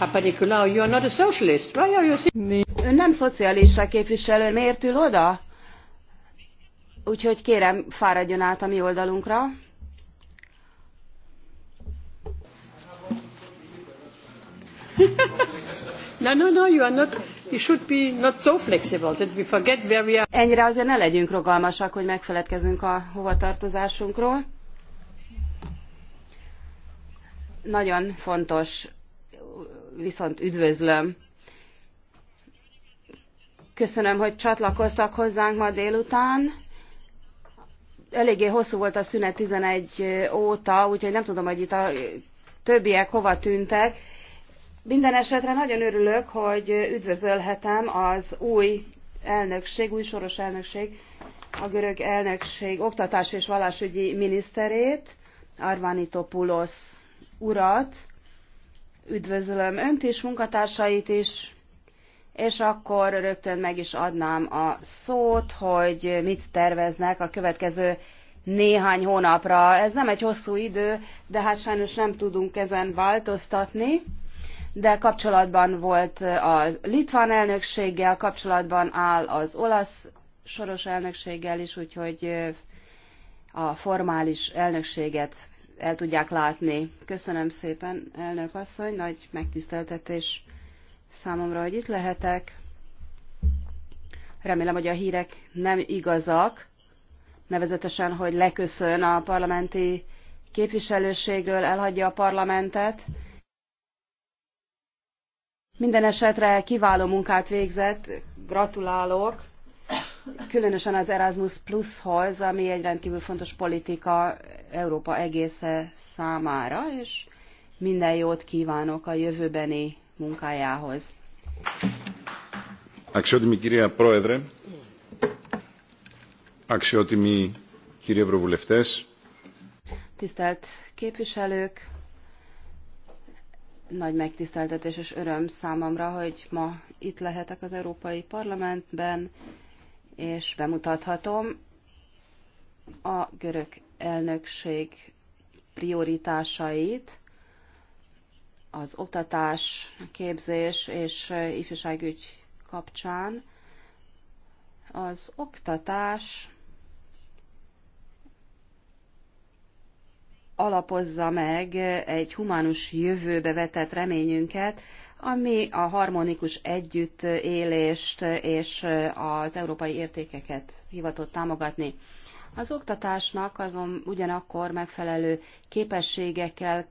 you are not a socialist. Ön nem szocialista képviselő, miért ül oda? Úgyhogy kérem, fáradjon át a mi oldalunkra. no, no, no, you are not, you should be not so flexible that we forget where we are. Ennyire azért ne legyünk rogalmasak, hogy megfeledkezünk a hovatartozásunkról. Nagyon fontos viszont üdvözlöm. Köszönöm, hogy csatlakoztak hozzánk ma délután. Eléggé hosszú volt a szünet 11 óta, úgyhogy nem tudom, hogy itt a többiek hova tűntek. Minden esetre nagyon örülök, hogy üdvözölhetem az új elnökség, új soros elnökség, a görög elnökség oktatás és vallásügyi miniszterét, Arvanitopulos urat, Üdvözlöm önt és munkatársait is, és akkor rögtön meg is adnám a szót, hogy mit terveznek a következő néhány hónapra. Ez nem egy hosszú idő, de hát sajnos nem tudunk ezen változtatni de kapcsolatban volt a litván elnökséggel, kapcsolatban áll az olasz soros elnökséggel is, úgyhogy a formális elnökséget el tudják látni. Köszönöm szépen, elnök asszony, nagy megtiszteltetés számomra, hogy itt lehetek. Remélem, hogy a hírek nem igazak, nevezetesen, hogy leköszön a parlamenti képviselőségről, elhagyja a parlamentet. Minden esetre kiváló munkát végzett, gratulálok különösen az Erasmus Plushoz, ami egy rendkívül fontos politika Európa egésze számára, és minden jót kívánok a jövőbeni munkájához. Αξιότιμη κυρία Πρόεδρε, αξιότιμοι κύριοι Ευρωβουλευτές, Tisztelt képviselők, nagy megtiszteltetés és öröm számomra, hogy ma itt lehetek az Európai Parlamentben, és bemutathatom a görög elnökség prioritásait, az oktatás, képzés és ifjúságügy kapcsán. Az oktatás alapozza meg egy humánus jövőbe vetett reményünket, ami a harmonikus együttélést és az európai értékeket hivatott támogatni. Az oktatásnak azon ugyanakkor megfelelő képességekkel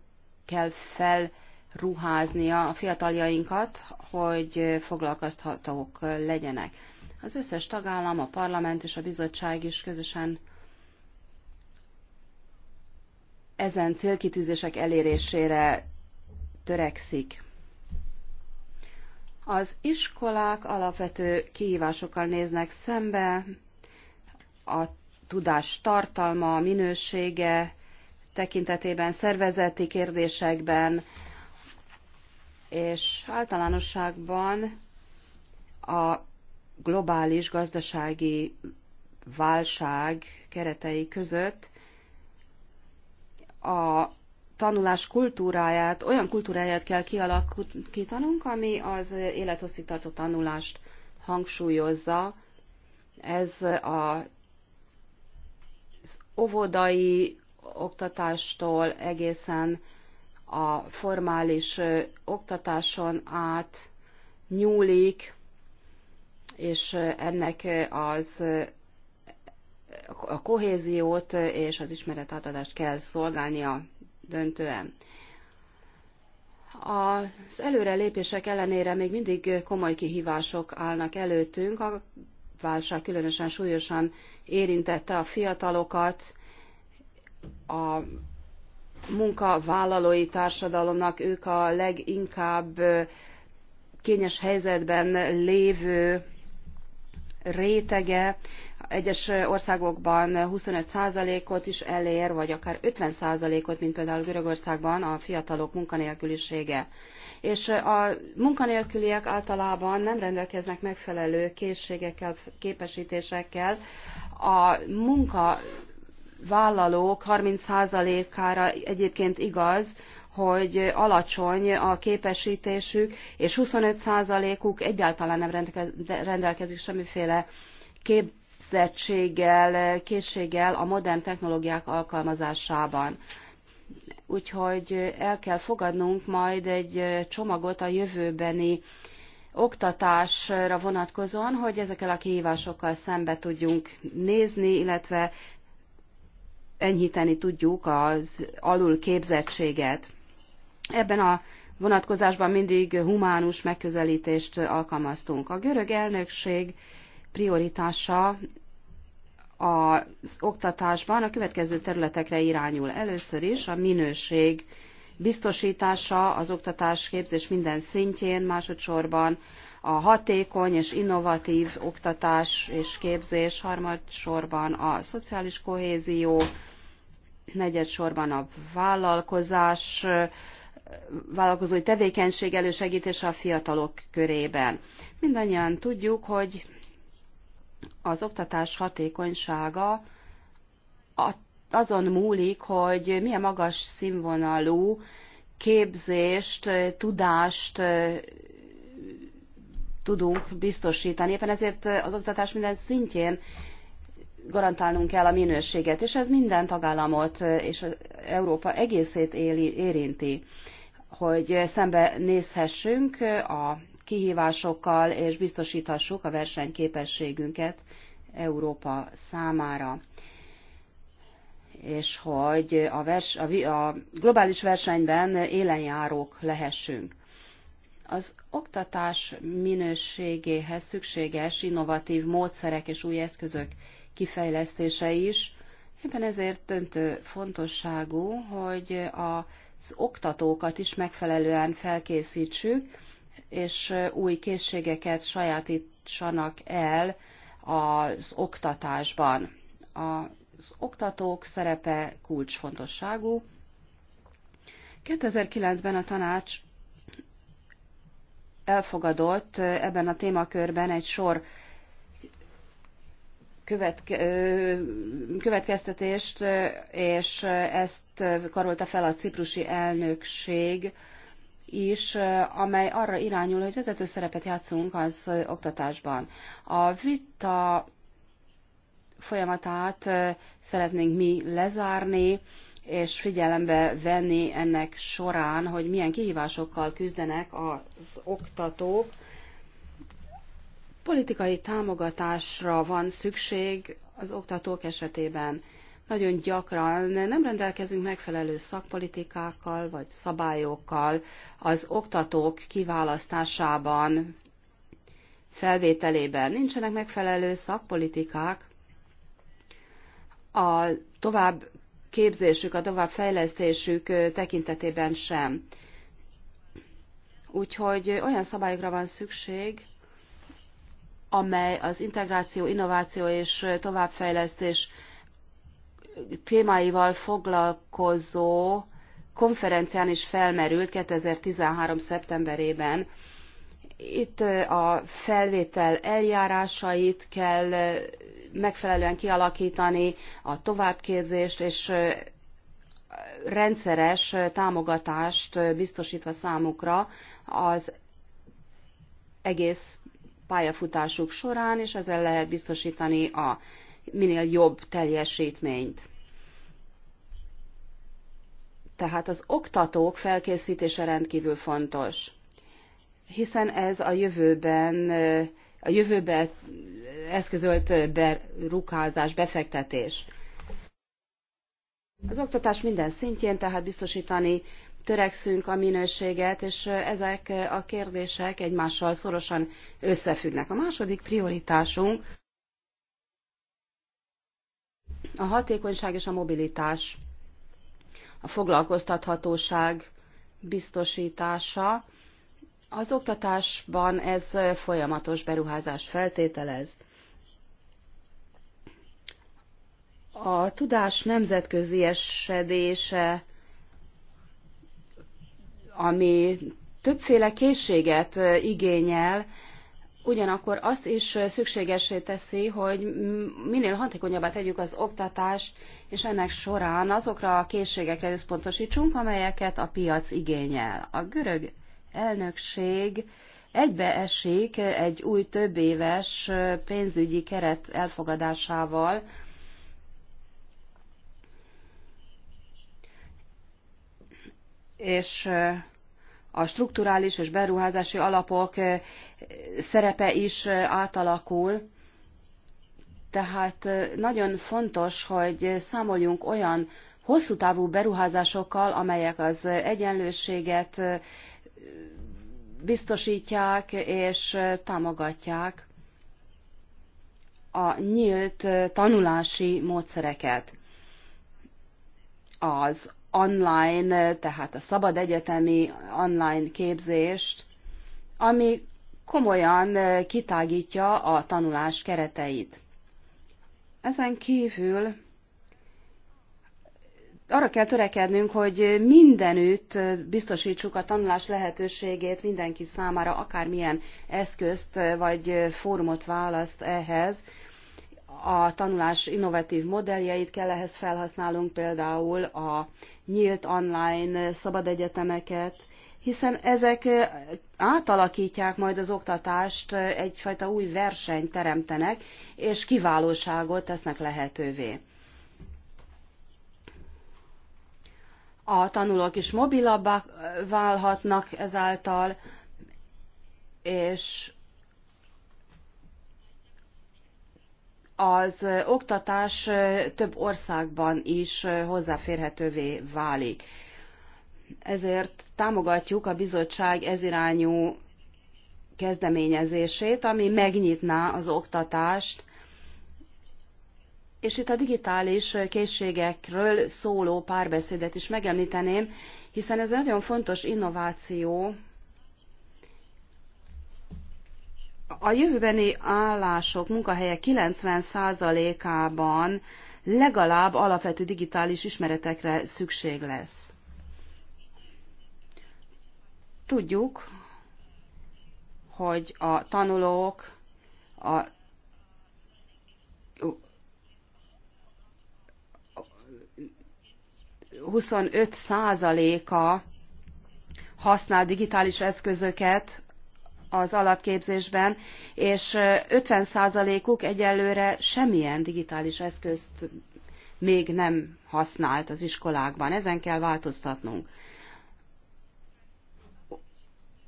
kell felruháznia a fiataljainkat, hogy foglalkoztatók legyenek. Az összes tagállam, a parlament és a bizottság is közösen ezen célkitűzések elérésére törekszik. Az iskolák alapvető kihívásokkal néznek szembe, a tudás tartalma, minősége tekintetében, szervezeti kérdésekben, és általánosságban a globális gazdasági válság keretei között a tanulás kultúráját, olyan kultúráját kell kialakítanunk, ami az élethosszígtartó tanulást hangsúlyozza. Ez a, az óvodai oktatástól egészen a formális oktatáson át nyúlik, és ennek az a kohéziót és az ismeretátadást kell szolgálnia döntően. Az előrelépések ellenére még mindig komoly kihívások állnak előttünk. A válság különösen súlyosan érintette a fiatalokat, a munkavállalói társadalomnak ők a leginkább kényes helyzetben lévő rétege egyes országokban 25%-ot is elér, vagy akár 50%-ot, mint például Görögországban a fiatalok munkanélkülisége. És a munkanélküliek általában nem rendelkeznek megfelelő készségekkel, képesítésekkel. A munka vállalók 30%-ára egyébként igaz, hogy alacsony a képesítésük, és 25%-uk egyáltalán nem rendelkezik semmiféle képzettséggel, készséggel a modern technológiák alkalmazásában. Úgyhogy el kell fogadnunk majd egy csomagot a jövőbeni oktatásra vonatkozóan, hogy ezekkel a kihívásokkal szembe tudjunk nézni, illetve enyhíteni tudjuk az alul képzettséget. Ebben a vonatkozásban mindig humánus megközelítést alkalmaztunk. A görög elnökség prioritása az oktatásban a következő területekre irányul. Először is a minőség biztosítása az oktatás képzés minden szintjén, másodszorban a hatékony és innovatív oktatás és képzés, harmadsorban a szociális kohézió, negyedsorban a vállalkozás vállalkozói tevékenység elősegítése a fiatalok körében. Mindannyian tudjuk, hogy az oktatás hatékonysága azon múlik, hogy milyen magas színvonalú képzést, tudást tudunk biztosítani. Éppen ezért az oktatás minden szintjén garantálnunk kell a minőséget, és ez minden tagállamot és Európa egészét éli, érinti hogy szembe nézhessünk a kihívásokkal, és biztosíthassuk a versenyképességünket Európa számára. És hogy a, vers, a, a globális versenyben élenjárók lehessünk. Az oktatás minőségéhez szükséges innovatív módszerek és új eszközök kifejlesztése is. Éppen ezért döntő fontosságú, hogy a az oktatókat is megfelelően felkészítsük, és új készségeket sajátítsanak el az oktatásban. Az oktatók szerepe kulcsfontosságú. 2009-ben a tanács elfogadott ebben a témakörben egy sor követke, következtetést, és ezt karolta fel a ciprusi elnökség is, amely arra irányul, hogy vezető szerepet játszunk az oktatásban. A vita folyamatát szeretnénk mi lezárni, és figyelembe venni ennek során, hogy milyen kihívásokkal küzdenek az oktatók, Politikai támogatásra van szükség az oktatók esetében. Nagyon gyakran nem rendelkezünk megfelelő szakpolitikákkal vagy szabályokkal az oktatók kiválasztásában, felvételében. Nincsenek megfelelő szakpolitikák a tovább képzésük, a tovább fejlesztésük tekintetében sem. Úgyhogy olyan szabályokra van szükség, amely az integráció, innováció és továbbfejlesztés témáival foglalkozó konferencián is felmerült 2013. szeptemberében. Itt eh, a felvétel eljárásait kell eh, megfelelően kialakítani, a továbbképzést és eh, rendszeres támogatást biztosítva számukra az egész pályafutásuk során, és ezzel lehet biztosítani a minél jobb teljesítményt. Tehát az oktatók felkészítése rendkívül fontos, hiszen ez a jövőben a jövőbe eszközölt berukázás, befektetés. Az oktatás minden szintjén tehát biztosítani törekszünk a minőséget, és ezek a kérdések egymással szorosan összefüggnek. A második prioritásunk a hatékonyság és a mobilitás, a foglalkoztathatóság biztosítása. Az oktatásban ez folyamatos beruházás feltételez. A tudás nemzetközi esedése ami többféle készséget igényel, ugyanakkor azt is szükségesé teszi, hogy minél hatékonyabbá tegyük az oktatást, és ennek során azokra a készségekre összpontosítsunk, amelyeket a piac igényel. A görög elnökség egybeesik egy új több éves pénzügyi keret elfogadásával, és a strukturális és beruházási alapok szerepe is átalakul. Tehát nagyon fontos, hogy számoljunk olyan hosszú távú beruházásokkal, amelyek az egyenlőséget biztosítják és támogatják a nyílt tanulási módszereket. Az online, tehát a szabad egyetemi online képzést, ami komolyan kitágítja a tanulás kereteit. Ezen kívül arra kell törekednünk, hogy mindenütt biztosítsuk a tanulás lehetőségét mindenki számára, akármilyen eszközt vagy fórumot választ ehhez, a tanulás innovatív modelljeit kell ehhez felhasználnunk, például a nyílt online szabad egyetemeket, hiszen ezek átalakítják majd az oktatást, egyfajta új versenyt teremtenek, és kiválóságot tesznek lehetővé. A tanulók is mobilabbá válhatnak ezáltal, és az oktatás több országban is hozzáférhetővé válik. Ezért támogatjuk a bizottság ezirányú kezdeményezését, ami megnyitná az oktatást, és itt a digitális készségekről szóló párbeszédet is megemlíteném, hiszen ez egy nagyon fontos innováció, a jövőbeni állások, munkahelyek 90%-ában legalább alapvető digitális ismeretekre szükség lesz. Tudjuk, hogy a tanulók a a használ digitális eszközöket, az alapképzésben, és 50%-uk egyelőre semmilyen digitális eszközt még nem használt az iskolákban. Ezen kell változtatnunk.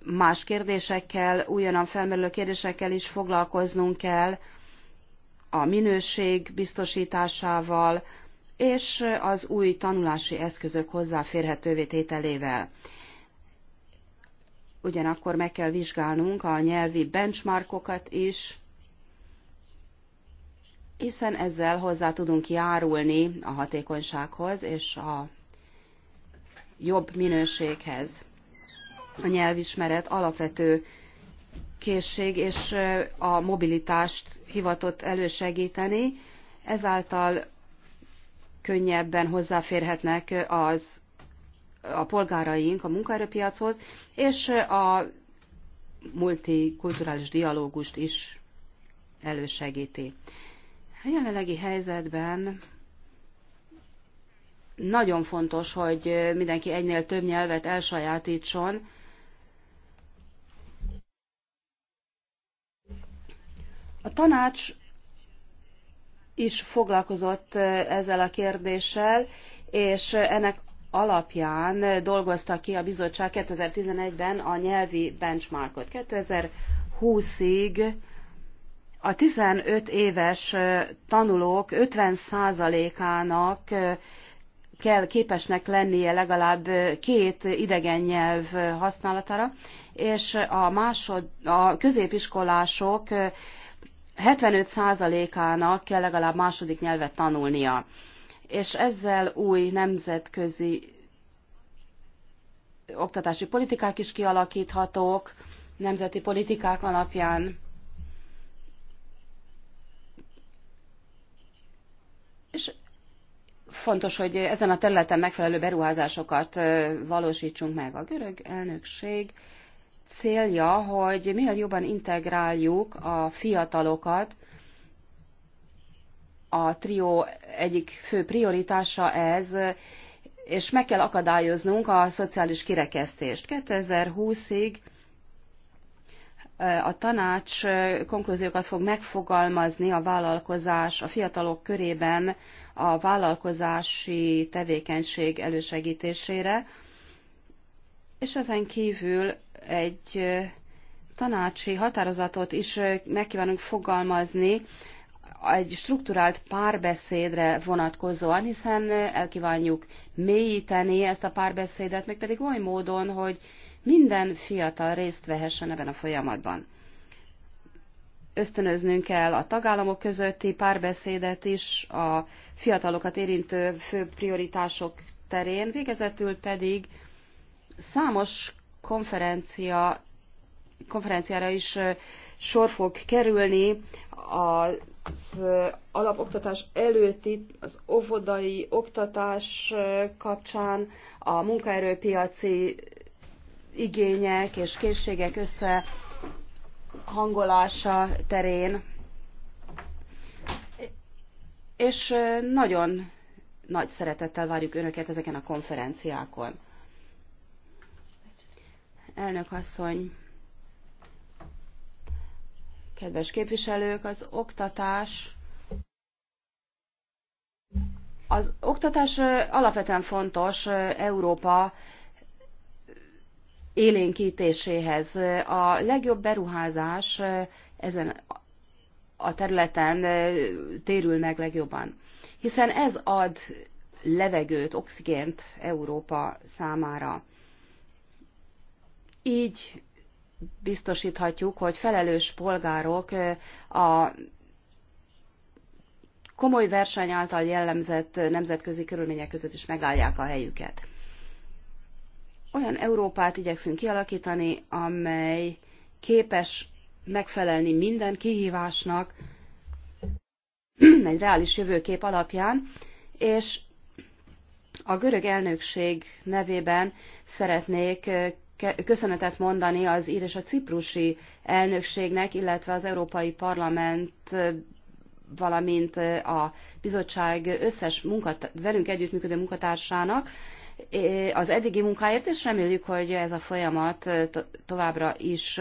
Más kérdésekkel, újonnan felmerülő kérdésekkel is foglalkoznunk kell, a minőség biztosításával és az új tanulási eszközök hozzáférhetővé tételével ugyanakkor meg kell vizsgálnunk a nyelvi benchmarkokat is, hiszen ezzel hozzá tudunk járulni a hatékonysághoz és a jobb minőséghez. A nyelvismeret alapvető készség és a mobilitást hivatott elősegíteni, ezáltal könnyebben hozzáférhetnek az a polgáraink a munkaerőpiachoz, és a multikulturális dialógust is elősegíti. A jelenlegi helyzetben nagyon fontos, hogy mindenki egynél több nyelvet elsajátítson, A tanács is foglalkozott ezzel a kérdéssel, és ennek alapján dolgozta ki a bizottság 2011-ben a nyelvi benchmarkot. 2020-ig a 15 éves tanulók 50%-ának kell képesnek lennie legalább két idegen nyelv használatára, és a, másod, a középiskolások 75%-ának kell legalább második nyelvet tanulnia és ezzel új nemzetközi oktatási politikák is kialakíthatók, nemzeti politikák alapján. És fontos, hogy ezen a területen megfelelő beruházásokat valósítsunk meg. A görög elnökség célja, hogy minél jobban integráljuk a fiatalokat a trió egyik fő prioritása ez, és meg kell akadályoznunk a szociális kirekesztést. 2020-ig eh, a tanács eh, konklúziókat fog megfogalmazni a vállalkozás, a fiatalok körében a vállalkozási tevékenység elősegítésére, és ezen kívül egy eh, tanácsi határozatot is megkívánunk fogalmazni egy strukturált párbeszédre vonatkozóan, hiszen elkívánjuk mélyíteni ezt a párbeszédet, meg pedig oly módon, hogy minden fiatal részt vehessen ebben a folyamatban. Ösztönöznünk kell a tagállamok közötti párbeszédet is, a fiatalokat érintő fő prioritások terén, végezetül pedig számos konferencia, konferenciára is sor fog kerülni a az eh, alapoktatás előtti, az óvodai oktatás eh, kapcsán a munkaerőpiaci igények és készségek összehangolása terén. És eh, nagyon nagy szeretettel várjuk Önöket ezeken a konferenciákon. Elnök asszony, kedves képviselők, az oktatás az oktatás alapvetően fontos Európa élénkítéséhez. A legjobb beruházás ezen a területen térül meg legjobban, hiszen ez ad levegőt, oxigént Európa számára. Így biztosíthatjuk, hogy felelős polgárok a komoly verseny által jellemzett nemzetközi körülmények között is megállják a helyüket. Olyan Európát igyekszünk kialakítani, amely képes megfelelni minden kihívásnak egy reális jövőkép alapján, és a görög elnökség nevében szeretnék köszönetet mondani az ír és a ciprusi elnökségnek, illetve az Európai Parlament valamint a bizottság összes munkat, velünk együttműködő munkatársának az eddigi munkáért, és reméljük, hogy ez a folyamat továbbra is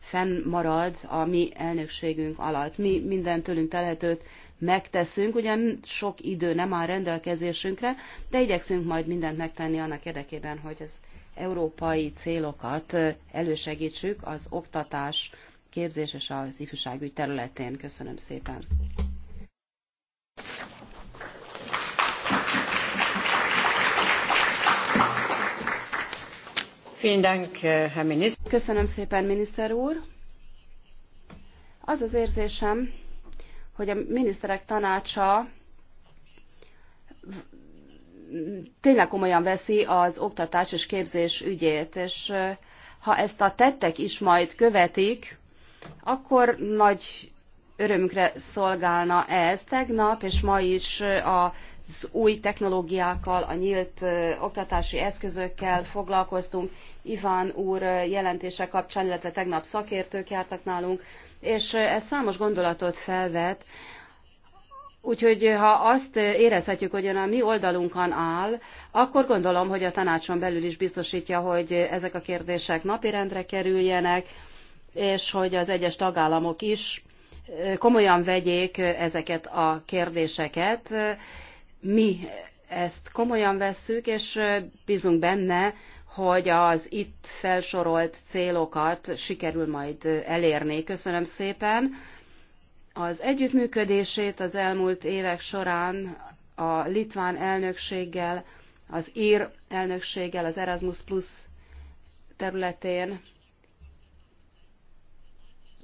fennmarad a mi elnökségünk alatt. Mi minden tőlünk telhetőt megteszünk, ugyan sok idő nem áll rendelkezésünkre, de igyekszünk majd mindent megtenni annak érdekében, hogy ez európai célokat elősegítsük az oktatás, képzés és az ifjúságügy területén. Köszönöm szépen. Äh, Köszönöm szépen, miniszter úr. Az az érzésem, hogy a miniszterek tanácsa tényleg komolyan veszi az oktatás és képzés ügyét, és ha ezt a tettek is majd követik, akkor nagy örömünkre szolgálna ez. Tegnap és ma is az új technológiákkal, a nyílt oktatási eszközökkel foglalkoztunk. Iván úr jelentése kapcsán, illetve tegnap szakértők jártak nálunk, és ez számos gondolatot felvet, Úgyhogy eh, ha azt eh, érezhetjük, hogy ön a mi oldalunkon áll, akkor gondolom, hogy a tanácson belül is biztosítja, hogy eh, ezek a kérdések napirendre kerüljenek, és hogy az egyes tagállamok is komolyan vegyék ezeket a kérdéseket. Mi ezt komolyan vesszük, és bízunk benne, hogy az itt felsorolt célokat sikerül majd elérni. Köszönöm szépen! az együttműködését az elmúlt évek során a litván elnökséggel, az ír elnökséggel, az Erasmus Plus területén.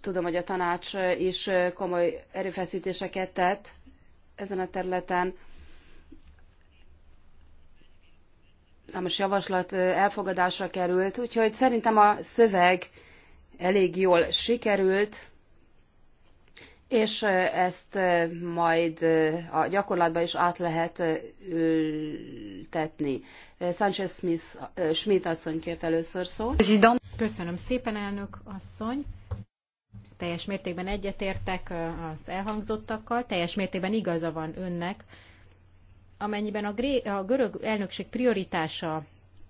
Tudom, hogy a tanács is komoly erőfeszítéseket tett ezen a területen. Számos javaslat elfogadásra került, úgyhogy szerintem a szöveg elég jól sikerült és ezt majd a gyakorlatban is át lehet ültetni. Sanchez Smith, Schmidt asszony kért először szót. Köszönöm szépen, elnök asszony. Teljes mértékben egyetértek az elhangzottakkal, teljes mértékben igaza van önnek, amennyiben a, gré, a görög elnökség prioritása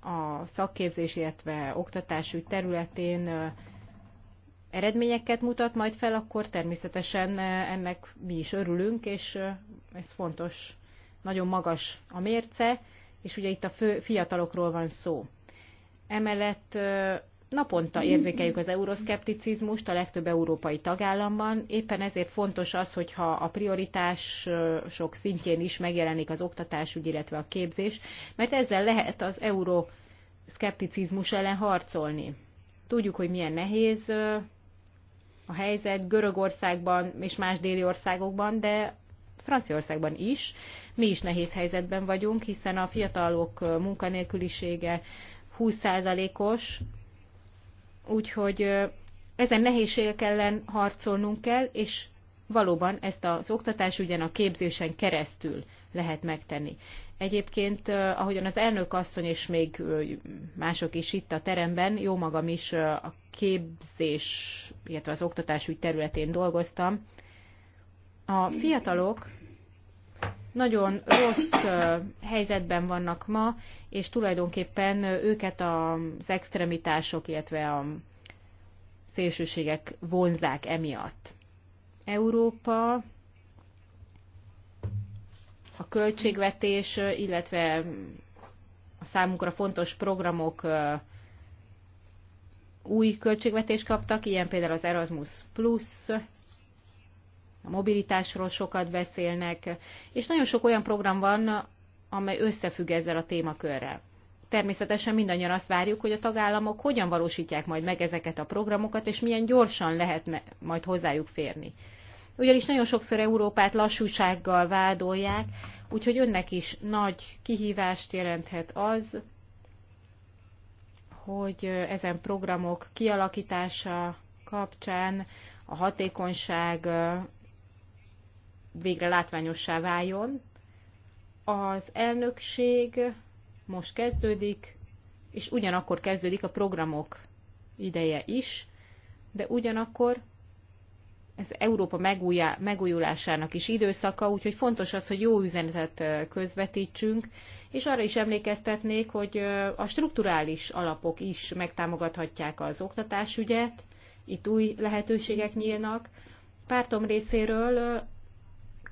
a szakképzés, illetve oktatásügy területén eredményeket mutat majd fel, akkor természetesen eh, ennek mi is örülünk, és eh, ez fontos, nagyon magas a mérce, és ugye itt a fő fiatalokról van szó. Emellett eh, naponta érzékeljük az euroszkepticizmust a legtöbb európai tagállamban, éppen ezért fontos az, hogyha a prioritás sok szintjén is megjelenik az oktatásügy, illetve a képzés, mert ezzel lehet az euroszkepticizmus ellen harcolni. Tudjuk, hogy milyen nehéz a helyzet Görögországban és más déli országokban, de Franciaországban is. Mi is nehéz helyzetben vagyunk, hiszen a fiatalok munkanélkülisége 20%-os, úgyhogy ezen nehézségek ellen harcolnunk kell, és valóban ezt az oktatás ugyan a képzésen keresztül lehet megtenni. Egyébként, ahogyan az elnök asszony és még mások is itt a teremben, jó magam is a képzés, illetve az ügy területén dolgoztam, a fiatalok nagyon rossz helyzetben vannak ma, és tulajdonképpen őket az extremitások, illetve a szélsőségek vonzák emiatt. Európa a költségvetés, illetve a számukra fontos programok új költségvetést kaptak, ilyen például az Erasmus Plus, a mobilitásról sokat beszélnek, és nagyon sok olyan program van, amely összefügg ezzel a témakörrel. Természetesen mindannyian azt várjuk, hogy a tagállamok hogyan valósítják majd meg ezeket a programokat, és milyen gyorsan lehet majd hozzájuk férni ugyanis nagyon sokszor Európát lassúsággal vádolják, úgyhogy önnek is nagy kihívást jelenthet az, hogy ezen programok kialakítása kapcsán a hatékonyság végre látványossá váljon. Az elnökség most kezdődik, és ugyanakkor kezdődik a programok ideje is, de ugyanakkor ez Európa megújá, megújulásának is időszaka, úgyhogy fontos az, hogy jó üzenetet közvetítsünk, és arra is emlékeztetnék, hogy a strukturális alapok is megtámogathatják az oktatásügyet, itt új lehetőségek nyílnak. Pártom részéről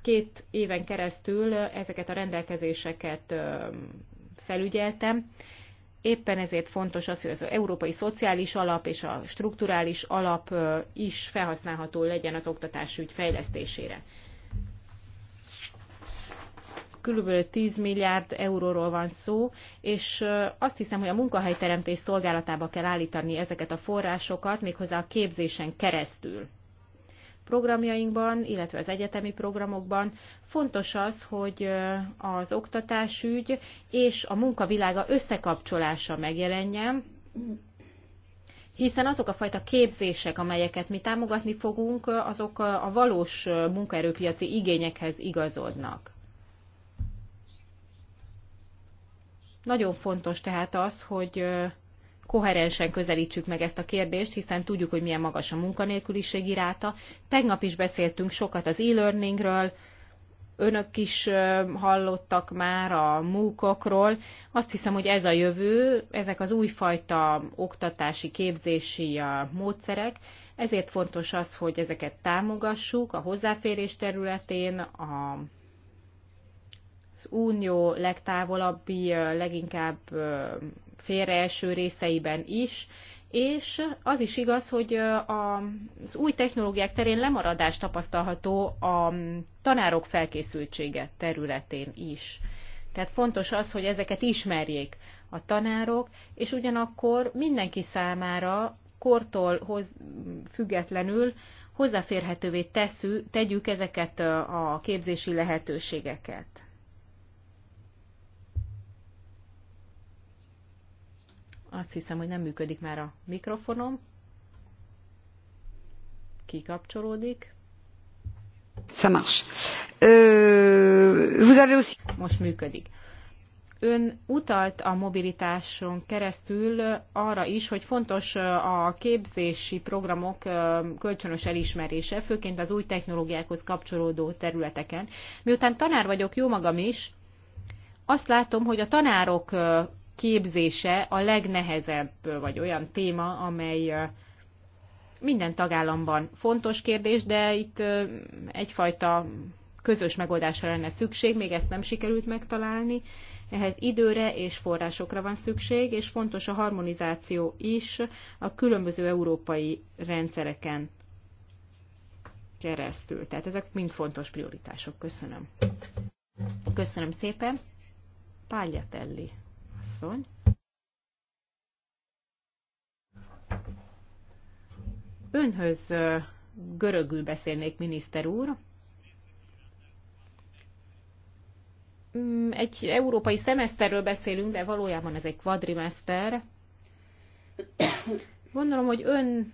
két éven keresztül ezeket a rendelkezéseket felügyeltem, Éppen ezért fontos az, hogy az európai szociális alap és a strukturális alap is felhasználható legyen az oktatásügy fejlesztésére. Körülbelül 10 milliárd euróról van szó, és azt hiszem, hogy a munkahelyteremtés szolgálatába kell állítani ezeket a forrásokat, méghozzá a képzésen keresztül programjainkban, illetve az egyetemi programokban. Fontos az, hogy az oktatásügy és a munkavilága összekapcsolása megjelenjen, hiszen azok a fajta képzések, amelyeket mi támogatni fogunk, azok a valós munkaerőpiaci igényekhez igazodnak. Nagyon fontos tehát az, hogy koherensen közelítsük meg ezt a kérdést, hiszen tudjuk, hogy milyen magas a munkanélküliség iráta. Tegnap is beszéltünk sokat az e-learningről, önök is hallottak már a múkokról. Azt hiszem, hogy ez a jövő, ezek az újfajta oktatási, képzési módszerek, ezért fontos az, hogy ezeket támogassuk a hozzáférés területén, a az unió legtávolabbi, leginkább első részeiben is, és az is igaz, hogy az új technológiák terén lemaradás tapasztalható a tanárok felkészültsége területén is. Tehát fontos az, hogy ezeket ismerjék a tanárok, és ugyanakkor mindenki számára kortól hoz, függetlenül hozzáférhetővé teszű, tegyük ezeket a képzési lehetőségeket. Azt hiszem, hogy nem működik már a mikrofonom. Kikapcsolódik. Ça marche. Euh, vous avez aussi... Most működik. Ön utalt a mobilitáson keresztül arra is, hogy fontos a képzési programok kölcsönös elismerése, főként az új technológiákhoz kapcsolódó területeken. Miután tanár vagyok, jó magam is, azt látom, hogy a tanárok képzése a legnehezebb, vagy olyan téma, amely minden tagállamban fontos kérdés, de itt egyfajta közös megoldásra lenne szükség, még ezt nem sikerült megtalálni. Ehhez időre és forrásokra van szükség, és fontos a harmonizáció is a különböző európai rendszereken keresztül. Tehát ezek mind fontos prioritások. Köszönöm. Köszönöm szépen. Pályatelli asszony. Önhöz görögül beszélnék, miniszter úr. Mm, egy európai szemeszterről beszélünk, de valójában ez egy kvadrimeszter. Gondolom, hogy ön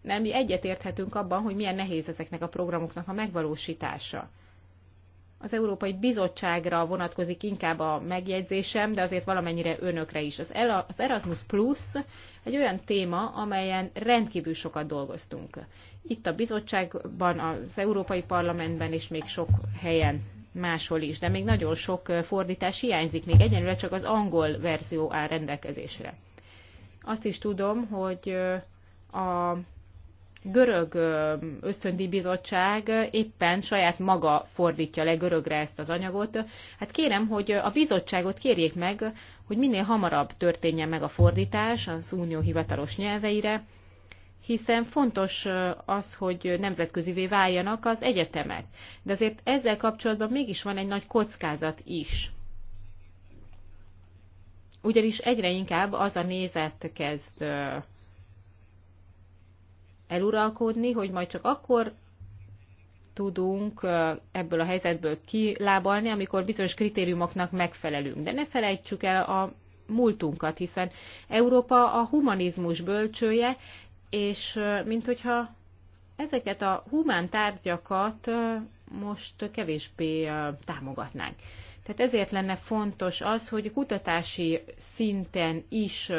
nem mi egyetérthetünk abban, hogy milyen nehéz ezeknek a programoknak a megvalósítása az Európai Bizottságra vonatkozik inkább a megjegyzésem, de azért valamennyire önökre is. Az Erasmus Plus egy olyan téma, amelyen rendkívül sokat dolgoztunk. Itt a bizottságban, az Európai Parlamentben és még sok helyen máshol is, de még nagyon sok fordítás hiányzik, még egyenlőre csak az angol verzió áll rendelkezésre. Azt is tudom, hogy a görög bizottság éppen saját maga fordítja le görögre ezt az anyagot. Hát kérem, hogy a bizottságot kérjék meg, hogy minél hamarabb történjen meg a fordítás az unió hivatalos nyelveire, hiszen fontos az, hogy nemzetközivé váljanak az egyetemek. De azért ezzel kapcsolatban mégis van egy nagy kockázat is. Ugyanis egyre inkább az a nézet kezd eluralkodni, hogy majd csak akkor tudunk ebből a helyzetből kilábalni, amikor bizonyos kritériumoknak megfelelünk. De ne felejtsük el a múltunkat, hiszen Európa a humanizmus bölcsője, és mint hogyha ezeket a humán tárgyakat most kevésbé támogatnánk. Tehát ezért lenne fontos az, hogy kutatási szinten is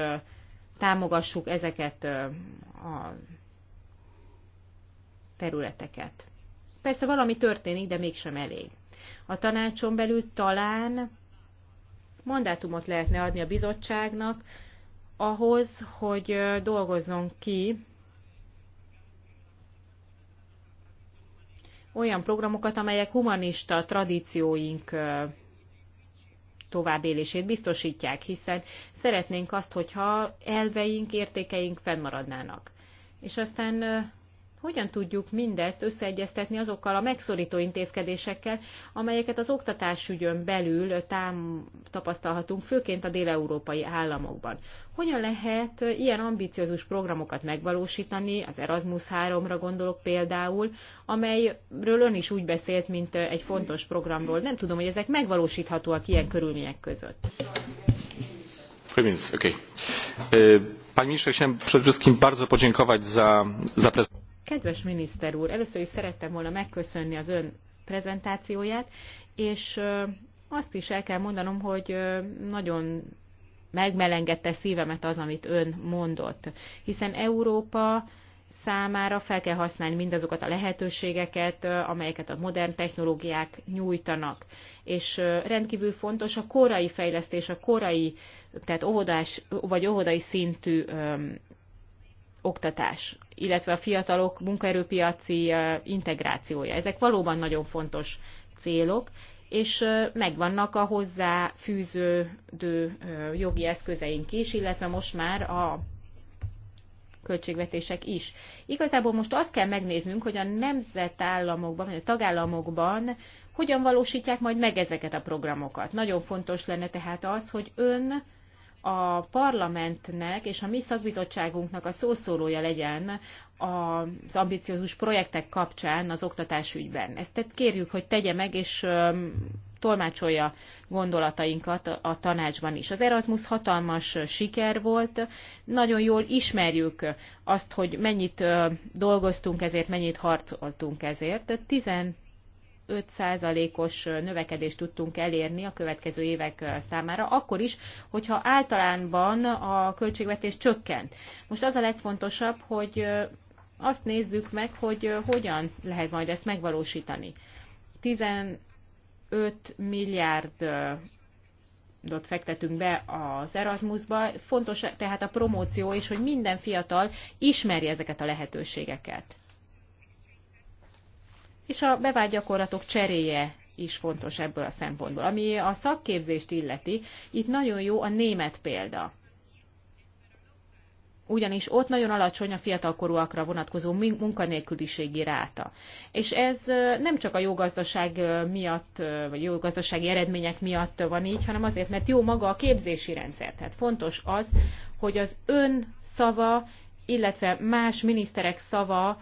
támogassuk ezeket a területeket. Persze valami történik, de mégsem elég. A tanácson belül talán mandátumot lehetne adni a bizottságnak ahhoz, hogy dolgozzon ki olyan programokat, amelyek humanista tradícióink továbbélését biztosítják, hiszen szeretnénk azt, hogyha elveink, értékeink fennmaradnának. És aztán hogyan tudjuk mindezt összeegyeztetni azokkal a megszorító intézkedésekkel, amelyeket az oktatásügyön belül tám tapasztalhatunk, főként a déleurópai államokban. Hogyan lehet ilyen ambiciózus programokat megvalósítani, az Erasmus 3-ra gondolok például, amelyről ön is úgy beszélt, mint egy fontos programról. Nem tudom, hogy ezek megvalósíthatóak ilyen körülmények között. E, Pani minister, chciałem przede wszystkim bardzo podziękować za, za prezentację. Kedves miniszter úr, először is szerettem volna megköszönni az ön prezentációját, és azt is el kell mondanom, hogy nagyon megmelengette szívemet az, amit ön mondott, hiszen Európa számára fel kell használni mindazokat a lehetőségeket, amelyeket a modern technológiák nyújtanak. És rendkívül fontos a korai fejlesztés, a korai, tehát óvodás vagy óvodai szintű oktatás, illetve a fiatalok munkaerőpiaci integrációja. Ezek valóban nagyon fontos célok, és megvannak a hozzá fűződő jogi eszközeink is, illetve most már a költségvetések is. Igazából most azt kell megnéznünk, hogy a nemzetállamokban, vagy a tagállamokban hogyan valósítják majd meg ezeket a programokat. Nagyon fontos lenne tehát az, hogy ön a parlamentnek és a mi szakbizottságunknak a szószólója legyen az ambiciózus projektek kapcsán az oktatásügyben. Ezt tehát kérjük, hogy tegye meg, és tolmácsolja gondolatainkat a tanácsban is. Az Erasmus hatalmas siker volt, nagyon jól ismerjük azt, hogy mennyit dolgoztunk ezért, mennyit harcoltunk ezért. 5%-os növekedést tudtunk elérni a következő évek számára, akkor is, hogyha általánban a költségvetés csökkent. Most az a legfontosabb, hogy azt nézzük meg, hogy hogyan lehet majd ezt megvalósítani. 15 milliárd milliárdot fektetünk be az Erasmusba. Fontos tehát a promóció is, hogy minden fiatal ismerje ezeket a lehetőségeket és a bevált gyakorlatok cseréje is fontos ebből a szempontból. Ami a szakképzést illeti, itt nagyon jó a német példa. Ugyanis ott nagyon alacsony a fiatalkorúakra vonatkozó munkanélküliségi ráta. És ez nem csak a jó gazdaság miatt, vagy jó gazdasági eredmények miatt van így, hanem azért, mert jó maga a képzési rendszer. Tehát fontos az, hogy az ön szava, illetve más miniszterek szava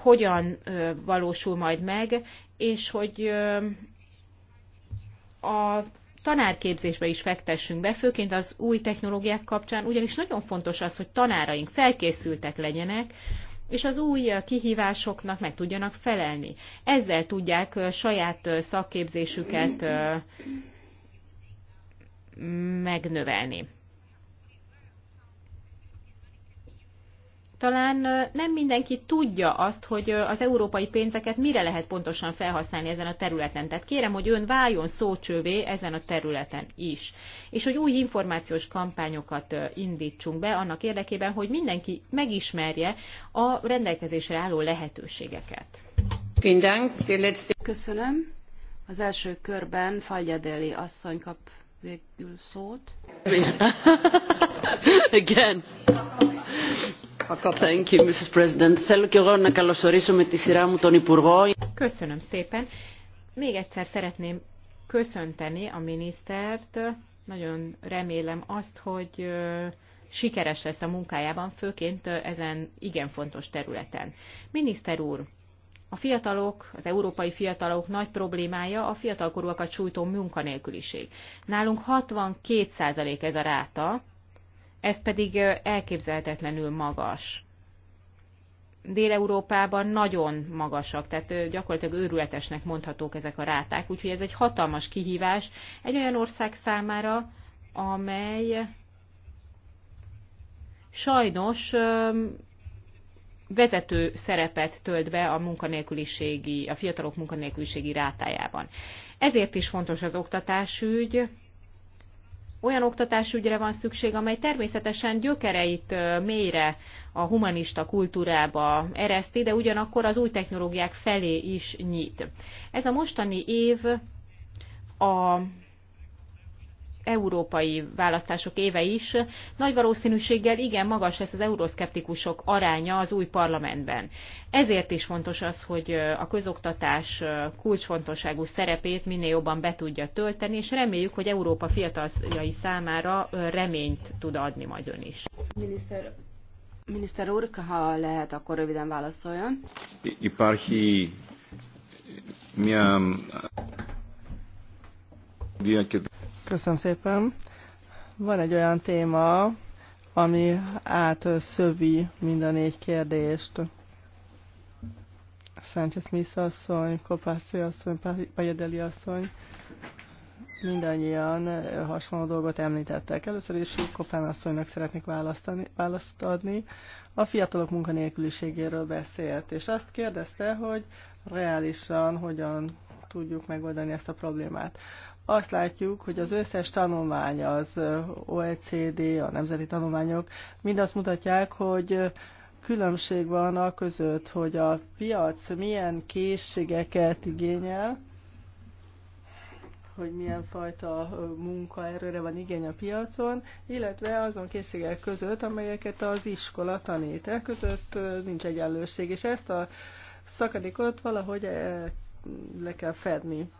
hogyan valósul majd meg, és hogy a tanárképzésbe is fektessünk be, főként az új technológiák kapcsán, ugyanis nagyon fontos az, hogy tanáraink felkészültek legyenek, és az új kihívásoknak meg tudjanak felelni. Ezzel tudják saját szakképzésüket megnövelni. talán nem mindenki tudja azt, hogy az európai pénzeket mire lehet pontosan felhasználni ezen a területen. Tehát kérem, hogy ön váljon szócsővé ezen a területen is. És hogy új információs kampányokat indítsunk be annak érdekében, hogy mindenki megismerje a rendelkezésre álló lehetőségeket. Köszönöm. Az első körben Fagyadeli asszony kap végül szót. Again. Köszönöm szépen. Még egyszer szeretném köszönteni a minisztert. Nagyon remélem azt, hogy sikeres lesz a munkájában, főként ezen igen fontos területen. Miniszter úr, a fiatalok, az európai fiatalok nagy problémája a fiatalkorúakat sújtó munkanélküliség. Nálunk 62% ez a ráta, ez pedig elképzelhetetlenül magas. Dél-Európában nagyon magasak, tehát gyakorlatilag őrületesnek mondhatók ezek a ráták, úgyhogy ez egy hatalmas kihívás egy olyan ország számára, amely sajnos vezető szerepet tölt be a munkanélküliségi, a fiatalok munkanélküliségi rátájában. Ezért is fontos az oktatásügy, olyan oktatásügyre van szükség, amely természetesen gyökereit mélyre a humanista kultúrába ereszti, de ugyanakkor az új technológiák felé is nyit. Ez a mostani év a európai választások éve is, nagy valószínűséggel igen magas lesz az euroszkeptikusok aránya az új parlamentben. Ezért is fontos az, hogy a közoktatás kulcsfontosságú szerepét minél jobban be tudja tölteni, és reméljük, hogy Európa fiataljai számára reményt tud adni majd ön is. Miniszter, miniszter úr, ha lehet, akkor röviden válaszoljon. Υπάρχει μια Köszönöm szépen. Van egy olyan téma, ami átszövi mind a négy kérdést. Sánchez Miss asszony, Kopászi asszony, Pajedeli asszony, mindannyian hasonló dolgot említettek. Először is Kopán asszonynak szeretnék választani, választ adni. A fiatalok munkanélküliségéről beszélt, és azt kérdezte, hogy reálisan hogyan tudjuk megoldani ezt a problémát azt látjuk, hogy az összes tanulmány, az OECD, a nemzeti tanulmányok mind azt mutatják, hogy különbség van a között, hogy a piac milyen készségeket igényel, hogy milyen fajta munkaerőre van igény a piacon, illetve azon készségek között, amelyeket az iskola tanít. E között nincs egyenlőség, és ezt a szakadékot valahogy e, le kell fedni.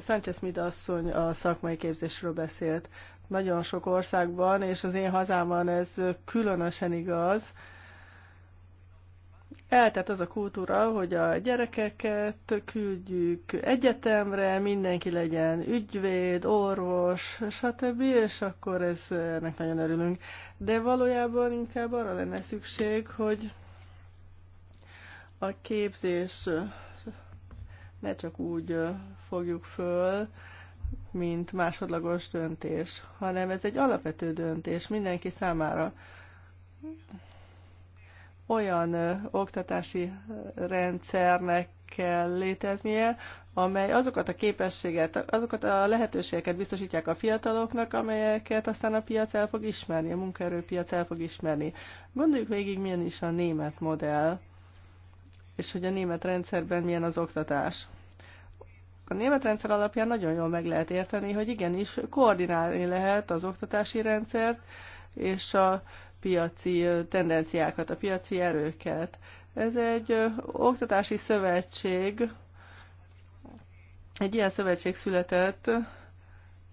Sánchez Mida asszony a szakmai képzésről beszélt. Nagyon sok országban, és az én hazámban ez különösen igaz. Eltett az a kultúra, hogy a gyerekeket küldjük egyetemre, mindenki legyen ügyvéd, orvos, stb., és akkor ez, ennek nagyon örülünk. De valójában inkább arra lenne szükség, hogy a képzés ne csak úgy fogjuk föl, mint másodlagos döntés, hanem ez egy alapvető döntés mindenki számára. Olyan ö, oktatási rendszernek kell léteznie, amely azokat a képességet, azokat a lehetőségeket biztosítják a fiataloknak, amelyeket aztán a piac el fog ismerni, a munkaerőpiac el fog ismerni. Gondoljuk végig, milyen is a német modell, és hogy a német rendszerben milyen az oktatás. A német rendszer alapján nagyon jól meg lehet érteni, hogy igenis koordinálni lehet az oktatási rendszert és a piaci tendenciákat, a piaci erőket. Ez egy oktatási szövetség, egy ilyen szövetség született,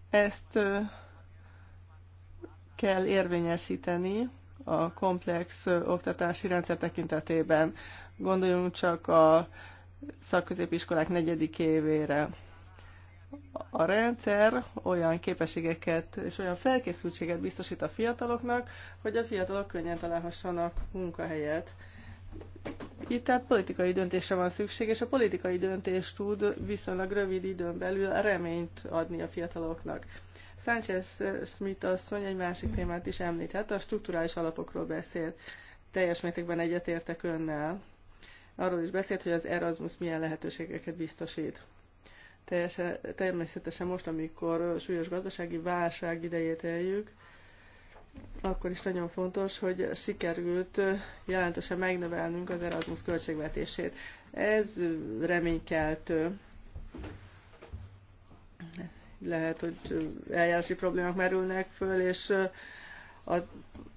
ezt kell érvényesíteni a komplex oktatási rendszer tekintetében. Gondoljunk csak a szakközépiskolák negyedik évére. A rendszer olyan képességeket és olyan felkészültséget biztosít a fiataloknak, hogy a fiatalok könnyen találhassanak munkahelyet. Itt tehát politikai döntésre van szükség, és a politikai döntés tud viszonylag rövid időn belül reményt adni a fiataloknak. Sánchez Smith asszony egy másik témát is említett, a strukturális alapokról beszélt. Teljes mértékben egyetértek önnel arról is beszélt, hogy az Erasmus milyen lehetőségeket biztosít. Teljesen, természetesen most, amikor súlyos gazdasági válság idejét éljük, akkor is nagyon fontos, hogy sikerült jelentősen megnövelnünk az Erasmus költségvetését. Ez reménykeltő. Lehet, hogy eljárási problémák merülnek föl, és a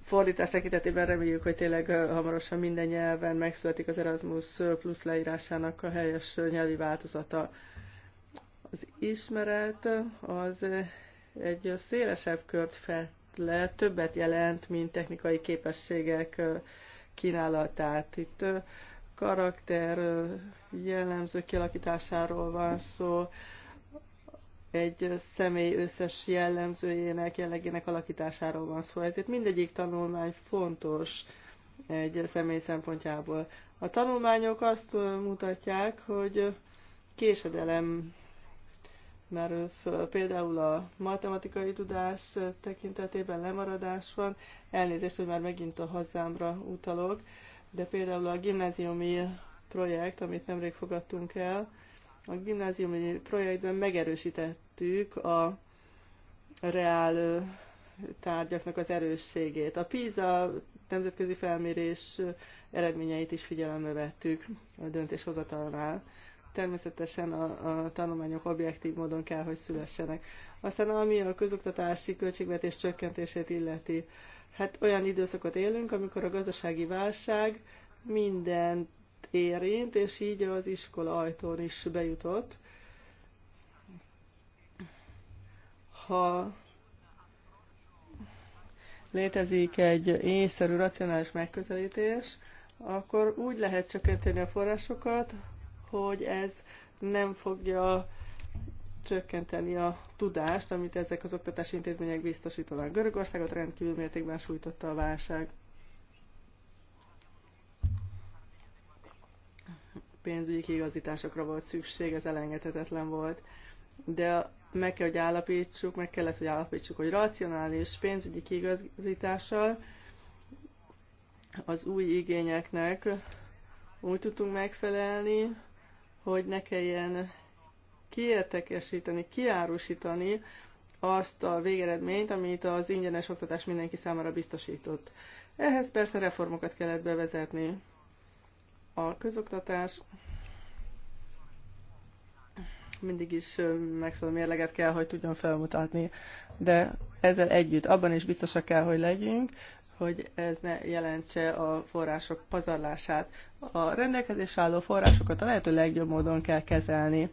fordítás tekintetében reméljük, hogy tényleg hamarosan minden nyelven megszületik az Erasmus plusz leírásának a helyes nyelvi változata. Az ismeret az egy szélesebb kört fett le, többet jelent, mint technikai képességek kínálatát. Itt karakter jellemző kialakításáról van szó, egy személy összes jellemzőjének, jellegének alakításáról van szó. Ezért mindegyik tanulmány fontos egy személy szempontjából. A tanulmányok azt mutatják, hogy késedelem merül föl. Például a matematikai tudás tekintetében lemaradás van. Elnézést, hogy már megint a hazámra utalok, de például a gimnáziumi projekt, amit nemrég fogadtunk el, a gimnáziumi projektben megerősített kiemeltük a reál tárgyaknak az erősségét. A PISA nemzetközi felmérés eredményeit is figyelembe vettük a döntéshozatalnál. Természetesen a, a tanulmányok objektív módon kell, hogy szülessenek. Aztán ami a közoktatási költségvetés csökkentését illeti, hát olyan időszakot élünk, amikor a gazdasági válság mindent érint, és így az iskola ajtón is bejutott ha létezik egy észszerű, racionális megközelítés, akkor úgy lehet csökkenteni a forrásokat, hogy ez nem fogja csökkenteni a tudást, amit ezek az oktatási intézmények biztosítanak. Görögországot rendkívül mértékben sújtotta a válság. Pénzügyi kiigazításokra volt szükség, ez elengedhetetlen volt. De meg kell, hogy állapítsuk, meg kellett, hogy állapítsuk, hogy racionális pénzügyi kigazítással az új igényeknek úgy tudtunk megfelelni, hogy ne kelljen kiértekesíteni, kiárusítani azt a végeredményt, amit az ingyenes oktatás mindenki számára biztosított. Ehhez persze reformokat kellett bevezetni. A közoktatás mindig is megfelelő mérleget kell, hogy tudjon felmutatni. De ezzel együtt abban is biztosak kell, hogy legyünk, hogy ez ne jelentse a források pazarlását. A rendelkezés álló forrásokat a lehető legjobb módon kell kezelni.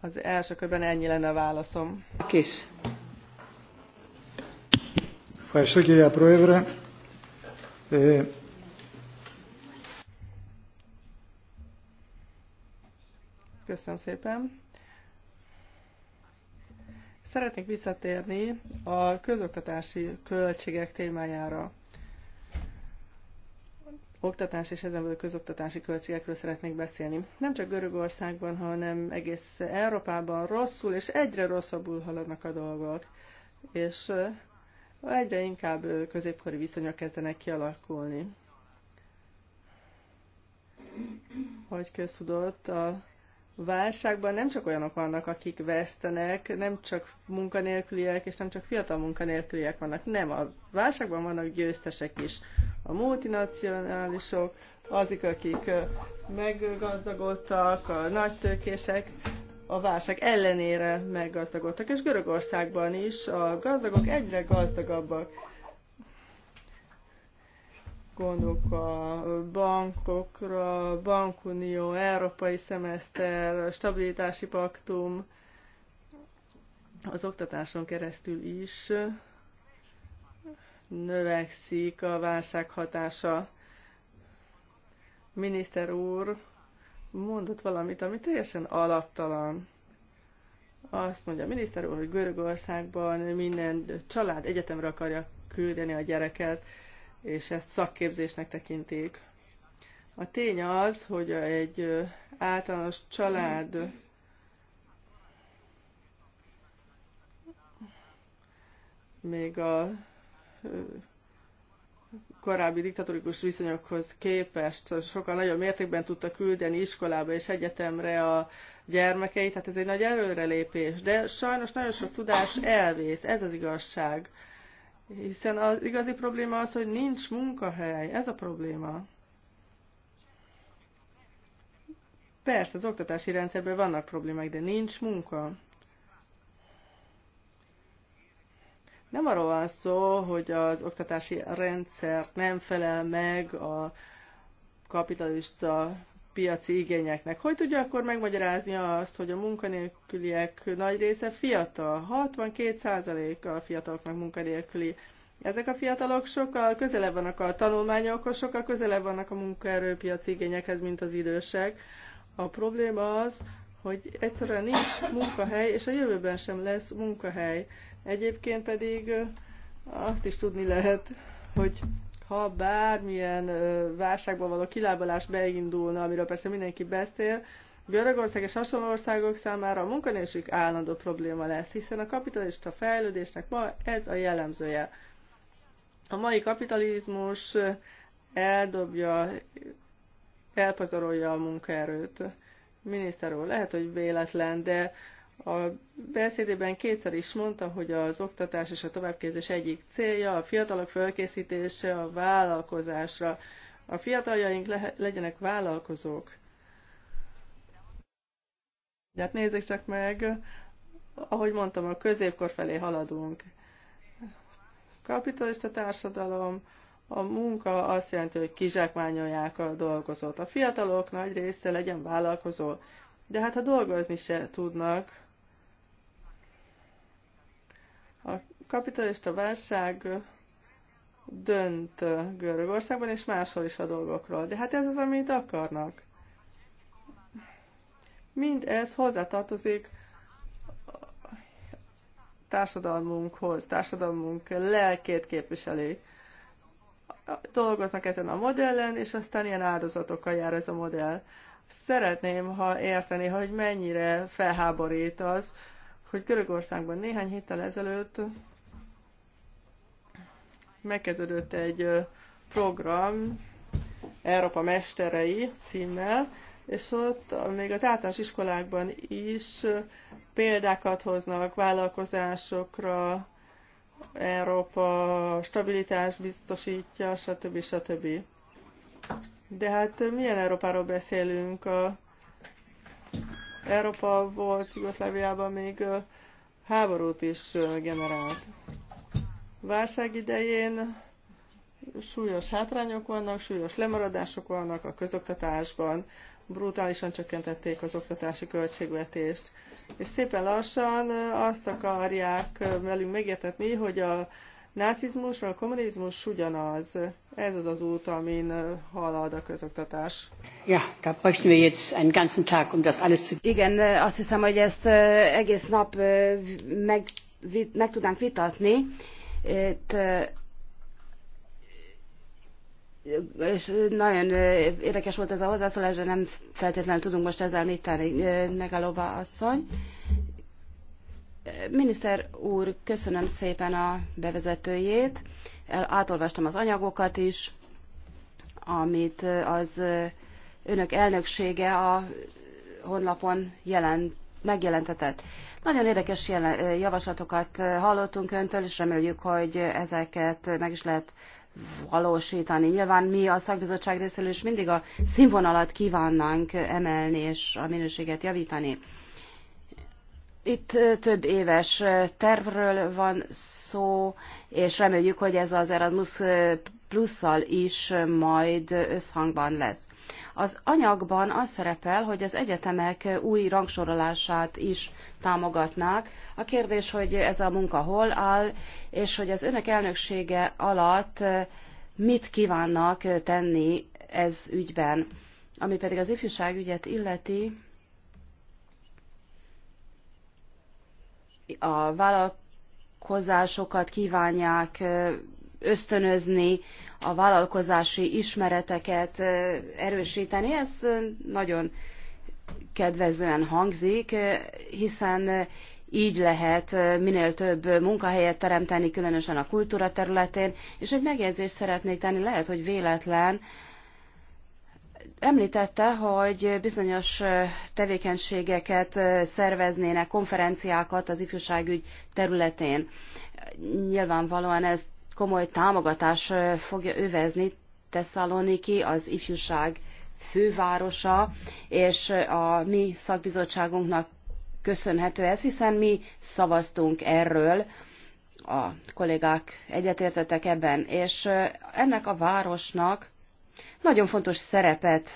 Az első körben ennyi lenne a válaszom. Kis. Ευχαριστώ κυρία Πρόεδρε. Ε, Köszönöm szépen. Szeretnék visszatérni a közoktatási költségek témájára. Oktatás és ezen belül közoktatási költségekről szeretnék beszélni. Nem csak Görögországban, hanem egész Európában rosszul és egyre rosszabbul haladnak a dolgok. És egyre inkább középkori viszonyok kezdenek kialakulni. Hogy köztudott, a válságban nem csak olyanok vannak, akik vesztenek, nem csak munkanélküliek, és nem csak fiatal munkanélküliek vannak. Nem, a válságban vannak győztesek is. A multinacionálisok, azik, akik meggazdagodtak, a nagytőkések, a válság ellenére meggazdagodtak, és Görögországban is a gazdagok egyre gazdagabbak gondok a bankokra, bankunió, európai szemeszter, stabilitási paktum, az oktatáson keresztül is növekszik a válság hatása. Miniszter úr mondott valamit, ami teljesen alaptalan. Azt mondja a miniszter úr, hogy Görögországban minden család egyetemre akarja küldeni a gyereket és ezt szakképzésnek tekintik. A tény az, hogy egy általános család még a korábbi diktatórikus viszonyokhoz képest sokkal nagyobb mértékben tudta küldeni iskolába és egyetemre a gyermekeit, tehát ez egy nagy előrelépés. De sajnos nagyon sok tudás elvész, ez az igazság. Hiszen az igazi probléma az, hogy nincs munkahely. Ez a probléma. Persze, az oktatási rendszerben vannak problémák, de nincs munka. Nem arról van szó, hogy az oktatási rendszer nem felel meg a kapitalista piaci igényeknek. Hogy tudja akkor megmagyarázni azt, hogy a munkanélküliek nagy része fiatal, 62% a fiataloknak munkanélküli. Ezek a fiatalok sokkal közelebb vannak a tanulmányokhoz, sokkal közelebb vannak a munkaerőpiaci igényekhez, mint az idősek. A probléma az, hogy egyszerűen nincs munkahely, és a jövőben sem lesz munkahely. Egyébként pedig azt is tudni lehet, hogy ha bármilyen válságban való kilábalás beindulna, amiről persze mindenki beszél, Görögország és hasonló országok számára a munkanélség állandó probléma lesz, hiszen a kapitalista fejlődésnek ma ez a jellemzője. A mai kapitalizmus eldobja, elpazarolja a munkaerőt. Miniszter úr, lehet, hogy véletlen, de a beszédében kétszer is mondta, hogy az oktatás és a továbbképzés egyik célja a fiatalok fölkészítése a vállalkozásra. A fiataljaink le- legyenek vállalkozók. De hát nézzük csak meg, ahogy mondtam, a középkor felé haladunk. Kapitalista társadalom, a munka azt jelenti, hogy kizsákmányolják a dolgozót. A fiatalok nagy része legyen vállalkozó, de hát ha dolgozni se tudnak, kapitalista válság dönt Görögországban és máshol is a dolgokról. De hát ez az, amit akarnak. Mind ez hozzátartozik társadalmunkhoz, társadalmunk lelkét képviseli. Dolgoznak ezen a modellen, és aztán ilyen áldozatokkal jár ez a modell. Szeretném, ha érteni, hogy mennyire felháborít az, hogy Görögországban néhány héttel ezelőtt megkezdődött egy program, Európa Mesterei címmel, és ott még az általános iskolákban is példákat hoznak vállalkozásokra, Európa stabilitás biztosítja, stb. stb. De hát milyen Európáról beszélünk? A Európa volt Jugoszláviában még háborút is generált. Válság idején súlyos hátrányok vannak, súlyos lemaradások vannak a közoktatásban, brutálisan csökkentették az oktatási költségvetést. És szépen lassan azt akarják velünk megértetni, hogy a nácizmus vagy a kommunizmus ugyanaz. Ez az az út, amin halad a közoktatás. Ja, da bräuchten wir jetzt einen ganzen Tag, um das alles zu... Igen, azt hiszem, hogy ezt egész nap meg, meg tudnánk vitatni. Itt és nagyon érdekes volt ez a hozzászólás, de nem feltétlenül tudunk most ezzel mit tenni, Negalova asszony. Miniszter úr, köszönöm szépen a bevezetőjét. Átolvastam az anyagokat is, amit az önök elnöksége a honlapon jelent, megjelentetett. Nagyon érdekes javaslatokat eh, hallottunk öntől, és reméljük, hogy ezeket meg is lehet valósítani. Nyilván mi a szakbizottság részéről is mindig a színvonalat kívánnánk emelni és a minőséget javítani. Itt eh, több éves eh, tervről van szó, és reméljük, hogy ez az Erasmus plusszal is majd összhangban lesz. Az anyagban az szerepel, hogy az egyetemek új rangsorolását is támogatnák. A kérdés, hogy ez a munka hol áll, és hogy az önök elnöksége alatt mit kívánnak tenni ez ügyben. Ami pedig az ifjúság ügyet illeti, a vállalkozás vállalkozásokat kívánják ösztönözni, a vállalkozási ismereteket erősíteni. Ez nagyon kedvezően hangzik, hiszen így lehet minél több munkahelyet teremteni, különösen a kultúra területén. És egy megjegyzést szeretnék tenni, lehet, hogy véletlen, Említette, hogy bizonyos tevékenységeket szerveznének, konferenciákat az ifjúságügy területén. Nyilvánvalóan ez komoly támogatás fogja övezni Tesszaloniki, az ifjúság fővárosa, és a mi szakbizottságunknak köszönhető ez, hiszen mi szavaztunk erről, a kollégák egyetértettek ebben, és ennek a városnak nagyon fontos szerepet,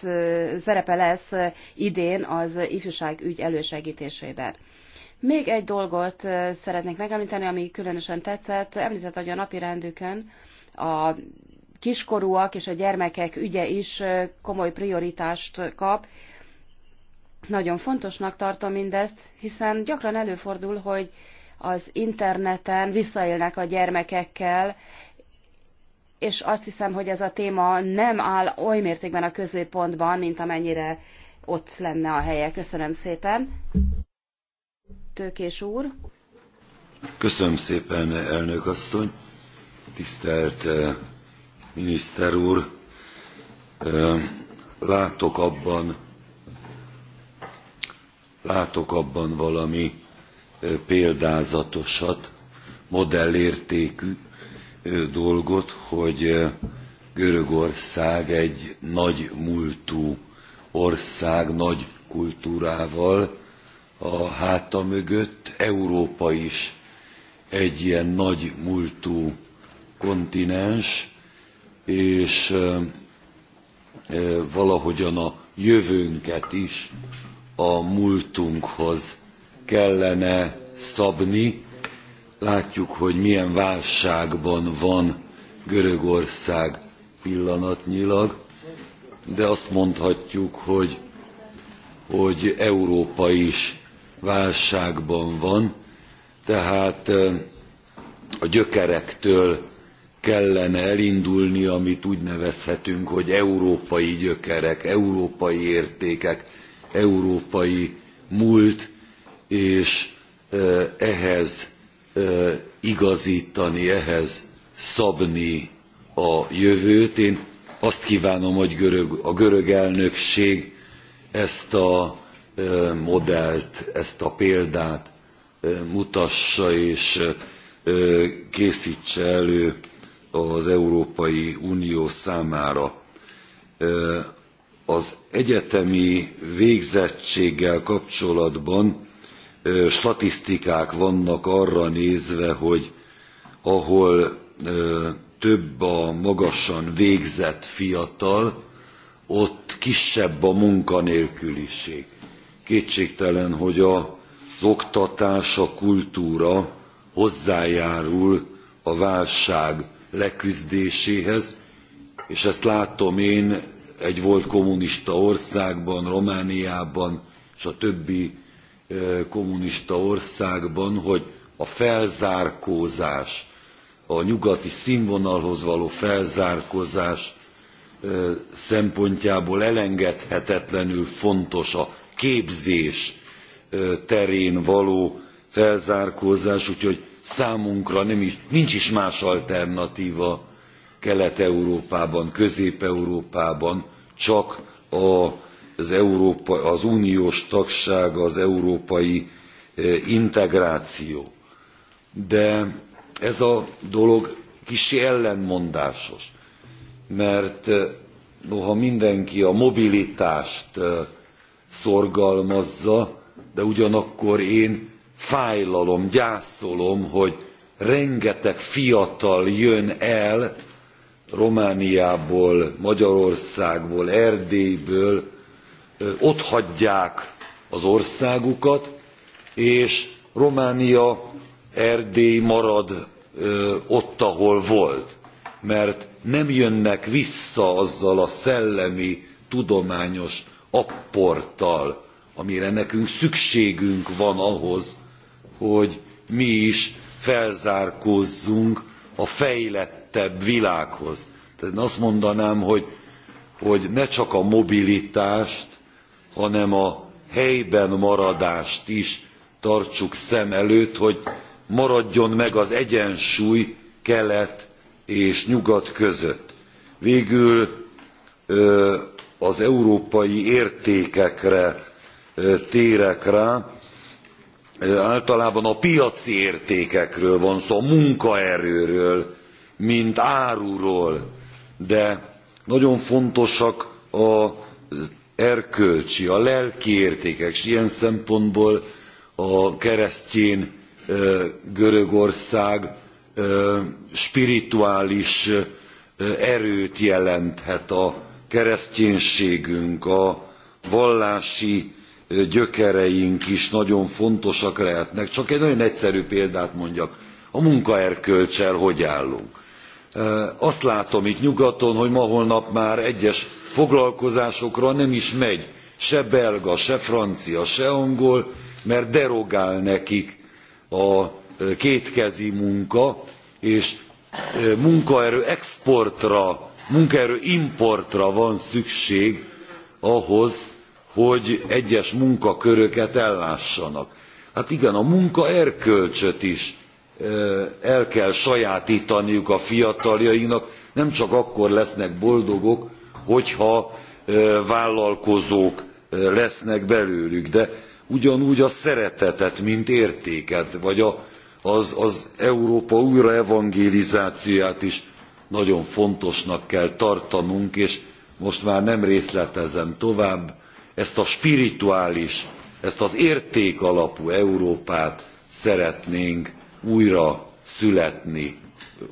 szerepe lesz idén az ifjúság ügy elősegítésében. Még egy dolgot szeretnék megemlíteni, ami különösen tetszett. Említett, hogy a napi rendükön a kiskorúak és a gyermekek ügye is komoly prioritást kap. Nagyon fontosnak tartom mindezt, hiszen gyakran előfordul, hogy az interneten visszaélnek a gyermekekkel, és azt hiszem, hogy ez a téma nem áll oly mértékben a középpontban, mint amennyire ott lenne a helye. Köszönöm szépen. Tőkés úr. Köszönöm szépen, elnök asszony. Tisztelt eh, miniszter úr, eh, látok abban, látok abban valami eh, példázatosat, modellértékű, dolgot, hogy Görögország egy nagy múltú ország, nagy kultúrával a háta mögött, Európa is egy ilyen nagy múltú kontinens, és valahogyan a jövőnket is a múltunkhoz kellene szabni, látjuk, hogy milyen válságban van Görögország pillanatnyilag, de azt mondhatjuk, hogy, hogy Európa is válságban van, tehát a gyökerektől kellene elindulni, amit úgy nevezhetünk, hogy európai gyökerek, európai értékek, európai múlt, és ehhez igazítani ehhez, szabni a jövőt. Én azt kívánom, hogy görög, a görög elnökség ezt a modellt, ezt a példát mutassa és készítse elő az Európai Unió számára. Az egyetemi végzettséggel kapcsolatban statisztikák vannak arra nézve, hogy ahol több a magasan végzett fiatal, ott kisebb a munkanélküliség. Kétségtelen, hogy az oktatás, a kultúra hozzájárul a válság leküzdéséhez, és ezt látom én egy volt kommunista országban, Romániában és a többi kommunista országban, hogy a felzárkózás, a nyugati színvonalhoz való felzárkózás szempontjából elengedhetetlenül fontos a képzés terén való felzárkózás, úgyhogy számunkra nem is, nincs is más alternatíva Kelet-Európában, Közép-Európában, csak a az, Európa, az uniós tagság, az európai e, integráció. De ez a dolog kicsi ellenmondásos, mert e, noha mindenki a mobilitást e, szorgalmazza, de ugyanakkor én fájlalom, gyászolom, hogy rengeteg fiatal jön el romániából magyarországból erdélyből otthagyják az országukat és románia erdély marad ott ahol volt mert nem jönnek vissza azzal a szellemi tudományos apporttal amire nekünk szükségünk van ahhoz hogy mi is felzárkózzunk a fejlettebb világhoz. tehát én azt mondanám hogy, hogy ne csak a mobilitást hanem a helyben maradást is tartsuk szem előtt hogy maradjon meg az egyensúly kelet és nyugat között. végül az európai értékekre térek rá általában a piaci értékekről van szó a munkaerőről mint áruról de nagyon fontosak a erkölcsi a lelki értékek és ilyen szempontból a keresztény görögország spirituális erőt jelenthet a kereszténységünk a vallási gyökereink is nagyon fontosak lehetnek. csak egy nagyon egyszerű példát mondjak a munkaerkölcsel hogy állunk? azt látom itt nyugaton hogy ma holnap már egyes foglalkozásokra nem is megy se belga se francia se angol mert derogál nekik a kétkezi munka és munkaerő exportra munkaerő importra van szükség ahhoz hogy egyes munkaköröket ellássanak. hát igen a munkaerkölcsöt is el kell sajáttaniuk a fiataljainknak nem csak akkor lesznek boldogok hogyha vállalkozók lesznek belőlük de ugyanúgy a szeretetet mint értéket vagy az, az európa újraevangelizációját is nagyon fontosnak kell tartanunk és most már nem részletezem tovább ezt a spirituális ezt az értékalapú európát szeretnénk újra születni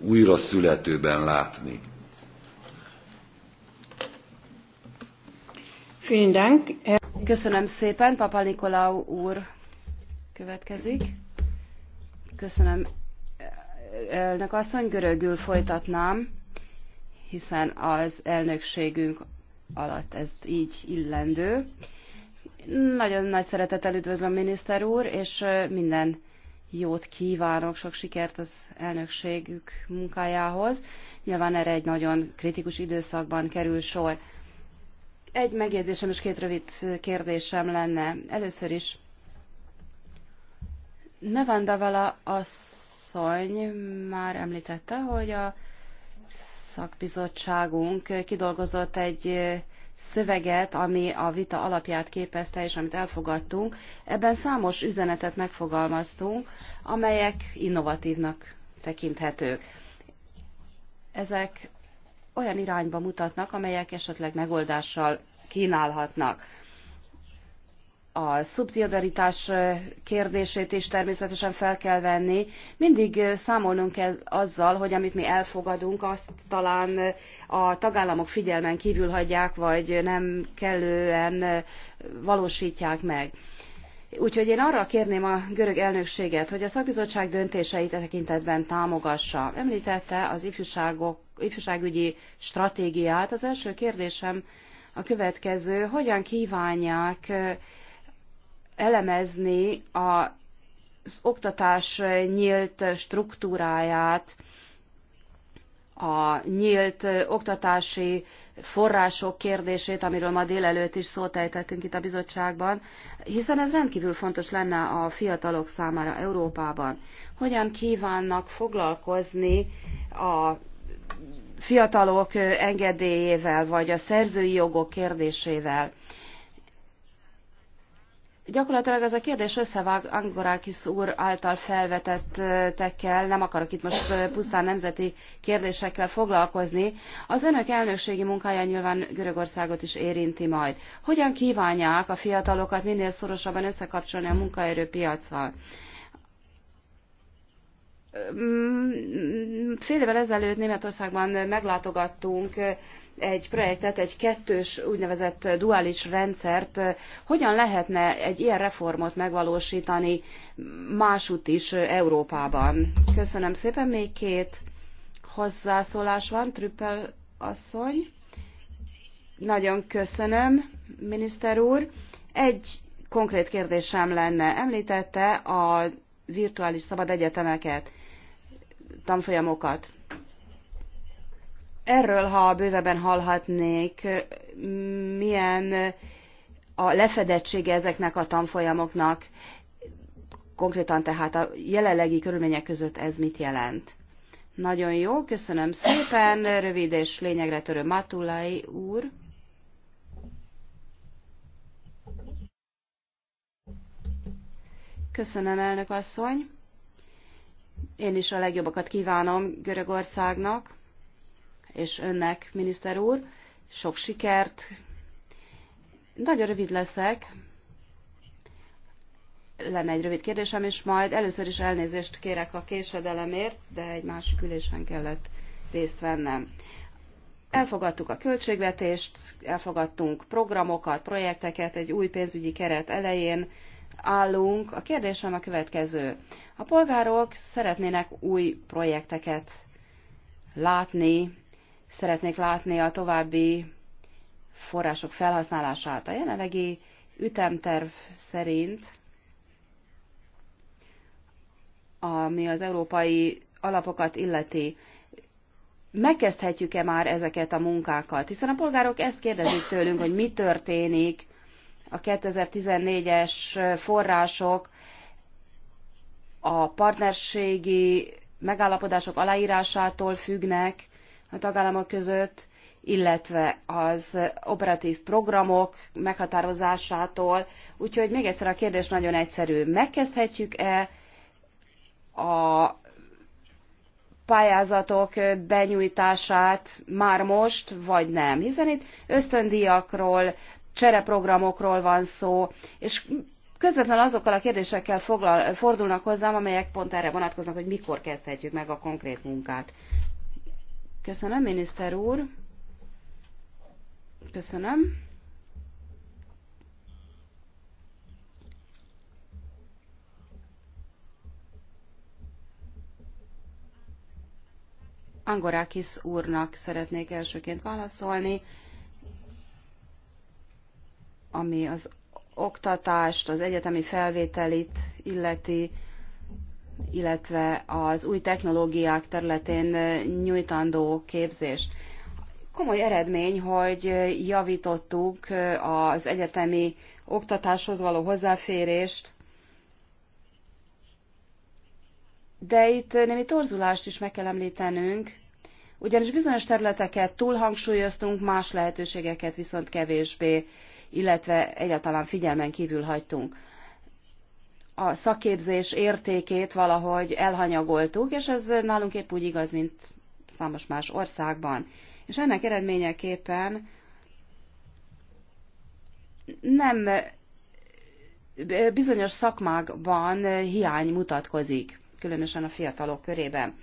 újra születőben látni. Köszönöm szépen, Papa Nikolau úr következik. Köszönöm, elnök asszony, görögül folytatnám, hiszen az elnökségünk alatt ez így illendő. Nagyon nagy szeretettel üdvözlöm, miniszter úr, és minden jót kívánok, sok sikert az elnökségük munkájához. Nyilván erre egy nagyon kritikus időszakban kerül sor. Egy megjegyzésem és két rövid kérdésem lenne. Először is Vala asszony már említette, hogy a szakbizottságunk kidolgozott egy szöveget, ami a vita alapját képezte, és amit elfogadtunk. Ebben számos üzenetet megfogalmaztunk, amelyek innovatívnak tekinthetők. Ezek olyan irányba mutatnak, amelyek esetleg megoldással kínálhatnak. A szubszidiaritás kérdését is természetesen fel kell venni. Mindig számolnunk kell azzal, hogy amit mi elfogadunk, azt talán a tagállamok figyelmen kívül hagyják, vagy nem kellően valósítják meg. Úgyhogy én arra kérném a görög elnökséget, hogy a szakbizottság döntéseit e tekintetben támogassa. Említette az ifjúságok ifjúságügyi stratégiát. Az első kérdésem a következő, hogyan kívánják elemezni az oktatás nyílt struktúráját, a nyílt oktatási források kérdését, amiről ma délelőtt is szót ejtettünk itt a bizottságban, hiszen ez rendkívül fontos lenne a fiatalok számára Európában. Hogyan kívánnak foglalkozni a fiatalok engedélyével, vagy a szerzői jogok kérdésével. Gyakorlatilag ez a kérdés összevág Angorakis úr által felvetettekkel, nem akarok itt most pusztán nemzeti kérdésekkel foglalkozni. Az önök elnökségi munkája nyilván Görögországot is érinti majd. Hogyan kívánják a fiatalokat minél szorosabban összekapcsolni a munkaerőpiacval? Fél évvel ezelőtt Németországban meglátogattunk egy projektet, egy kettős úgynevezett duális rendszert. Hogyan lehetne egy ilyen reformot megvalósítani másút is Európában? Köszönöm szépen. Még két hozzászólás van. Trüppel asszony. Nagyon köszönöm, miniszter úr. Egy konkrét kérdésem lenne. Említette a virtuális szabad egyetemeket tanfolyamokat. Erről, ha bővebben hallhatnék, milyen a lefedettsége ezeknek a tanfolyamoknak, konkrétan tehát a jelenlegi körülmények között ez mit jelent. Nagyon jó, köszönöm szépen, rövid és lényegre törő Matulai úr. Köszönöm, elnök asszony. Én is a legjobbakat kívánom Görögországnak, és önnek, miniszter úr. Sok sikert. Nagyon rövid leszek. Lenne egy rövid kérdésem, és majd először is elnézést kérek a késedelemért, de egy másik ülésen kellett részt vennem. Elfogadtuk a költségvetést, elfogadtunk programokat, projekteket egy új pénzügyi keret elején, állunk. A kérdésem a következő. A polgárok szeretnének új projekteket látni, szeretnék látni a további források felhasználását. A jelenlegi ütemterv szerint, ami az európai alapokat illeti, megkezdhetjük-e már ezeket a munkákat? Hiszen a polgárok ezt kérdezik tőlünk, hogy mi történik a 2014-es források a partnerségi megállapodások aláírásától függnek a tagállamok között, illetve az operatív programok meghatározásától. Úgyhogy még egyszer a kérdés nagyon egyszerű. Megkezdhetjük-e a pályázatok benyújtását már most, vagy nem? Hiszen itt ösztöndíjakról, csereprogramokról van szó, és közvetlenül azokkal a kérdésekkel foglal, fordulnak hozzám, amelyek pont erre vonatkoznak, hogy mikor kezdhetjük meg a konkrét munkát. Köszönöm, miniszter úr. Köszönöm. Angorakis úrnak szeretnék elsőként válaszolni ami az oktatást, az egyetemi felvételit illeti, illetve az új technológiák területén nyújtandó képzést. Komoly eredmény, hogy javítottuk az egyetemi oktatáshoz való hozzáférést, de itt némi torzulást is meg kell említenünk, ugyanis bizonyos területeket túlhangsúlyoztunk, más lehetőségeket viszont kevésbé illetve egyáltalán figyelmen kívül hagytunk. A szakképzés értékét valahogy elhanyagoltuk, és ez nálunk épp úgy igaz, mint számos más országban. És ennek eredményeképpen nem bizonyos szakmákban hiány mutatkozik, különösen a fiatalok körében.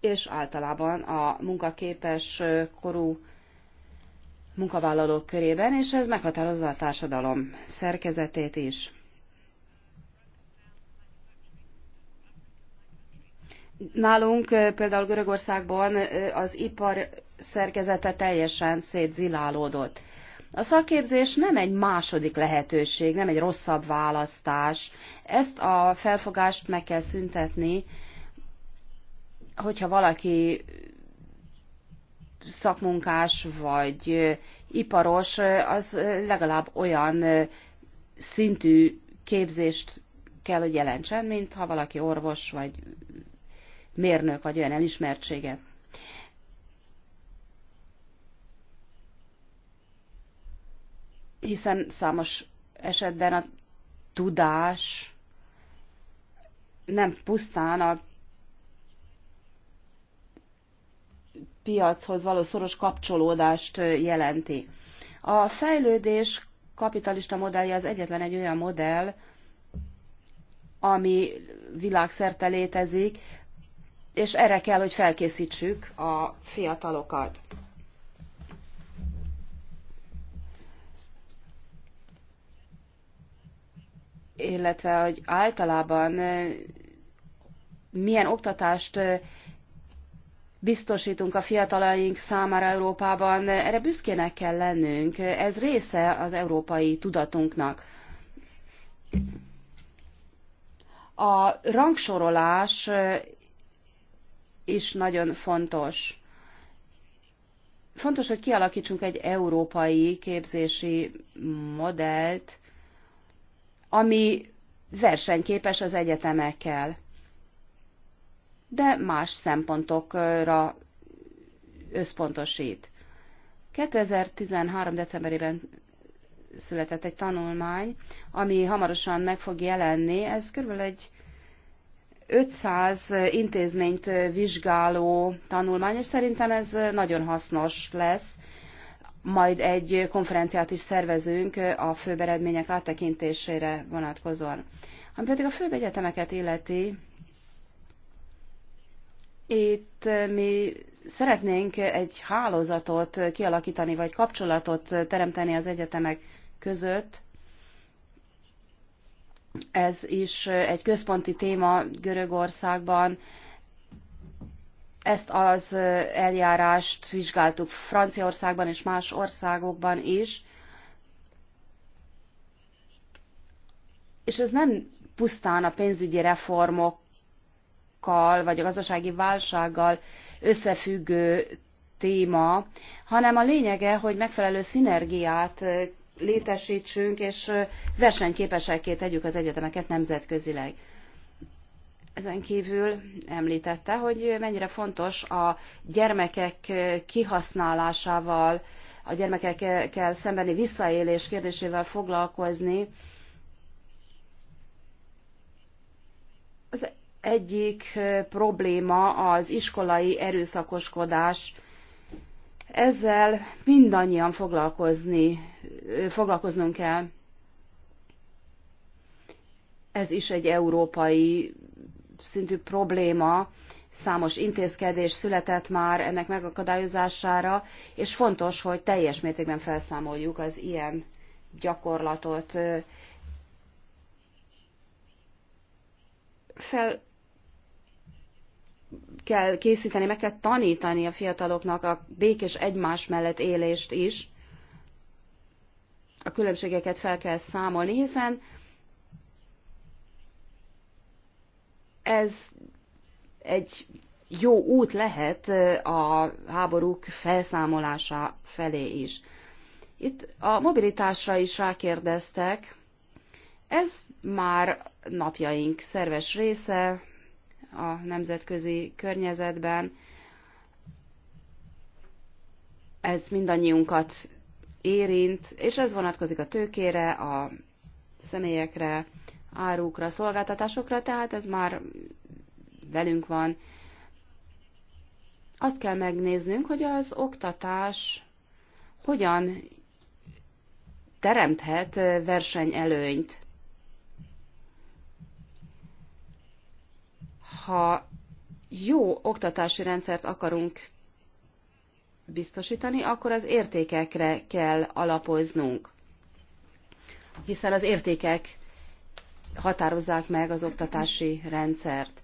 És általában a munkaképes korú munkavállalók körében, és ez meghatározza a társadalom szerkezetét is. Nálunk például Görögországban az ipar szerkezete teljesen szétzilálódott. A szakképzés nem egy második lehetőség, nem egy rosszabb választás. Ezt a felfogást meg kell szüntetni, hogyha valaki szakmunkás vagy iparos, az legalább olyan szintű képzést kell, hogy jelentsen, mint ha valaki orvos vagy mérnök, vagy olyan elismertséget. Hiszen számos esetben a tudás nem pusztán a piachoz való szoros kapcsolódást jelenti. A fejlődés kapitalista modellje az egyetlen egy olyan modell, ami világszerte létezik, és erre kell, hogy felkészítsük a fiatalokat. Illetve, hogy általában milyen oktatást biztosítunk a fiatalaink számára Európában, erre büszkének kell lennünk. Ez része az európai tudatunknak. A rangsorolás is nagyon fontos. Fontos, hogy kialakítsunk egy európai képzési modellt, ami versenyképes az egyetemekkel de más szempontokra összpontosít. 2013. decemberében született egy tanulmány, ami hamarosan meg fog jelenni. Ez körülbelül egy 500 intézményt vizsgáló tanulmány, és szerintem ez nagyon hasznos lesz. Majd egy konferenciát is szervezünk a főbb eredmények áttekintésére vonatkozóan. Ami pedig a főbb egyetemeket illeti, itt eh, mi szeretnénk egy hálózatot kialakítani, vagy kapcsolatot teremteni az egyetemek között. Ez is egy központi téma Görögországban. Ezt az eh, eljárást vizsgáltuk Franciaországban és más országokban is. És ez nem pusztán a pénzügyi reformok válsággal, vagy a gazdasági válsággal összefüggő téma, hanem a lényege, hogy megfelelő szinergiát létesítsünk, és versenyképesekké tegyük az egyetemeket nemzetközileg. Ezen kívül említette, hogy mennyire fontos a gyermekek kihasználásával, a gyermekekkel szembeni visszaélés kérdésével foglalkozni. Az egyik probléma az iskolai erőszakoskodás. Ezzel mindannyian foglalkozni, foglalkoznunk kell. Ez is egy európai szintű probléma. Számos intézkedés született már ennek megakadályozására, és fontos, hogy teljes mértékben felszámoljuk az ilyen gyakorlatot. Fel kell készíteni, meg kell tanítani a fiataloknak a békés egymás mellett élést is. A különbségeket fel kell számolni, hiszen ez egy jó út lehet a háborúk felszámolása felé is. Itt a mobilitásra is rákérdeztek. Ez már napjaink szerves része, a nemzetközi környezetben. Ez mindannyiunkat érint, és ez vonatkozik a tőkére, a személyekre, árukra, szolgáltatásokra, tehát ez már velünk van. Azt kell megnéznünk, hogy az oktatás hogyan teremthet eh, versenyelőnyt. ha jó oktatási rendszert akarunk biztosítani, akkor az értékekre kell alapoznunk. Hiszen az értékek határozzák meg az oktatási rendszert.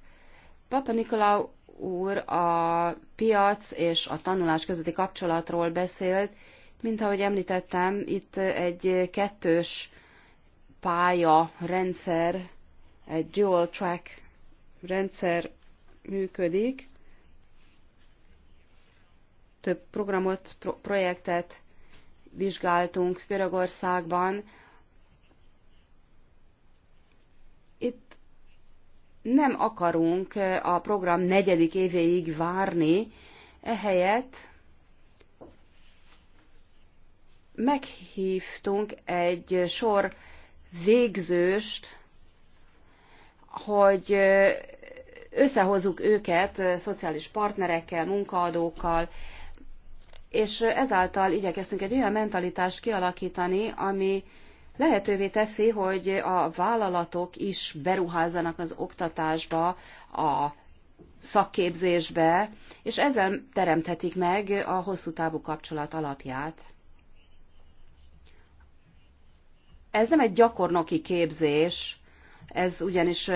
Papa Nikolau úr a piac és a tanulás közötti kapcsolatról beszélt. Mint ahogy említettem, itt egy kettős pálya rendszer, egy dual track rendszer működik, több programot, projektet vizsgáltunk Görögországban. Itt nem akarunk a program negyedik évéig várni, ehelyett meghívtunk egy sor végzőst, hogy összehozzuk őket szociális partnerekkel, munkaadókkal, és ezáltal igyekeztünk egy olyan mentalitást kialakítani, ami lehetővé teszi, hogy a vállalatok is beruházzanak az oktatásba, a szakképzésbe, és ezzel teremthetik meg a hosszú távú kapcsolat alapját. Ez nem egy gyakornoki képzés, ez ugyanis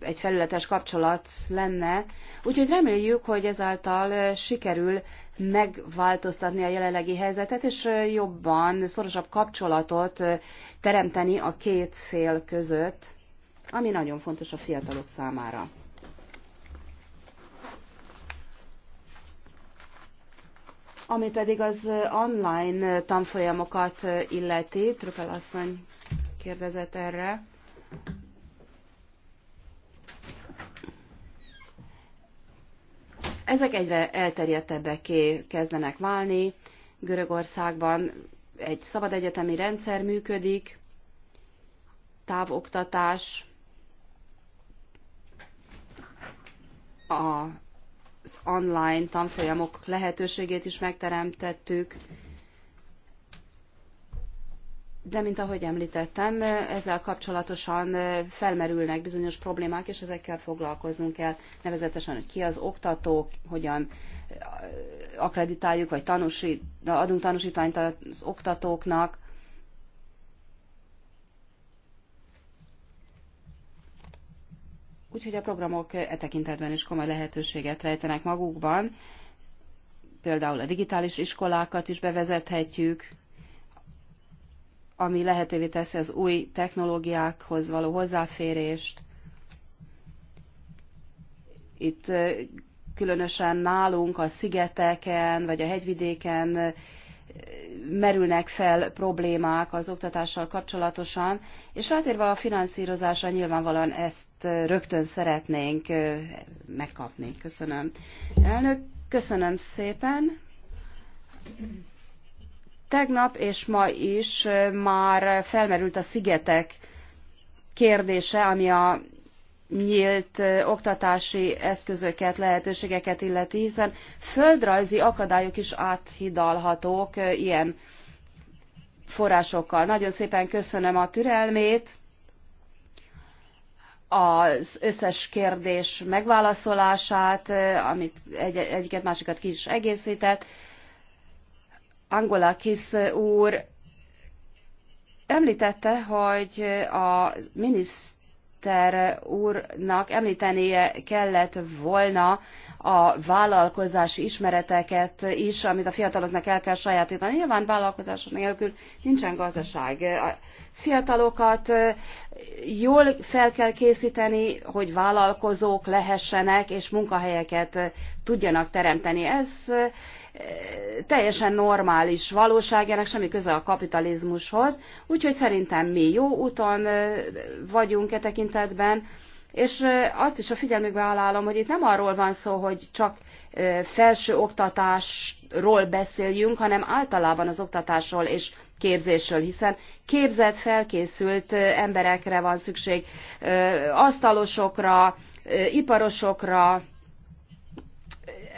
egy felületes kapcsolat lenne. Úgyhogy reméljük, hogy ezáltal sikerül megváltoztatni a jelenlegi helyzetet, és jobban, szorosabb kapcsolatot teremteni a két fél között, ami nagyon fontos a fiatalok számára. Ami pedig az online tanfolyamokat illeti, trükkel asszony kérdezett erre. Ezek egyre elterjedtebbeké kezdenek válni. Görögországban egy szabad egyetemi rendszer működik, távoktatás, az online tanfolyamok lehetőségét is megteremtettük, de mint ahogy említettem, ezzel kapcsolatosan felmerülnek bizonyos problémák, és ezekkel foglalkoznunk kell, nevezetesen, hogy ki az oktató, hogyan eh, akreditáljuk, vagy tanúsít, adunk tanúsítványt az oktatóknak. Úgyhogy a programok e tekintetben is komoly lehetőséget rejtenek magukban. Például a digitális iskolákat is bevezethetjük, ami lehetővé teszi az új technológiákhoz való hozzáférést. Itt különösen nálunk a szigeteken vagy a hegyvidéken merülnek fel problémák az oktatással kapcsolatosan, és rátérve a finanszírozásra nyilvánvalóan ezt rögtön szeretnénk megkapni. Köszönöm. Elnök, köszönöm szépen. Tegnap és ma is már felmerült a szigetek kérdése, ami a nyílt oktatási eszközöket, lehetőségeket illeti, hiszen földrajzi akadályok is áthidalhatók ilyen forrásokkal. Nagyon szépen köszönöm a türelmét, az összes kérdés megválaszolását, amit egy, egyiket másikat ki is egészített. Angolakis úr említette, hogy a miniszter úrnak említenie kellett volna a vállalkozási ismereteket is, amit a fiataloknak el kell sajátítani. Nyilván vállalkozások nélkül nincsen gazdaság. A fiatalokat jól fel kell készíteni, hogy vállalkozók lehessenek és munkahelyeket tudjanak teremteni. Ez teljesen normális valóság, ennek semmi köze a kapitalizmushoz, úgyhogy szerintem mi jó úton vagyunk e tekintetben, és azt is a figyelmükbe állálom, hogy itt nem arról van szó, hogy csak felső oktatásról beszéljünk, hanem általában az oktatásról és képzésről, hiszen képzett, felkészült emberekre van szükség, asztalosokra, iparosokra,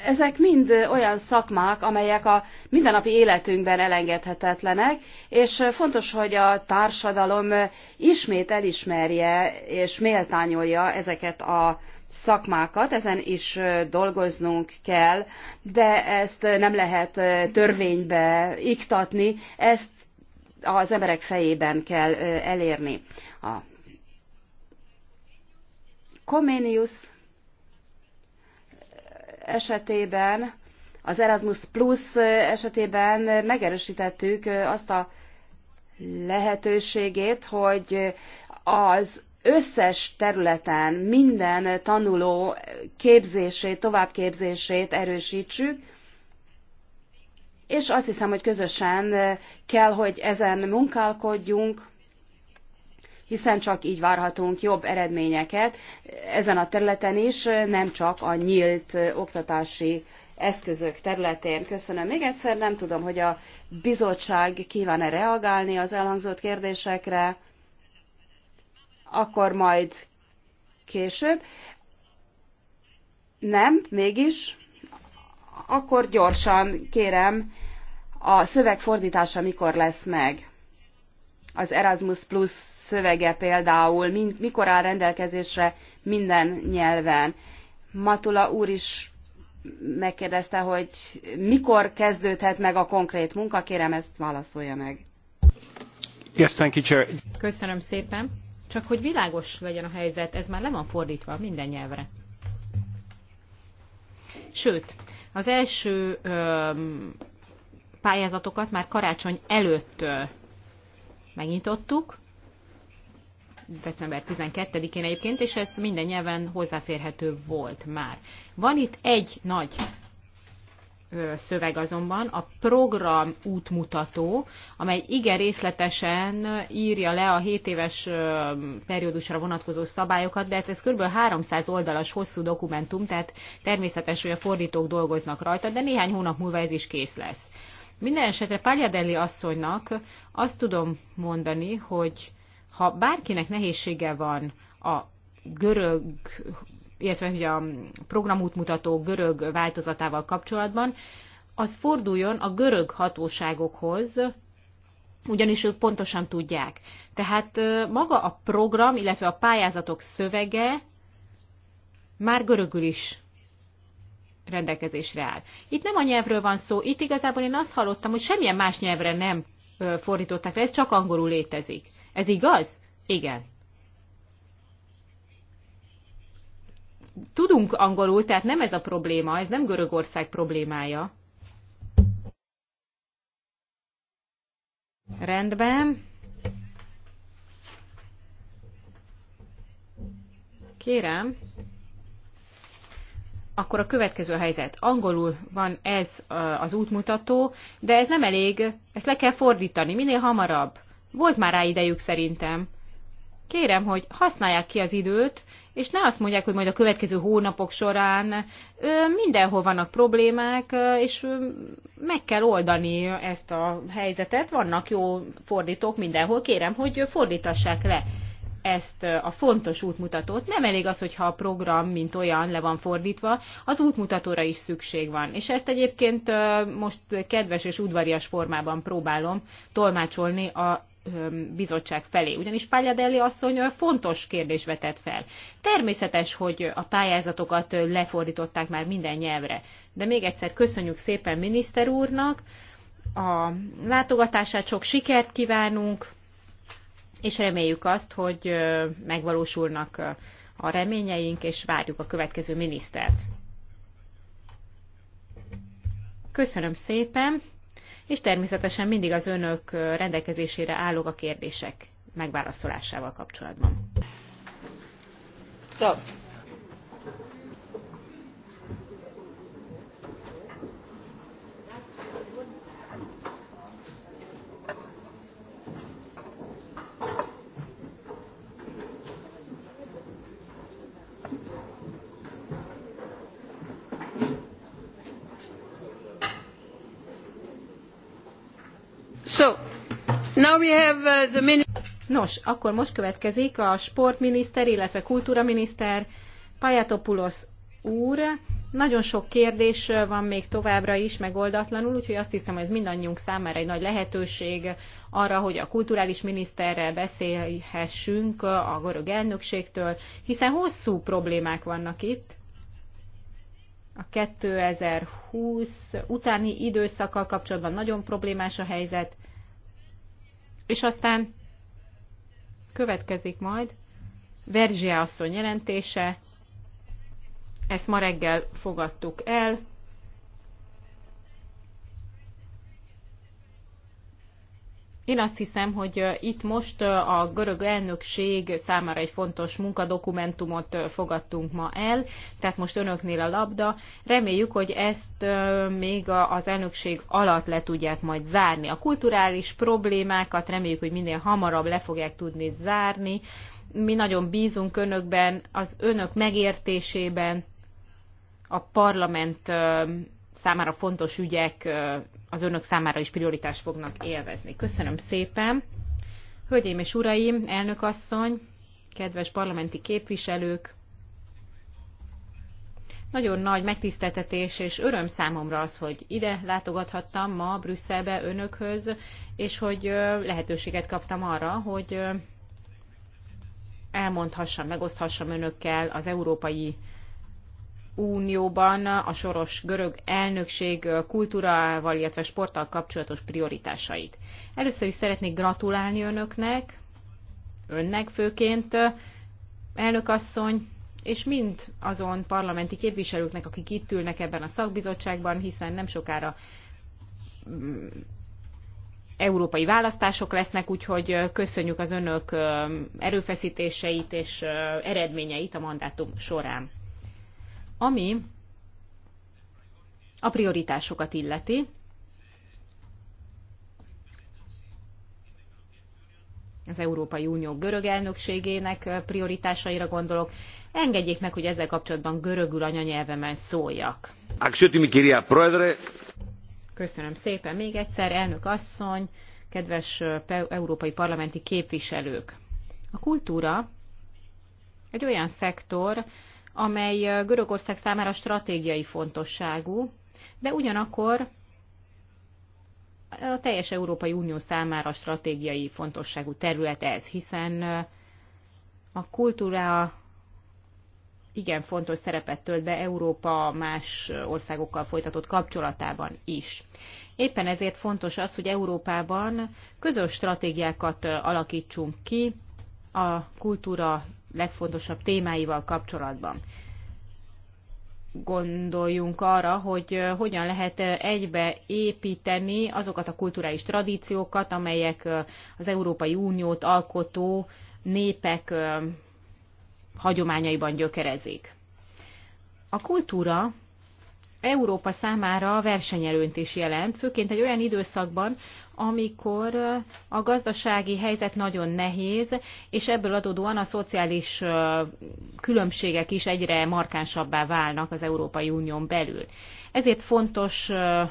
ezek mind olyan szakmák, amelyek a mindennapi életünkben elengedhetetlenek, és fontos, hogy a társadalom ismét elismerje és méltányolja ezeket a szakmákat, ezen is dolgoznunk kell, de ezt nem lehet törvénybe iktatni, ezt az emberek fejében kell elérni. A Comenius esetében, az Erasmus Plus esetében megerősítettük azt a lehetőségét, hogy az összes területen minden tanuló képzését, továbbképzését erősítsük, és azt hiszem, hogy közösen kell, hogy ezen munkálkodjunk, hiszen csak így várhatunk jobb eredményeket ezen a területen is, nem csak a nyílt oktatási eszközök területén. Köszönöm még egyszer, nem tudom, hogy a bizottság kíván-e reagálni az elhangzott kérdésekre, akkor majd később. Nem, mégis. Akkor gyorsan kérem, a szöveg fordítása mikor lesz meg? az Erasmus Plus szövege például, mint, mikor áll rendelkezésre minden nyelven. Matula úr is megkérdezte, hogy mikor kezdődhet meg a konkrét munka, kérem ezt válaszolja meg. Yes, thank you, Chair. Köszönöm szépen. Csak hogy világos legyen a helyzet, ez már le van fordítva minden nyelvre. Sőt, az első öm, pályázatokat már karácsony előtt megnyitottuk, december 12-én egyébként, és ez minden nyelven hozzáférhető volt már. Van itt egy nagy szöveg azonban, a program útmutató, amely igen részletesen írja le a 7 éves periódusra vonatkozó szabályokat, de hát ez kb. 300 oldalas hosszú dokumentum, tehát természetes, hogy a fordítók dolgoznak rajta, de néhány hónap múlva ez is kész lesz. Minden esetre Pagliadelli asszonynak azt tudom mondani, hogy ha bárkinek nehézsége van a görög, illetve hogy a programútmutató görög változatával kapcsolatban, az forduljon a görög hatóságokhoz, ugyanis ők pontosan tudják. Tehát maga a program, illetve a pályázatok szövege már görögül is rendelkezésre áll. Itt nem a nyelvről van szó, itt igazából én azt hallottam, hogy semmilyen más nyelvre nem fordították le, ez csak angolul létezik. Ez igaz? Igen. Tudunk angolul, tehát nem ez a probléma, ez nem Görögország problémája. Rendben. Kérem, akkor a következő helyzet. Angolul van ez az útmutató, de ez nem elég, ezt le kell fordítani, minél hamarabb. Volt már rá idejük szerintem. Kérem, hogy használják ki az időt, és ne azt mondják, hogy majd a következő hónapok során ö, mindenhol vannak problémák, és ö, meg kell oldani ezt a helyzetet. Vannak jó fordítók mindenhol, kérem, hogy fordítassák le ezt a fontos útmutatót. Nem elég az, hogyha a program, mint olyan, le van fordítva, az útmutatóra is szükség van. És ezt egyébként most kedves és udvarias formában próbálom tolmácsolni a bizottság felé. Ugyanis Pagliadelli asszony fontos kérdés vetett fel. Természetes, hogy a pályázatokat lefordították már minden nyelvre. De még egyszer köszönjük szépen miniszter úrnak a látogatását, sok sikert kívánunk, és reméljük azt, hogy megvalósulnak a reményeink, és várjuk a következő minisztert. Köszönöm szépen, és természetesen mindig az önök rendelkezésére állok a kérdések megválaszolásával kapcsolatban. So. Now we have uh, the Nos, akkor most következik a sportminiszter, illetve kultúraminiszter Pajatopulos úr. Nagyon sok kérdés uh, van még továbbra is megoldatlanul, úgyhogy azt hiszem, hogy ez mindannyiunk számára egy nagy lehetőség arra, hogy a kulturális miniszterrel beszélhessünk uh, a görög elnökségtől, hiszen hosszú problémák vannak itt. A 2020 utáni időszakkal kapcsolatban nagyon problémás a helyzet, és aztán következik majd Verzsia asszony jelentése, ezt ma reggel fogadtuk el, Én azt hiszem, hogy itt most a görög elnökség számára egy fontos munkadokumentumot fogadtunk ma el, tehát most önöknél a labda. Reméljük, hogy ezt még az elnökség alatt le tudják majd zárni. A kulturális problémákat reméljük, hogy minél hamarabb le fogják tudni zárni. Mi nagyon bízunk önökben, az önök megértésében, a parlament számára fontos ügyek az önök számára is prioritást fognak élvezni. Köszönöm szépen. Hölgyeim és uraim, elnök asszony, kedves parlamenti képviselők, nagyon nagy megtiszteltetés és öröm számomra az, hogy ide látogathattam ma Brüsszelbe önökhöz, és hogy lehetőséget kaptam arra, hogy elmondhassam, megoszthassam önökkel az európai Unióban a soros görög elnökség kultúrával, illetve sporttal kapcsolatos prioritásait. Először is szeretnék gratulálni önöknek, önnek főként, elnökasszony, és mind azon parlamenti képviselőknek, akik itt ülnek ebben a szakbizottságban, hiszen nem sokára mm, európai választások lesznek, úgyhogy köszönjük az önök erőfeszítéseit és eredményeit a mandátum során. Ami a prioritásokat illeti, az Európai Unió görög elnökségének prioritásaira gondolok. Engedjék meg, hogy ezzel kapcsolatban görögül anyanyelvemen szóljak. Köszönöm szépen még egyszer, elnök asszony, kedves európai parlamenti képviselők. A kultúra egy olyan szektor, amely Görögország számára stratégiai fontosságú, de ugyanakkor a teljes Európai Unió számára stratégiai fontosságú terület ez, hiszen a kultúra igen fontos szerepet tölt be Európa más országokkal folytatott kapcsolatában is. Éppen ezért fontos az, hogy Európában közös stratégiákat alakítsunk ki a kultúra legfontosabb témáival kapcsolatban. Gondoljunk arra, hogy hogyan lehet egybe építeni azokat a kulturális tradíciókat, amelyek az Európai Uniót alkotó népek hagyományaiban gyökerezik. A kultúra Európa számára versenyelőnt is jelent, főként egy olyan időszakban, amikor a gazdasági helyzet nagyon nehéz, és ebből adódóan a szociális különbségek is egyre markánsabbá válnak az Európai Unión belül. Ezért fontos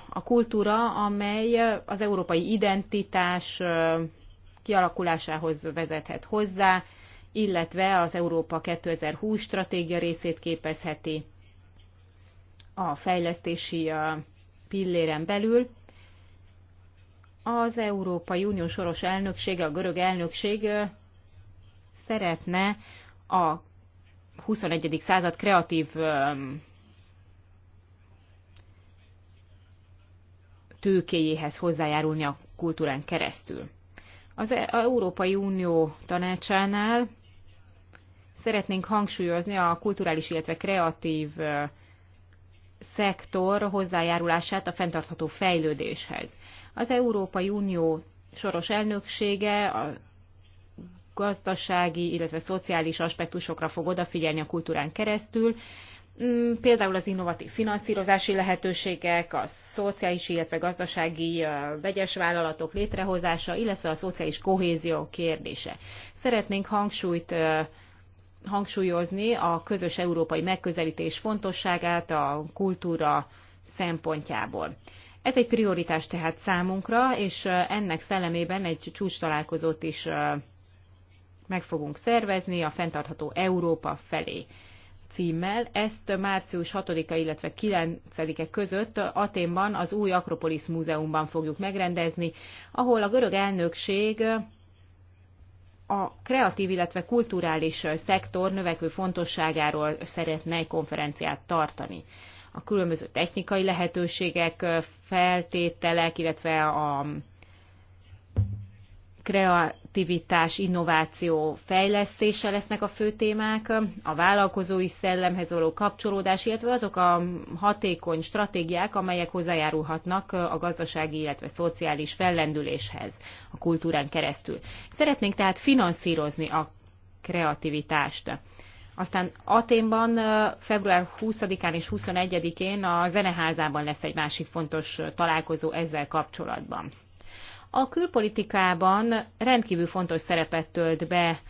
a kultúra, amely az európai identitás kialakulásához vezethet hozzá, illetve az Európa 2020 stratégia részét képezheti a fejlesztési pilléren belül. Az Európai Unió soros elnöksége, a görög elnökség szeretne a 21. század kreatív tőkéjéhez hozzájárulni a kultúrán keresztül. Az e- Európai Unió tanácsánál szeretnénk hangsúlyozni a kulturális, illetve kreatív szektor hozzájárulását a fenntartható fejlődéshez. Az Európai Unió soros elnöksége a gazdasági, illetve szociális aspektusokra fog odafigyelni a kultúrán keresztül, mm, például az innovatív finanszírozási lehetőségek, a szociális, illetve gazdasági vegyes vállalatok létrehozása, illetve a szociális kohézió kérdése. Szeretnénk hangsúlyt hangsúlyozni a közös európai megközelítés fontosságát a kultúra szempontjából. Ez egy prioritás tehát számunkra, és ennek szellemében egy csúcs találkozót is meg fogunk szervezni a Fentartható Európa felé címmel. Ezt március 6-a, illetve 9-e között Aténban az új Akropolis Múzeumban fogjuk megrendezni, ahol a görög elnökség a kreatív, illetve kulturális szektor növekvő fontosságáról szeretne egy konferenciát tartani. A különböző technikai lehetőségek, feltételek, illetve a krea kreativitás, innováció, fejlesztése lesznek a fő témák, a vállalkozói szellemhez való kapcsolódás, illetve azok a hatékony stratégiák, amelyek hozzájárulhatnak a gazdasági, illetve szociális fellendüléshez a kultúrán keresztül. Szeretnénk tehát finanszírozni a kreativitást. Aztán Aténban február 20-án és 21-én a zeneházában lesz egy másik fontos találkozó ezzel kapcsolatban. A külpolitikában rendkívül fontos szerepet tölt be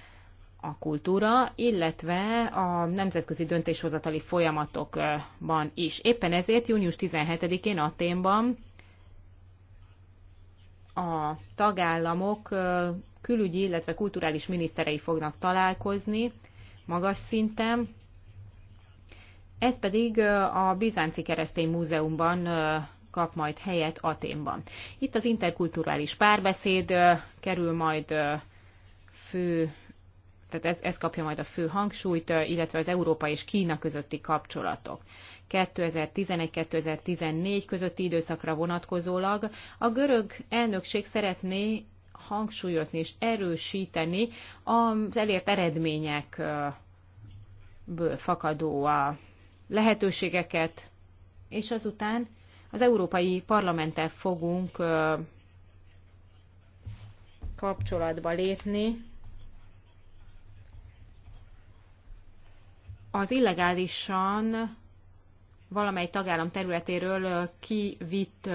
a kultúra, illetve a nemzetközi döntéshozatali folyamatokban is. Éppen ezért június 17-én Aténban a tagállamok külügyi, illetve kulturális miniszterei fognak találkozni magas szinten. Ez pedig a Bizánci Keresztény Múzeumban kap majd helyet Aténban. Itt az interkulturális párbeszéd kerül majd fő, tehát ez, ez kapja majd a fő hangsúlyt, illetve az Európa és Kína közötti kapcsolatok. 2011-2014 közötti időszakra vonatkozólag a görög elnökség szeretné hangsúlyozni és erősíteni az elért eredményekből fakadó a lehetőségeket, és azután az Európai Parlamenttel fogunk kapcsolatba lépni. Az illegálisan valamely tagállam területéről kivitt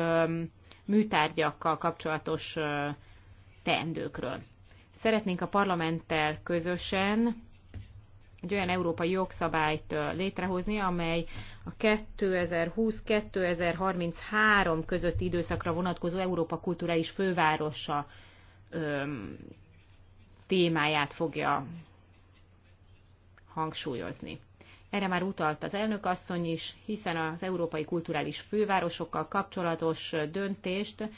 műtárgyakkal kapcsolatos teendőkről. Szeretnénk a parlamenttel közösen egy olyan európai jogszabályt létrehozni, amely a 2020-2033 közötti időszakra vonatkozó Európa kulturális fővárosa témáját fogja hangsúlyozni. Erre már utalt az elnök asszony is, hiszen az európai kulturális fővárosokkal kapcsolatos döntést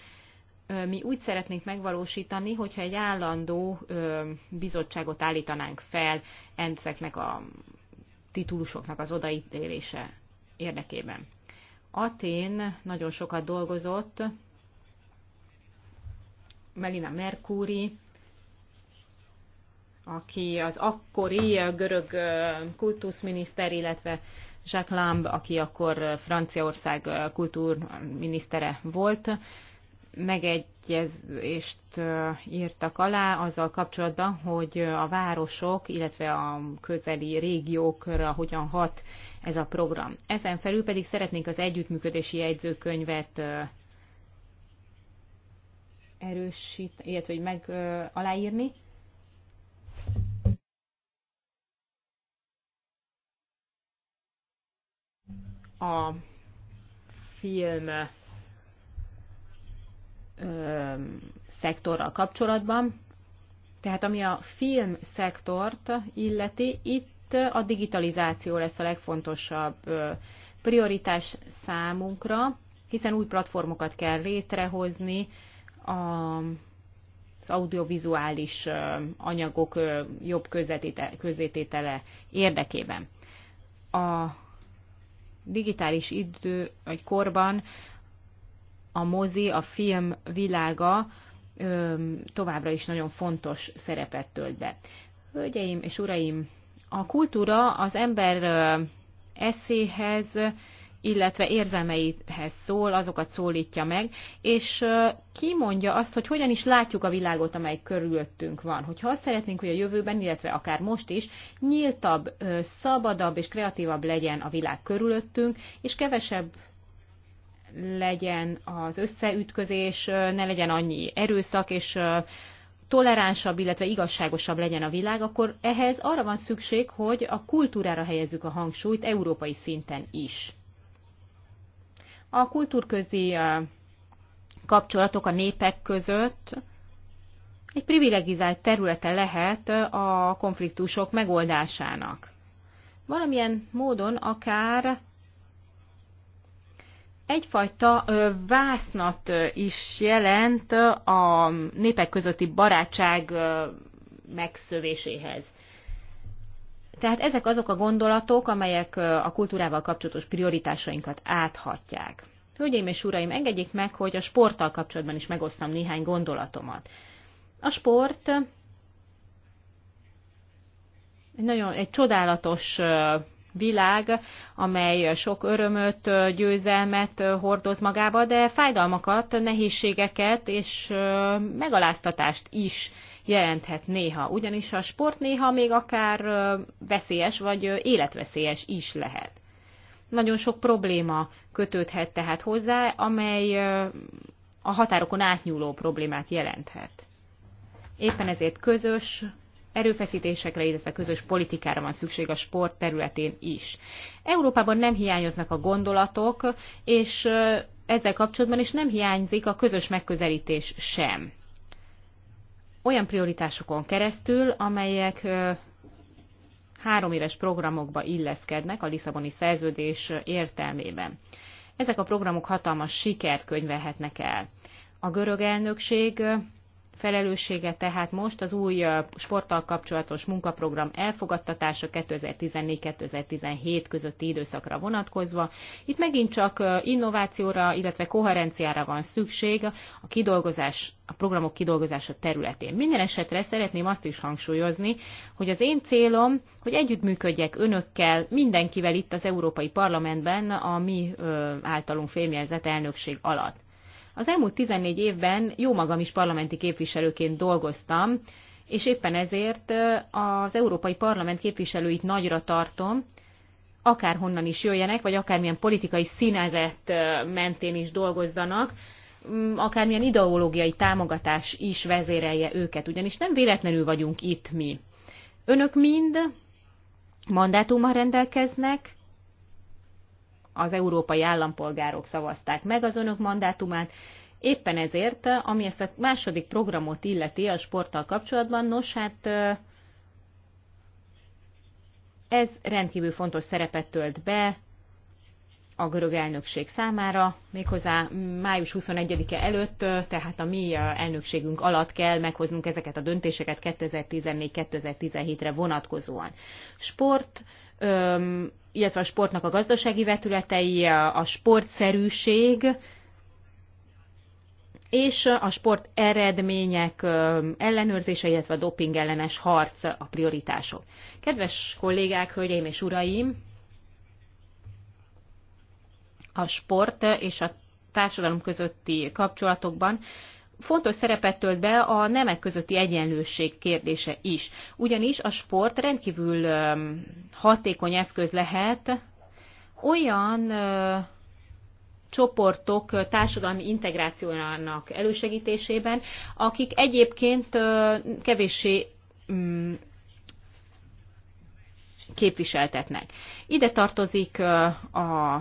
mi úgy szeretnénk megvalósítani, hogyha egy állandó bizottságot állítanánk fel ezeknek a titulusoknak az odaítélése érdekében. Atén nagyon sokat dolgozott, Melina Mercuri, aki az akkori görög kultuszminiszter, illetve Jacques Lamb, aki akkor Franciaország kultúrminisztere volt, megegyezést írtak alá azzal kapcsolatban, hogy a városok, illetve a közeli régiókra hogyan hat ez a program. Ezen felül pedig szeretnénk az együttműködési jegyzőkönyvet erősít, illetve hogy meg aláírni, a film ö, szektorral kapcsolatban. Tehát ami a film szektort illeti, itt a digitalizáció lesz a legfontosabb ö, prioritás számunkra, hiszen új platformokat kell létrehozni a, az audiovizuális anyagok jobb közzététele érdekében. A digitális idő vagy korban a mozi, a film világa továbbra is nagyon fontos szerepet tölt be. Hölgyeim és uraim, a kultúra az ember eszéhez, illetve érzelmeihez szól, azokat szólítja meg, és ki mondja azt, hogy hogyan is látjuk a világot, amely körülöttünk van. Hogyha azt szeretnénk, hogy a jövőben, illetve akár most is nyíltabb, szabadabb és kreatívabb legyen a világ körülöttünk, és kevesebb legyen az összeütközés, ne legyen annyi erőszak, és toleránsabb, illetve igazságosabb legyen a világ, akkor ehhez arra van szükség, hogy a kultúrára helyezzük a hangsúlyt európai szinten is. A kultúrközi kapcsolatok a népek között egy privilegizált területe lehet a konfliktusok megoldásának. Valamilyen módon akár egyfajta vásznat is jelent a népek közötti barátság megszövéséhez. Tehát ezek azok a gondolatok, amelyek a kultúrával kapcsolatos prioritásainkat áthatják. Hölgyeim és uraim, engedjék meg, hogy a sporttal kapcsolatban is megosztam néhány gondolatomat. A sport egy nagyon egy csodálatos világ, amely sok örömöt, győzelmet hordoz magába, de fájdalmakat, nehézségeket és megaláztatást is jelenthet néha. Ugyanis a sport néha még akár veszélyes vagy életveszélyes is lehet. Nagyon sok probléma kötődhet tehát hozzá, amely a határokon átnyúló problémát jelenthet. Éppen ezért közös erőfeszítésekre, illetve közös politikára van szükség a sport területén is. Európában nem hiányoznak a gondolatok, és ezzel kapcsolatban is nem hiányzik a közös megközelítés sem. Olyan prioritásokon keresztül, amelyek három éves programokba illeszkednek a Lisszaboni szerződés értelmében. Ezek a programok hatalmas sikert könyvelhetnek el. A görög elnökség felelőssége tehát most az új sporttal kapcsolatos munkaprogram elfogadtatása 2014-2017 közötti időszakra vonatkozva. Itt megint csak innovációra, illetve koherenciára van szükség a kidolgozás, a programok kidolgozása területén. Minden esetre szeretném azt is hangsúlyozni, hogy az én célom, hogy együttműködjek önökkel, mindenkivel itt az Európai Parlamentben a mi általunk fémjelzett elnökség alatt. Az elmúlt 14 évben jó magam is parlamenti képviselőként dolgoztam, és éppen ezért az Európai Parlament képviselőit nagyra tartom, akárhonnan is jöjjenek, vagy akármilyen politikai színezet mentén is dolgozzanak, akármilyen ideológiai támogatás is vezérelje őket, ugyanis nem véletlenül vagyunk itt mi. Önök mind mandátummal rendelkeznek, az európai állampolgárok szavazták meg az önök mandátumát, Éppen ezért, ami ezt a második programot illeti a sporttal kapcsolatban, nos hát ez rendkívül fontos szerepet tölt be a görög elnökség számára, méghozzá május 21-e előtt, tehát a mi elnökségünk alatt kell meghoznunk ezeket a döntéseket 2014-2017-re vonatkozóan. Sport, illetve a sportnak a gazdasági vetületei, a sportszerűség, és a sport eredmények ellenőrzése, illetve a doping ellenes harc a prioritások. Kedves kollégák, hölgyeim és uraim, a sport és a társadalom közötti kapcsolatokban fontos szerepet tölt be a nemek közötti egyenlőség kérdése is. Ugyanis a sport rendkívül hatékony eszköz lehet olyan csoportok társadalmi integrációjának elősegítésében, akik egyébként kevéssé mm, képviseltetnek. Ide tartozik a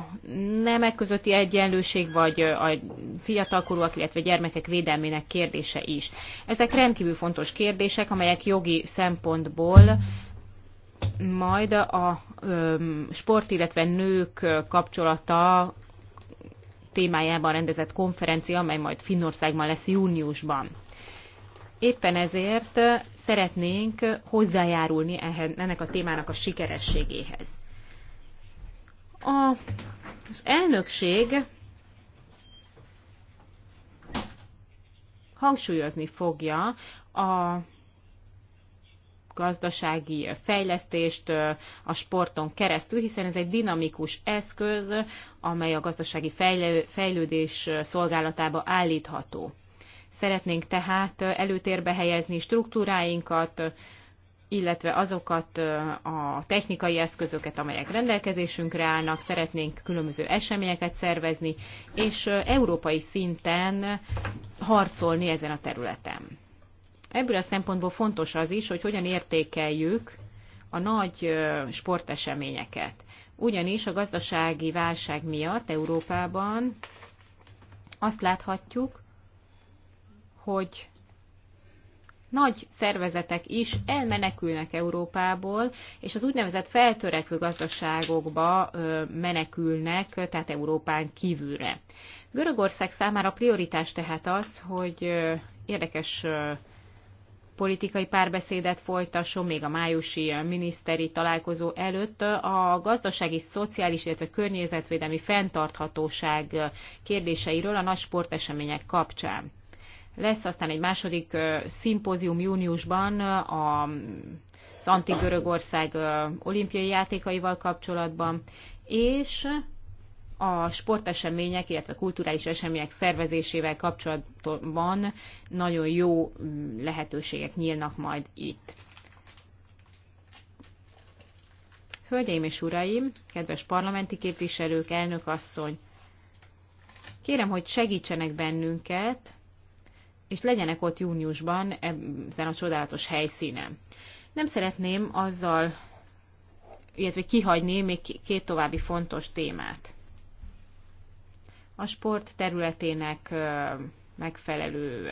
nemek közötti egyenlőség, vagy a fiatalkorúak, illetve gyermekek védelmének kérdése is. Ezek rendkívül fontos kérdések, amelyek jogi szempontból majd a sport, illetve nők kapcsolata témájában rendezett konferencia, amely majd Finnországban lesz júniusban. Éppen ezért szeretnénk hozzájárulni ennek a témának a sikerességéhez. Az elnökség hangsúlyozni fogja a gazdasági fejlesztést a sporton keresztül, hiszen ez egy dinamikus eszköz, amely a gazdasági fejlődés szolgálatába állítható. Szeretnénk tehát előtérbe helyezni struktúráinkat, illetve azokat a technikai eszközöket, amelyek rendelkezésünkre állnak, szeretnénk különböző eseményeket szervezni, és európai szinten harcolni ezen a területen. Ebből a szempontból fontos az is, hogy hogyan értékeljük a nagy sporteseményeket. Ugyanis a gazdasági válság miatt Európában azt láthatjuk, hogy nagy szervezetek is elmenekülnek Európából, és az úgynevezett feltörekvő gazdaságokba menekülnek, tehát Európán kívülre. Görögország számára prioritás tehát az, hogy érdekes politikai párbeszédet folytasson még a májusi miniszteri találkozó előtt a gazdasági, szociális, illetve környezetvédelmi fenntarthatóság kérdéseiről a nagy sportesemények kapcsán. Lesz aztán egy második szimpózium júniusban a az anti-Görögország olimpiai játékaival kapcsolatban, és a sportesemények, illetve kulturális események szervezésével kapcsolatban nagyon jó lehetőségek nyílnak majd itt. Hölgyeim és uraim, kedves parlamenti képviselők, elnök asszony, kérem, hogy segítsenek bennünket és legyenek ott júniusban ezen a csodálatos helyszínen. Nem szeretném azzal, illetve kihagyni még két további fontos témát. A sport területének megfelelő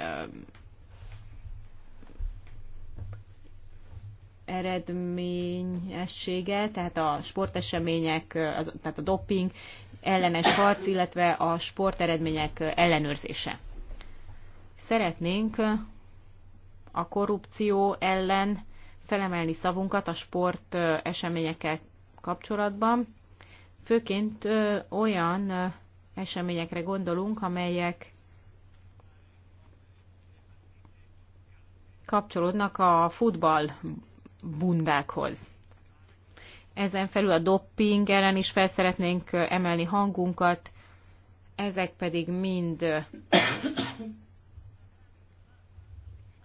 eredményessége, tehát a sportesemények, tehát a doping ellenes harc, illetve a sporteredmények ellenőrzése. Szeretnénk a korrupció ellen felemelni szavunkat a sport eseményekkel kapcsolatban. Főként olyan eseményekre gondolunk, amelyek kapcsolódnak a futball bundákhoz. Ezen felül a dopping ellen is felszeretnénk emelni hangunkat, ezek pedig mind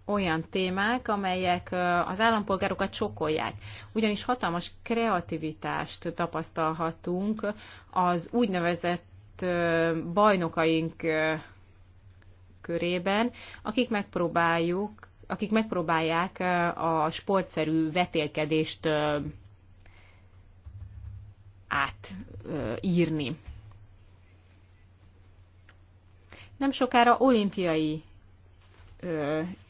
olyan témák, amelyek az állampolgárokat csokolják. Ugyanis hatalmas kreativitást tapasztalhatunk az úgynevezett bajnokaink körében, akik megpróbáljuk, akik megpróbálják a sportszerű vetélkedést átírni. Nem sokára olimpiai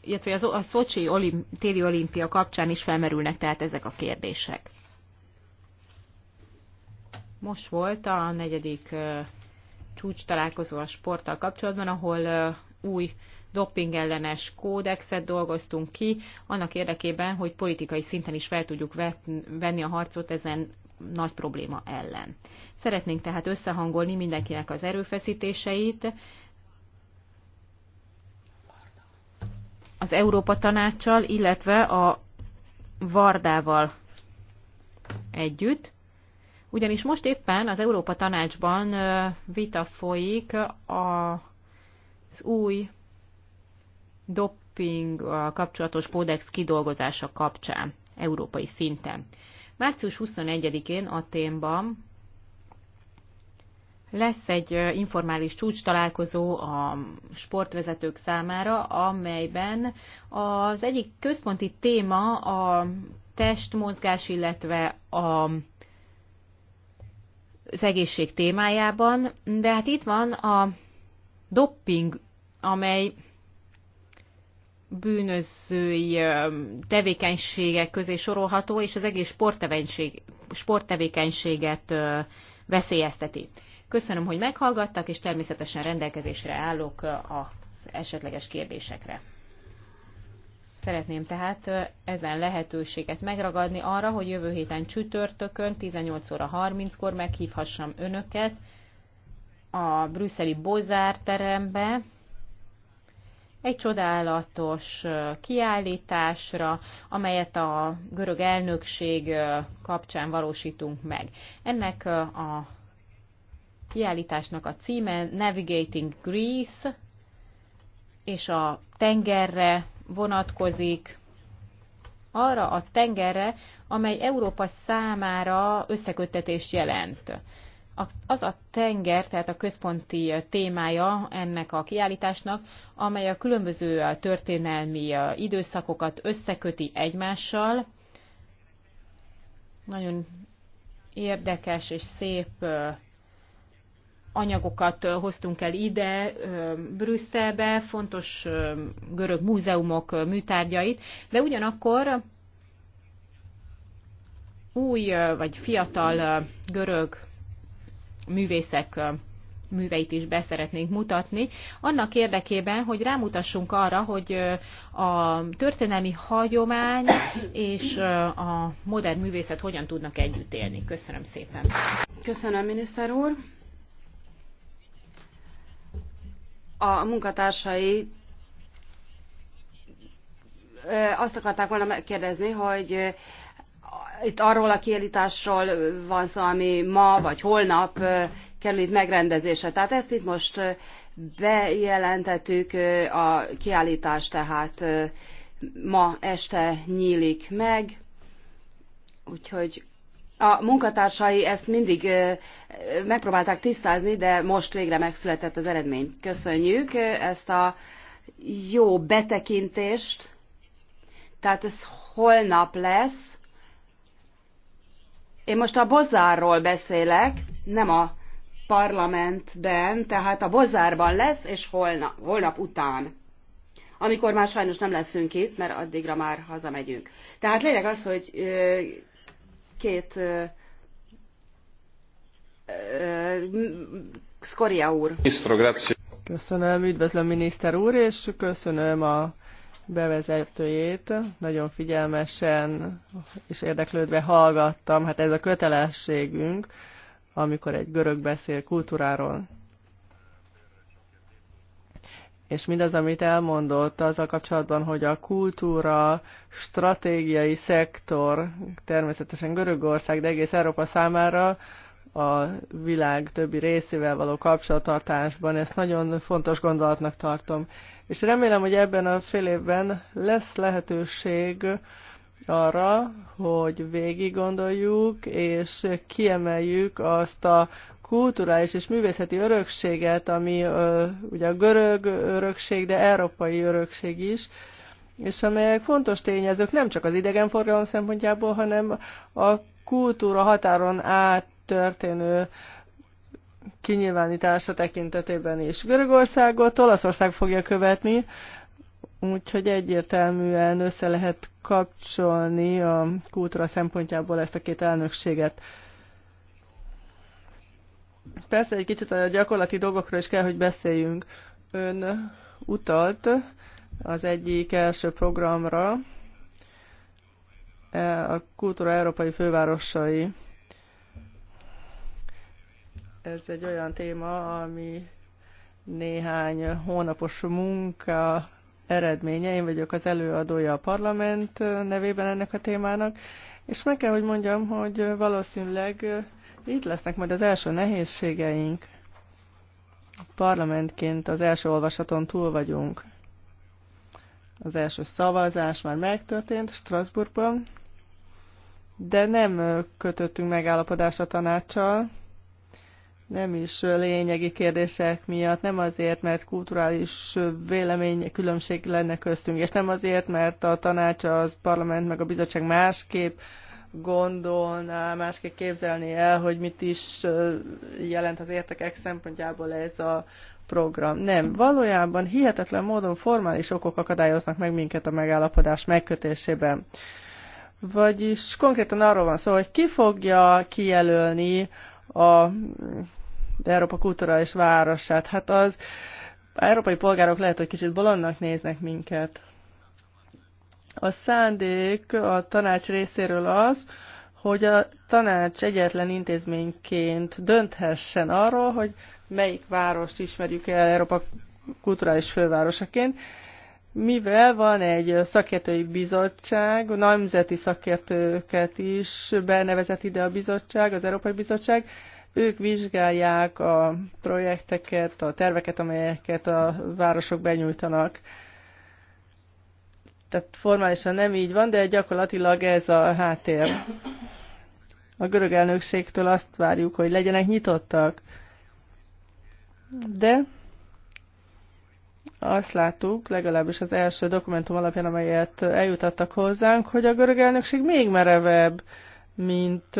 illetve a Szocsi olim, téli olimpia kapcsán is felmerülnek tehát ezek a kérdések. Most volt a negyedik csúcs találkozó a sporttal kapcsolatban, ahol új dopingellenes kódexet dolgoztunk ki, annak érdekében, hogy politikai szinten is fel tudjuk venni a harcot ezen nagy probléma ellen. Szeretnénk tehát összehangolni mindenkinek az erőfeszítéseit, az Európa Tanácssal, illetve a Vardával együtt. Ugyanis most éppen az Európa Tanácsban vita folyik az új doping kapcsolatos kódex kidolgozása kapcsán, európai szinten. Március 21-én Aténban lesz egy informális csúcs találkozó a sportvezetők számára, amelyben az egyik központi téma a testmozgás, illetve a az egészség témájában, de hát itt van a dopping, amely bűnözői tevékenységek közé sorolható, és az egész sporttevékenységet veszélyezteti. Köszönöm, hogy meghallgattak, és természetesen rendelkezésre állok az esetleges kérdésekre. Szeretném tehát ezen lehetőséget megragadni arra, hogy jövő héten csütörtökön 18 óra 30-kor meghívhassam önöket a brüsszeli Bozár terembe egy csodálatos kiállításra, amelyet a görög elnökség kapcsán valósítunk meg. Ennek a kiállításnak a címe Navigating Greece, és a tengerre vonatkozik, arra a tengerre, amely Európa számára összeköttetés jelent. Az a tenger, tehát a központi témája ennek a kiállításnak, amely a különböző történelmi időszakokat összeköti egymással. Nagyon érdekes és szép anyagokat hoztunk el ide Brüsszelbe, fontos görög múzeumok műtárgyait, de ugyanakkor új vagy fiatal görög művészek műveit is beszeretnénk mutatni, annak érdekében, hogy rámutassunk arra, hogy a történelmi hagyomány és a modern művészet hogyan tudnak együtt élni. Köszönöm szépen. Köszönöm, miniszter úr. a munkatársai azt akarták volna megkérdezni, hogy itt arról a kiállításról van szó, ami ma vagy holnap kerül itt megrendezésre. Tehát ezt itt most bejelentettük, a kiállítás tehát ma este nyílik meg, úgyhogy a munkatársai ezt mindig megpróbálták tisztázni, de most végre megszületett az eredmény. Köszönjük ezt a jó betekintést. Tehát ez holnap lesz. Én most a bozárról beszélek, nem a parlamentben, tehát a bozárban lesz, és holnap, holnap után. Amikor már sajnos nem leszünk itt, mert addigra már hazamegyünk. Tehát lényeg az, hogy két Skoria úr. Köszönöm, üdvözlöm miniszter úr, és köszönöm a bevezetőjét. Nagyon figyelmesen és érdeklődve hallgattam. Hát ez a kötelességünk, amikor egy görög beszél kultúráról és mindaz, amit elmondott a kapcsolatban, hogy a kultúra, stratégiai szektor, természetesen Görögország, de egész Európa számára a világ többi részével való kapcsolattartásban, ezt nagyon fontos gondolatnak tartom. És remélem, hogy ebben a fél évben lesz lehetőség arra, hogy végig gondoljuk és kiemeljük azt a kulturális és művészeti örökséget, ami ugye a görög örökség, de európai örökség is, és amelyek fontos tényezők nem csak az idegenforgalom szempontjából, hanem a kultúra határon át történő kinyilvánítása tekintetében is. Görögországot Olaszország fogja követni, úgyhogy egyértelműen össze lehet kapcsolni a kultúra szempontjából ezt a két elnökséget. Persze egy kicsit a gyakorlati dolgokról is kell, hogy beszéljünk. Ön utalt az egyik első programra, e, a Kultúra Európai Fővárosai. Ez egy olyan téma, ami néhány hónapos munka eredménye. Én vagyok az előadója a parlament nevében ennek a témának, és meg kell, hogy mondjam, hogy valószínűleg itt lesznek majd az első nehézségeink. A Parlamentként az első olvasaton túl vagyunk. Az első szavazás már megtörtént Strasbourgban, de nem kötöttünk megállapodást a tanácssal. Nem is lényegi kérdések miatt, nem azért, mert kulturális vélemény különbség lenne köztünk, és nem azért, mert a tanács, az parlament meg a bizottság másképp gondolná, másképp képzelni el, hogy mit is jelent az értekek szempontjából ez a program. Nem, valójában hihetetlen módon formális okok akadályoznak meg minket a megállapodás megkötésében. Vagyis konkrétan arról van szó, hogy ki fogja kijelölni a Európa kultúra és városát. Hát az európai polgárok lehet, hogy kicsit bolondnak néznek minket. A szándék a tanács részéről az, hogy a tanács egyetlen intézményként dönthessen arról, hogy melyik várost ismerjük el Európa kulturális fővárosaként, mivel van egy szakértői bizottság, nemzeti szakértőket is benevezett ide a bizottság, az Európai Bizottság, ők vizsgálják a projekteket, a terveket, amelyeket a városok benyújtanak. Tehát formálisan nem így van, de gyakorlatilag ez a háttér. A görög elnökségtől azt várjuk, hogy legyenek nyitottak. De azt láttuk, legalábbis az első dokumentum alapján, amelyet eljutattak hozzánk, hogy a görög elnökség még merevebb, mint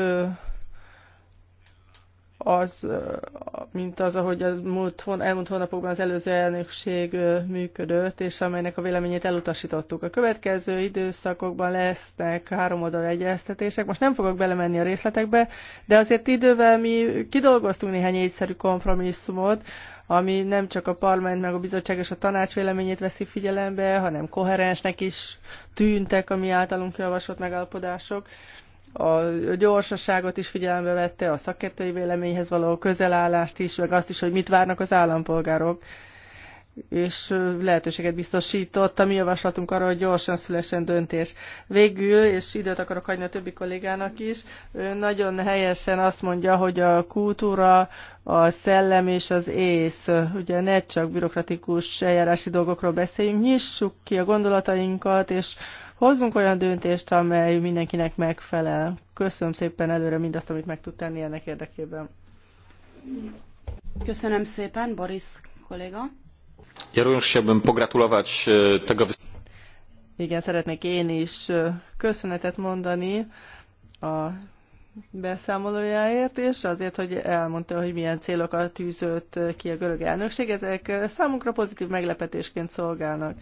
az, mint az, ahogy az múlt, elmúlt hónapokban az előző elnökség működött, és amelynek a véleményét elutasítottuk. A következő időszakokban lesznek oldal egyeztetések. Most nem fogok belemenni a részletekbe, de azért idővel mi kidolgoztunk néhány egyszerű kompromisszumot, ami nem csak a parlament, meg a bizottság és a tanács véleményét veszi figyelembe, hanem koherensnek is tűntek a mi általunk javasolt megállapodások a gyorsaságot is figyelembe vette, a szakértői véleményhez való közelállást is, meg azt is, hogy mit várnak az állampolgárok, és lehetőséget biztosított a mi javaslatunk arra, hogy gyorsan szülesen döntés. Végül, és időt akarok hagyni a többi kollégának is, ő nagyon helyesen azt mondja, hogy a kultúra, a szellem és az ész, ugye ne csak bürokratikus eljárási dolgokról beszéljünk, nyissuk ki a gondolatainkat, és hozzunk olyan döntést, amely mindenkinek megfelel. Köszönöm szépen előre mindazt, amit meg tud tenni ennek érdekében. Köszönöm szépen, Boris kolléga. Ja również chciałbym e, Igen, szeretnék én is e, köszönetet mondani a beszámolójáért, és azért, hogy elmondta, hogy milyen célokat tűzött ki a görög elnökség. Ezek e, számunkra pozitív meglepetésként szolgálnak.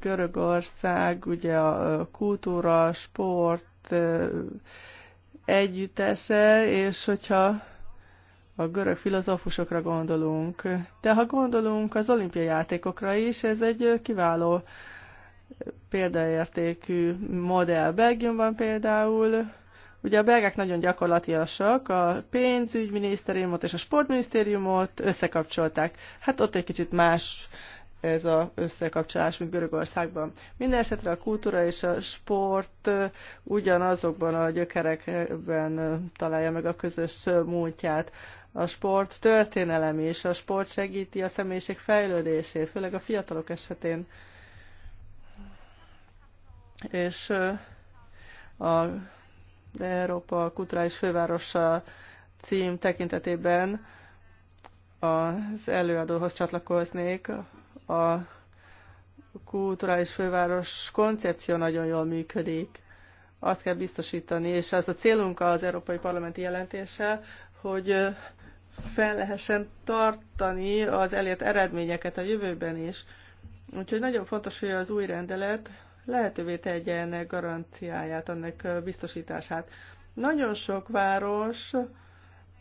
Görögország, ugye a kultúra, sport együttese, és hogyha a görög filozófusokra gondolunk, de ha gondolunk az olimpiai játékokra is, ez egy kiváló példaértékű modell. Belgiumban például Ugye a belgák nagyon gyakorlatiasak, a pénzügyminisztériumot és a sportminisztériumot összekapcsolták. Hát ott egy kicsit más ez a összekapcsolás, mint Görögországban. Minden esetre a kultúra és a sport ugyanazokban a gyökerekben találja meg a közös múltját. A sport történelem és a sport segíti a személyiség fejlődését, főleg a fiatalok esetén. És a Európa Kulturális Fővárosa cím tekintetében az előadóhoz csatlakoznék, a kulturális főváros koncepció nagyon jól működik. Azt kell biztosítani, és ez a célunk az Európai Parlamenti jelentéssel, hogy fel lehessen tartani az elért eredményeket a jövőben is. Úgyhogy nagyon fontos, hogy az új rendelet lehetővé tegye ennek garanciáját, annak biztosítását. Nagyon sok város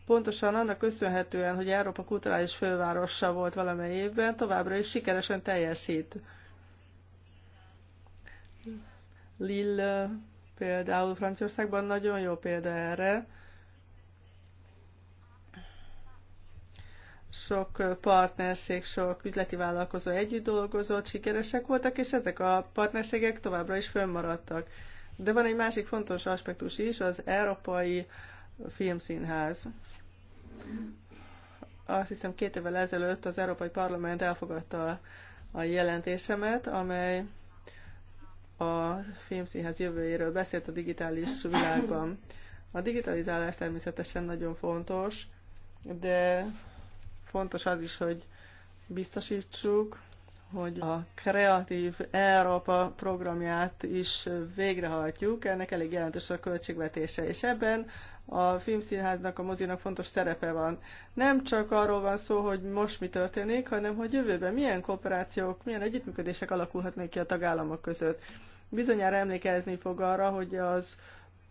Pontosan annak köszönhetően, hogy Európa kulturális fővárosa volt valamely évben, továbbra is sikeresen teljesít. Lille eh, például Franciaországban nagyon jó példa erre. Sok eh, partnerség, sok üzleti vállalkozó együtt dolgozott, sikeresek voltak, és ezek a partnerségek továbbra is fönnmaradtak. De van egy másik fontos aspektus is, az Európai Filmszínház. Azt hiszem két évvel ezelőtt az Európai Parlament elfogadta a jelentésemet, amely a filmszínház jövőjéről beszélt a digitális világban. A digitalizálás természetesen nagyon fontos, de fontos az is, hogy biztosítsuk, hogy a Kreatív Európa programját is végrehajtjuk, ennek elég jelentős a költségvetése, és ebben a filmszínháznak, a mozinak fontos szerepe van. Nem csak arról van szó, hogy most mi történik, hanem hogy jövőben milyen kooperációk, milyen együttműködések alakulhatnak ki a tagállamok között. Bizonyára emlékezni fog arra, hogy az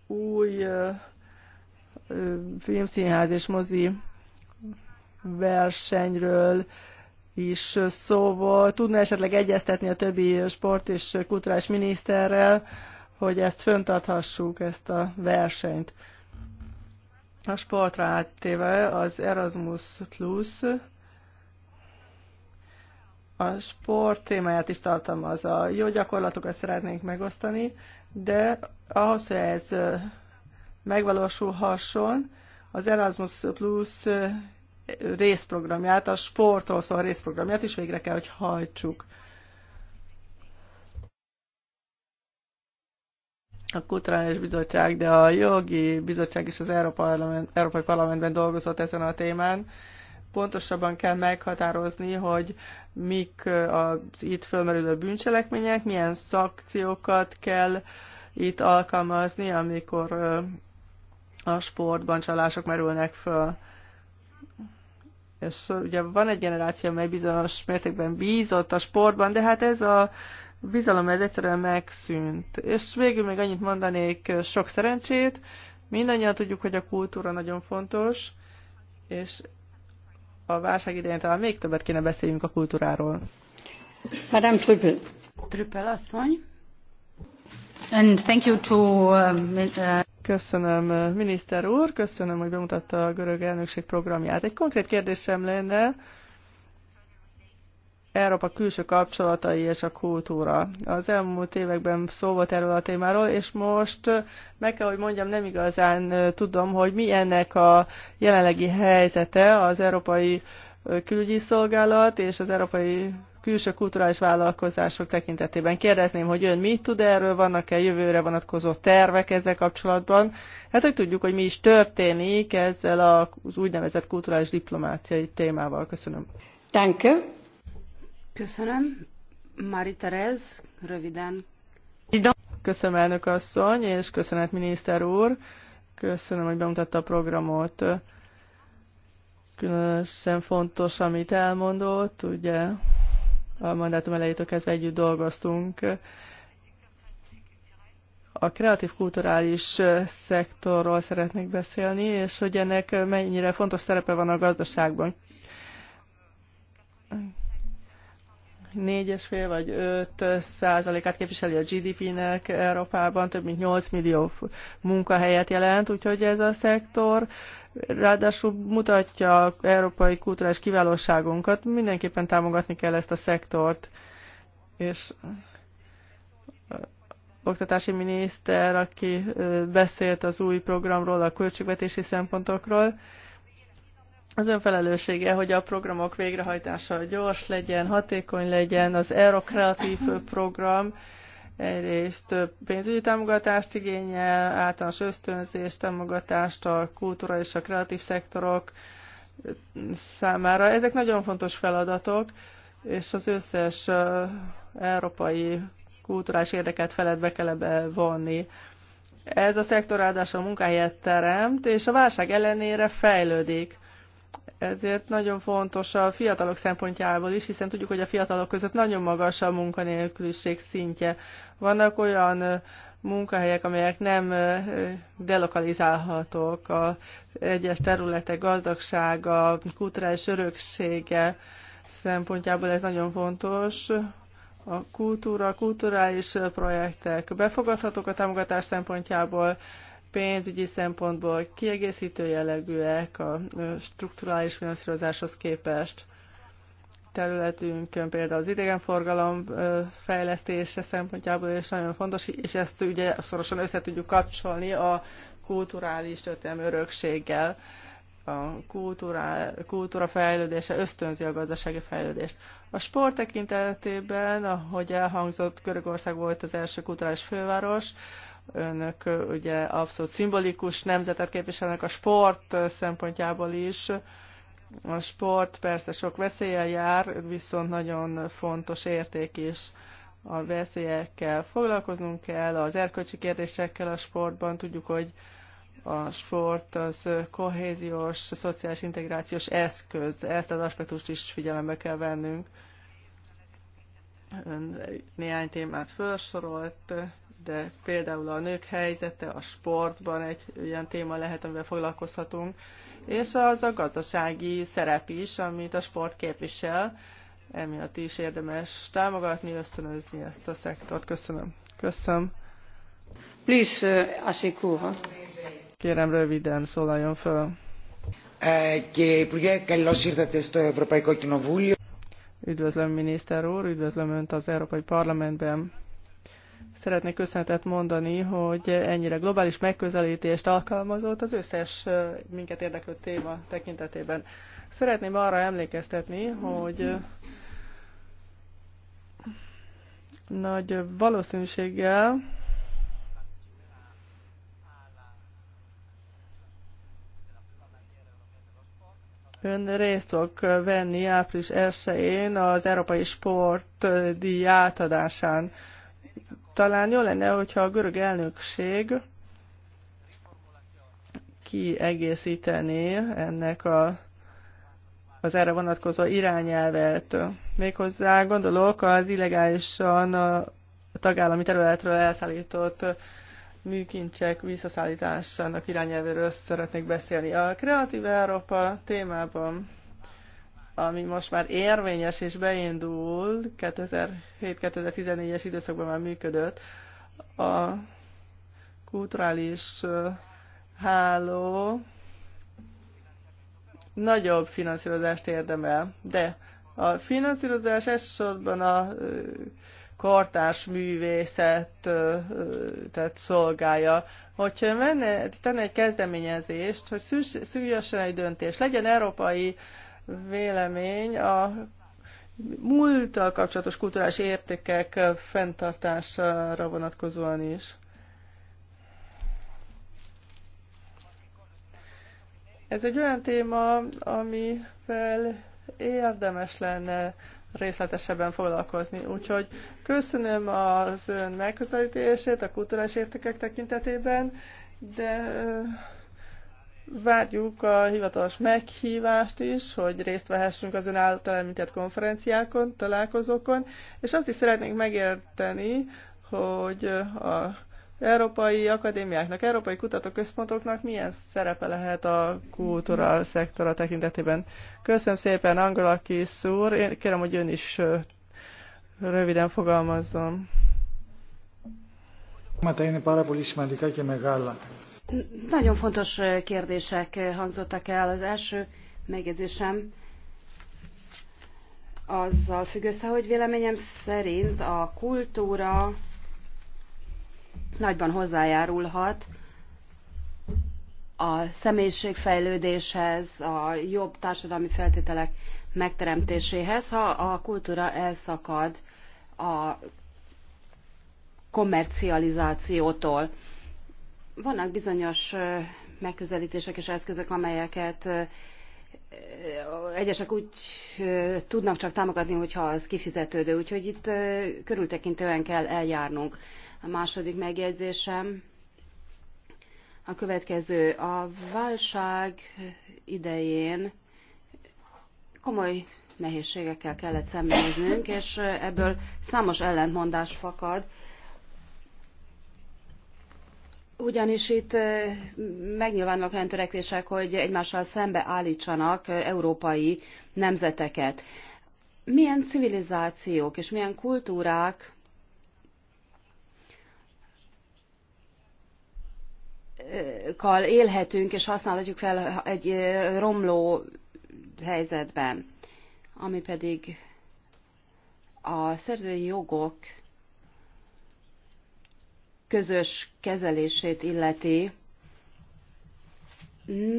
új filmszínház és mozi versenyről is szó volt. Tudna esetleg egyeztetni a többi sport és kulturális miniszterrel, hogy ezt föntarthassuk, ezt a versenyt. A sportra áttéve az Erasmus Plus a sport témáját is tartalmaz. A jó gyakorlatokat szeretnénk megosztani, de ahhoz, hogy ez megvalósulhasson, az Erasmus Plus részprogramját, a sportról szól részprogramját is végre kell, hogy hajtsuk. a Kulturális Bizottság, de a Jogi Bizottság is az Európa Parlament, Európai Parlamentben dolgozott ezen a témán. Pontosabban kell meghatározni, hogy mik az itt fölmerülő bűncselekmények, milyen szakciókat kell itt alkalmazni, amikor a sportban csalások merülnek föl. És ugye van egy generáció, amely bizonyos mértékben bízott a sportban, de hát ez a bizalom ez egyszerűen megszűnt. És végül még annyit mondanék, sok szerencsét. Mindannyian tudjuk, hogy a kultúra nagyon fontos, és a válság idején talán még többet kéne beszéljünk a kultúráról. Madame Trüppel. Trüppel asszony. And thank you to, um, uh, köszönöm, miniszter úr, köszönöm, hogy bemutatta a görög elnökség programját. Egy konkrét kérdésem lenne, Európa külső kapcsolatai és a kultúra. Az elmúlt években szó volt erről a témáról, és most meg kell, hogy mondjam, nem igazán tudom, hogy mi ennek a jelenlegi helyzete az Európai Külügyi Szolgálat és az Európai külső kulturális vállalkozások tekintetében. Kérdezném, hogy ön mit tud erről, vannak-e jövőre vonatkozó tervek ezzel kapcsolatban? Hát, hogy tudjuk, hogy mi is történik ezzel az úgynevezett kulturális diplomáciai témával. Köszönöm. Danke. Köszönöm. Mari Terez, röviden. Köszönöm, elnök asszony, és köszönet, miniszter úr. Köszönöm, hogy bemutatta a programot. Különösen fontos, amit elmondott, ugye a mandátum elejétől kezdve együtt dolgoztunk. A kreatív kulturális szektorról szeretnék beszélni, és hogy ennek mennyire fontos szerepe van a gazdaságban. 4,5 vagy 5 százalékát képviseli a GDP-nek Európában, több mint 8 millió munkahelyet jelent, úgyhogy ez a szektor ráadásul mutatja európai kulturális kiválóságunkat, mindenképpen támogatni kell ezt a szektort, és oktatási miniszter, aki beszélt az új programról, a költségvetési szempontokról, az önfelelőssége, hogy a programok végrehajtása gyors legyen, hatékony legyen, az Aerokreatív program egyrészt több pénzügyi támogatást igényel, általános ösztönzést, támogatást a kultúra és a kreatív szektorok számára. Ezek nagyon fontos feladatok, és az összes európai kulturális érdeket felett be kell ebbe vonni. Ez a szektor ráadásul munkahelyet teremt, és a válság ellenére fejlődik ezért nagyon fontos a fiatalok szempontjából is, hiszen tudjuk, hogy a fiatalok között nagyon magas a munkanélküliség szintje. Vannak olyan munkahelyek, amelyek nem delokalizálhatók, az egyes területek gazdagsága, kulturális öröksége szempontjából ez nagyon fontos. A kultúra, kulturális projektek befogadhatók a támogatás szempontjából, pénzügyi szempontból kiegészítő jellegűek a strukturális finanszírozáshoz képest. Területünkön például az idegenforgalom fejlesztése szempontjából is nagyon fontos, és ezt ugye szorosan össze tudjuk kapcsolni a kulturális történelmi örökséggel. A kultúra, kultúra fejlődése ösztönzi a gazdasági fejlődést. A sport tekintetében, ahogy elhangzott, Görögország volt az első kulturális főváros, önök ugye abszolút szimbolikus nemzetet képviselnek a sport szempontjából is. A sport persze sok veszéllyel jár, viszont nagyon fontos érték is. A veszélyekkel foglalkoznunk kell, az erkölcsi kérdésekkel a sportban. Tudjuk, hogy a sport az kohéziós, szociális integrációs eszköz. Ezt az aspektust is figyelembe kell vennünk. Ön néhány témát felsorolt, de például a nők helyzete a sportban egy ilyen téma lehet, amivel foglalkozhatunk, és az a gazdasági szerep is, amit a sport képvisel, emiatt is érdemes támogatni, ösztönözni ezt a szektort. Köszönöm. Köszönöm. Please, uh, Asikúha. Kérem röviden szólaljon föl. Eh, üdvözlöm, miniszter úr, üdvözlöm Önt az Európai Parlamentben szeretnék köszönetet mondani, hogy ennyire globális megközelítést alkalmazott az összes minket érdeklő téma tekintetében. Szeretném arra emlékeztetni, hogy nagy valószínűséggel Ön részt fog venni április 1-én az Európai Sport díj átadásán talán jó lenne, hogyha a görög elnökség kiegészítené ennek a, az erre vonatkozó irányelvet. Méghozzá gondolok az illegálisan a tagállami területről elszállított műkincsek visszaszállításának irányelvéről szeretnék beszélni. A Kreatív Európa témában ami most már érvényes és beindul, 2007-2014-es időszakban már működött, a kulturális háló nagyobb finanszírozást érdemel, de a finanszírozás elsősorban a kortárs művészet szolgálja. Hogyha menne, tenne egy kezdeményezést, hogy szüljessen egy döntés, legyen európai vélemény a múlttal kapcsolatos kulturális értékek fenntartására vonatkozóan is. Ez egy olyan téma, amivel érdemes lenne részletesebben foglalkozni. Úgyhogy köszönöm az ön megközelítését a kulturális értékek tekintetében, de Várjuk a hivatalos meghívást is, hogy részt vehessünk az ön által említett konferenciákon, találkozókon, és azt is szeretnénk megérteni, hogy a európai akadémiáknak, európai kutatóközpontoknak milyen szerepe lehet a kultúra szektora tekintetében. Köszönöm szépen, Angola úr, én kérem, hogy ön is röviden fogalmazzon. Είναι én πολύ σημαντικά και nagyon fontos kérdések hangzottak el. Az első megjegyzésem azzal függ össze, hogy véleményem szerint a kultúra nagyban hozzájárulhat a személyiségfejlődéshez, a jobb társadalmi feltételek megteremtéséhez, ha a kultúra elszakad a kommercializációtól. Vannak bizonyos megközelítések és eszközök, amelyeket egyesek úgy tudnak csak támogatni, hogyha az kifizetődő. Úgyhogy itt körültekintően kell eljárnunk. A második megjegyzésem a következő. A válság idején komoly nehézségekkel kellett szembenéznünk, és ebből számos ellentmondás fakad. Ugyanis itt megnyilvánulnak olyan törekvések, hogy egymással szembe állítsanak európai nemzeteket. Milyen civilizációk és milyen kultúrák kal élhetünk és használhatjuk fel egy romló helyzetben, ami pedig a szerzői jogok közös kezelését illeti,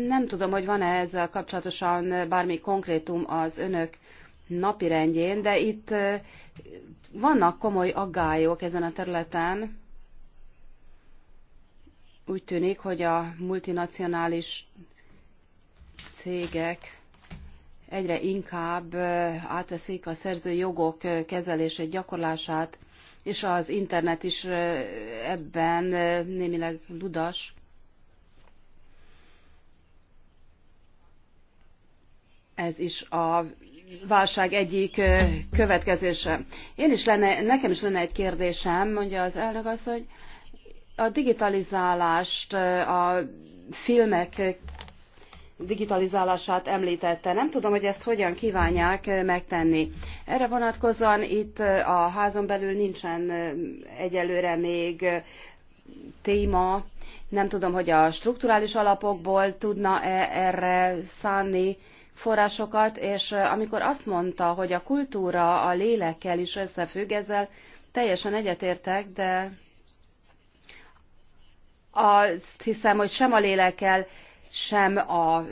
nem tudom, hogy van-e ezzel kapcsolatosan bármi konkrétum az önök rendjén, de itt vannak komoly aggályok ezen a területen. Úgy tűnik, hogy a multinacionális cégek egyre inkább átveszik a szerző jogok kezelését, gyakorlását és az internet is ebben némileg ludas. Ez is a válság egyik következése. Én is lenne, nekem is lenne egy kérdésem, mondja az elnök az, hogy a digitalizálást a filmek digitalizálását emltette. Nem tudom, hogy ezt hogyan kívánják megtenni. Erre vonatkozóan itt eh, a házon belül nincsen eh, egyelőre még eh, téma. Nem tudom, hogy a strukturális alapokból tudna -e erre szánni forrásokat, és amikor azt mondta, hogy a kultúra a lélekkel is összefügg, ezzel teljesen egyetértek, de azt hiszem, hogy sem a lélekkel, sem a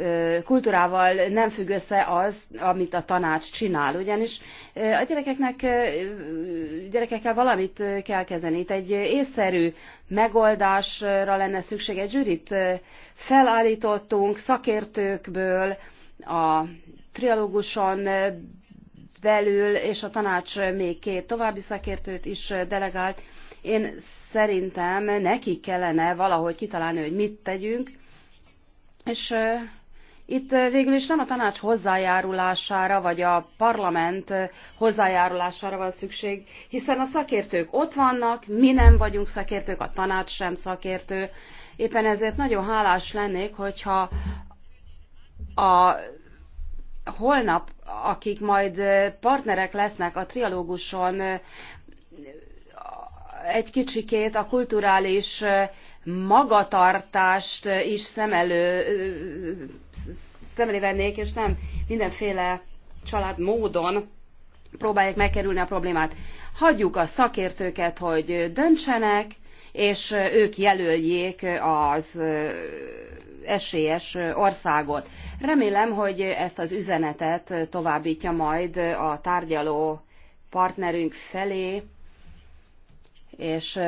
kultúrával nem függ össze az, amit a tanács csinál. Ugyanis a gyerekeknek, gyerekekkel valamit kell kezdeni. Itt egy észszerű megoldásra lenne szükség. Egy zsűrit felállítottunk szakértőkből, a trialóguson belül, és a tanács még két további szakértőt is delegált. Én szerintem nekik kellene valahogy kitalálni, hogy mit tegyünk, és itt végül is nem a tanács hozzájárulására, vagy a parlament hozzájárulására van szükség, hiszen a szakértők ott vannak, mi nem vagyunk szakértők, a tanács sem szakértő. Éppen ezért nagyon hálás lennék, hogyha a holnap, akik majd partnerek lesznek a trialóguson, egy kicsikét a kulturális magatartást is szem, elő, szem elé vennék, és nem mindenféle család módon próbálják megkerülni a problémát. Hagyjuk a szakértőket, hogy döntsenek, és ők jelöljék az esélyes országot. Remélem, hogy ezt az üzenetet továbbítja majd a tárgyaló partnerünk felé, és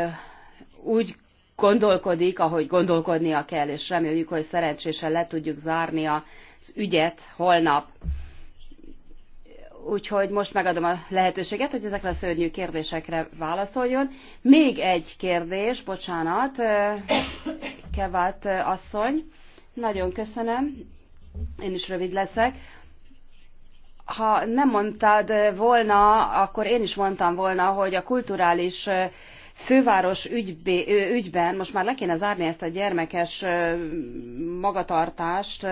úgy gondolkodik, ahogy gondolkodnia kell, és reméljük, hogy szerencsésen le tudjuk zárni az ügyet holnap. Úgyhogy most megadom a lehetőséget, hogy ezekre a szörnyű kérdésekre válaszoljon. Még egy kérdés, bocsánat, Kevát asszony. Nagyon köszönöm. Én is rövid leszek. Ha nem mondtad volna, akkor én is mondtam volna, hogy a kulturális főváros ügybé, ügyben most már le kéne zárni ezt a gyermekes magatartást.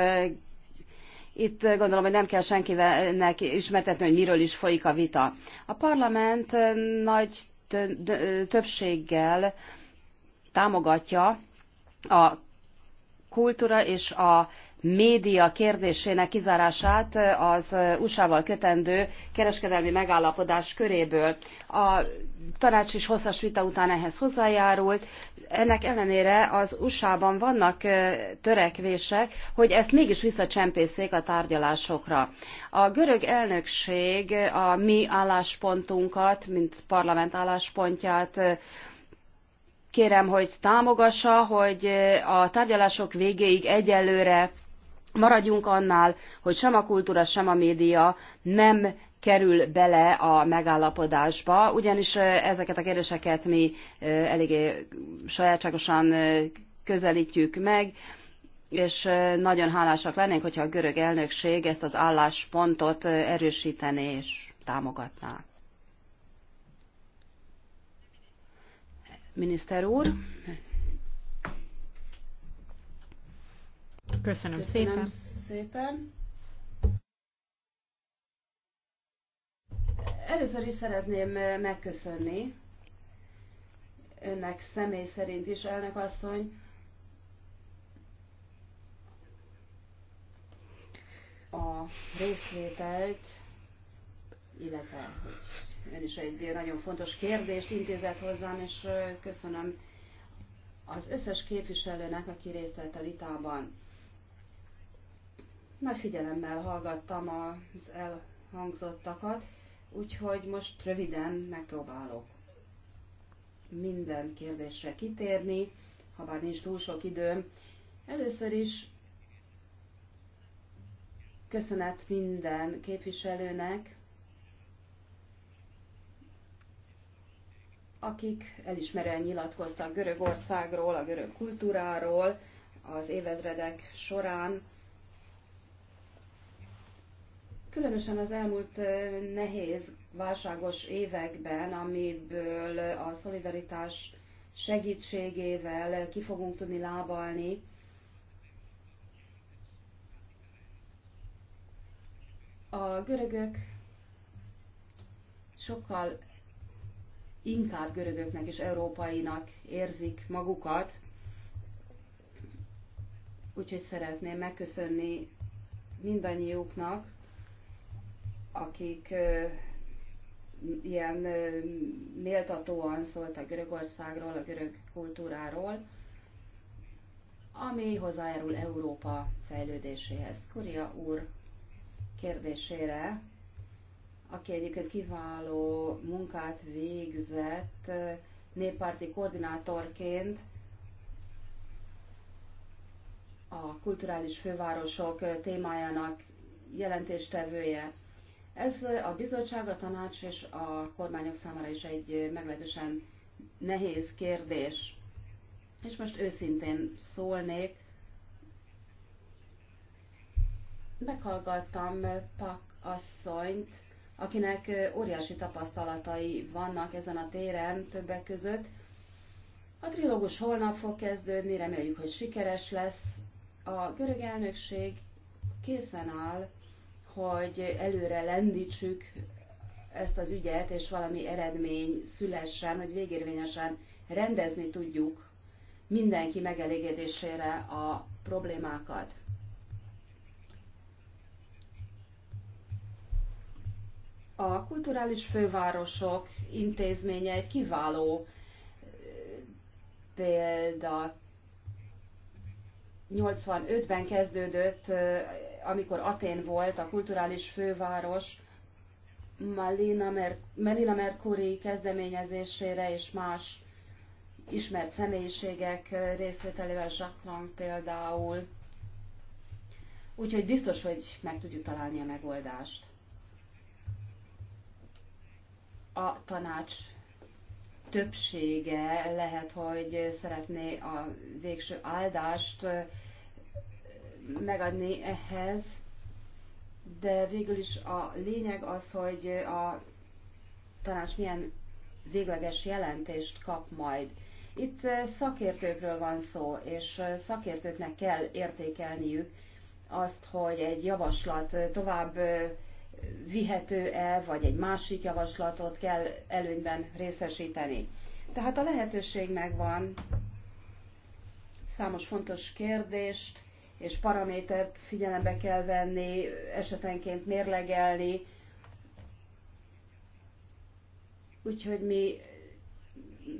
Itt gondolom, hogy nem kell senkinek ismertetni, hogy miről is folyik a vita. A parlament nagy többséggel támogatja a kultúra és a média kérdésének kizárását az USA-val kötendő kereskedelmi megállapodás köréből. A tanács is hosszas vita után ehhez hozzájárult. Ennek ellenére az USA-ban vannak törekvések, hogy ezt mégis visszacsempészék a tárgyalásokra. A görög elnökség a mi álláspontunkat, mint parlament álláspontját kérem, hogy támogassa, hogy a tárgyalások végéig egyelőre Maradjunk annál, hogy sem a kultúra, sem a média nem kerül bele a megállapodásba, ugyanis ezeket a kérdéseket mi eléggé sajátságosan közelítjük meg, és nagyon hálásak lennénk, hogyha a görög elnökség ezt az álláspontot erősítené és támogatná. Miniszter úr, Köszönöm, Köszönöm szépen. szépen. Először is szeretném megköszönni önnek személy szerint is, elnök asszony, a részvételt, illetve hogy ön is egy nagyon fontos kérdést intézett hozzám, és köszönöm az összes képviselőnek, aki részt vett a vitában. Nagy figyelemmel hallgattam az elhangzottakat, úgyhogy most röviden megpróbálok minden kérdésre kitérni, ha bár nincs túl sok időm. Először is köszönet minden képviselőnek, akik elismerően nyilatkoztak Görögországról, a görög kultúráról az évezredek során, Különösen az elmúlt nehéz, válságos években, amiből a szolidaritás segítségével ki fogunk tudni lábalni, a görögök sokkal inkább görögöknek és európainak érzik magukat, úgyhogy szeretném megköszönni mindannyiuknak, akik ilyen méltatóan szóltak Görögországról, a görög kultúráról, ami hozzájárul Európa fejlődéséhez. Kuria úr kérdésére, aki egyébként kiváló munkát végzett néppárti koordinátorként a kulturális fővárosok témájának jelentéstevője. Ez a bizottság, a tanács és a kormányok számára is egy meglehetősen nehéz kérdés. És most őszintén szólnék. Meghallgattam Pak asszonyt, akinek óriási tapasztalatai vannak ezen a téren többek között. A trilógus holnap fog kezdődni, reméljük, hogy sikeres lesz. A görög elnökség készen áll hogy előre lendítsük ezt az ügyet, és valami eredmény szülessen, hogy végérvényesen rendezni tudjuk mindenki megelégedésére a problémákat. A kulturális fővárosok intézménye egy kiváló eh, példa 85-ben kezdődött, amikor Atén volt a kulturális főváros, Malina Mer- Melina Mercury kezdeményezésére és más ismert személyiségek részvételével, Jacques például. Úgyhogy biztos, hogy meg tudjuk találni a megoldást. A tanács többsége lehet, hogy szeretné a végső áldást megadni ehhez, de végül is a lényeg az, hogy a tanács milyen végleges jelentést kap majd. Itt szakértőkről van szó, és szakértőknek kell értékelniük azt, hogy egy javaslat tovább vihető el, vagy egy másik javaslatot kell előnyben részesíteni. Tehát a lehetőség megvan, számos fontos kérdést és paramétert figyelembe kell venni, esetenként mérlegelni. Úgyhogy mi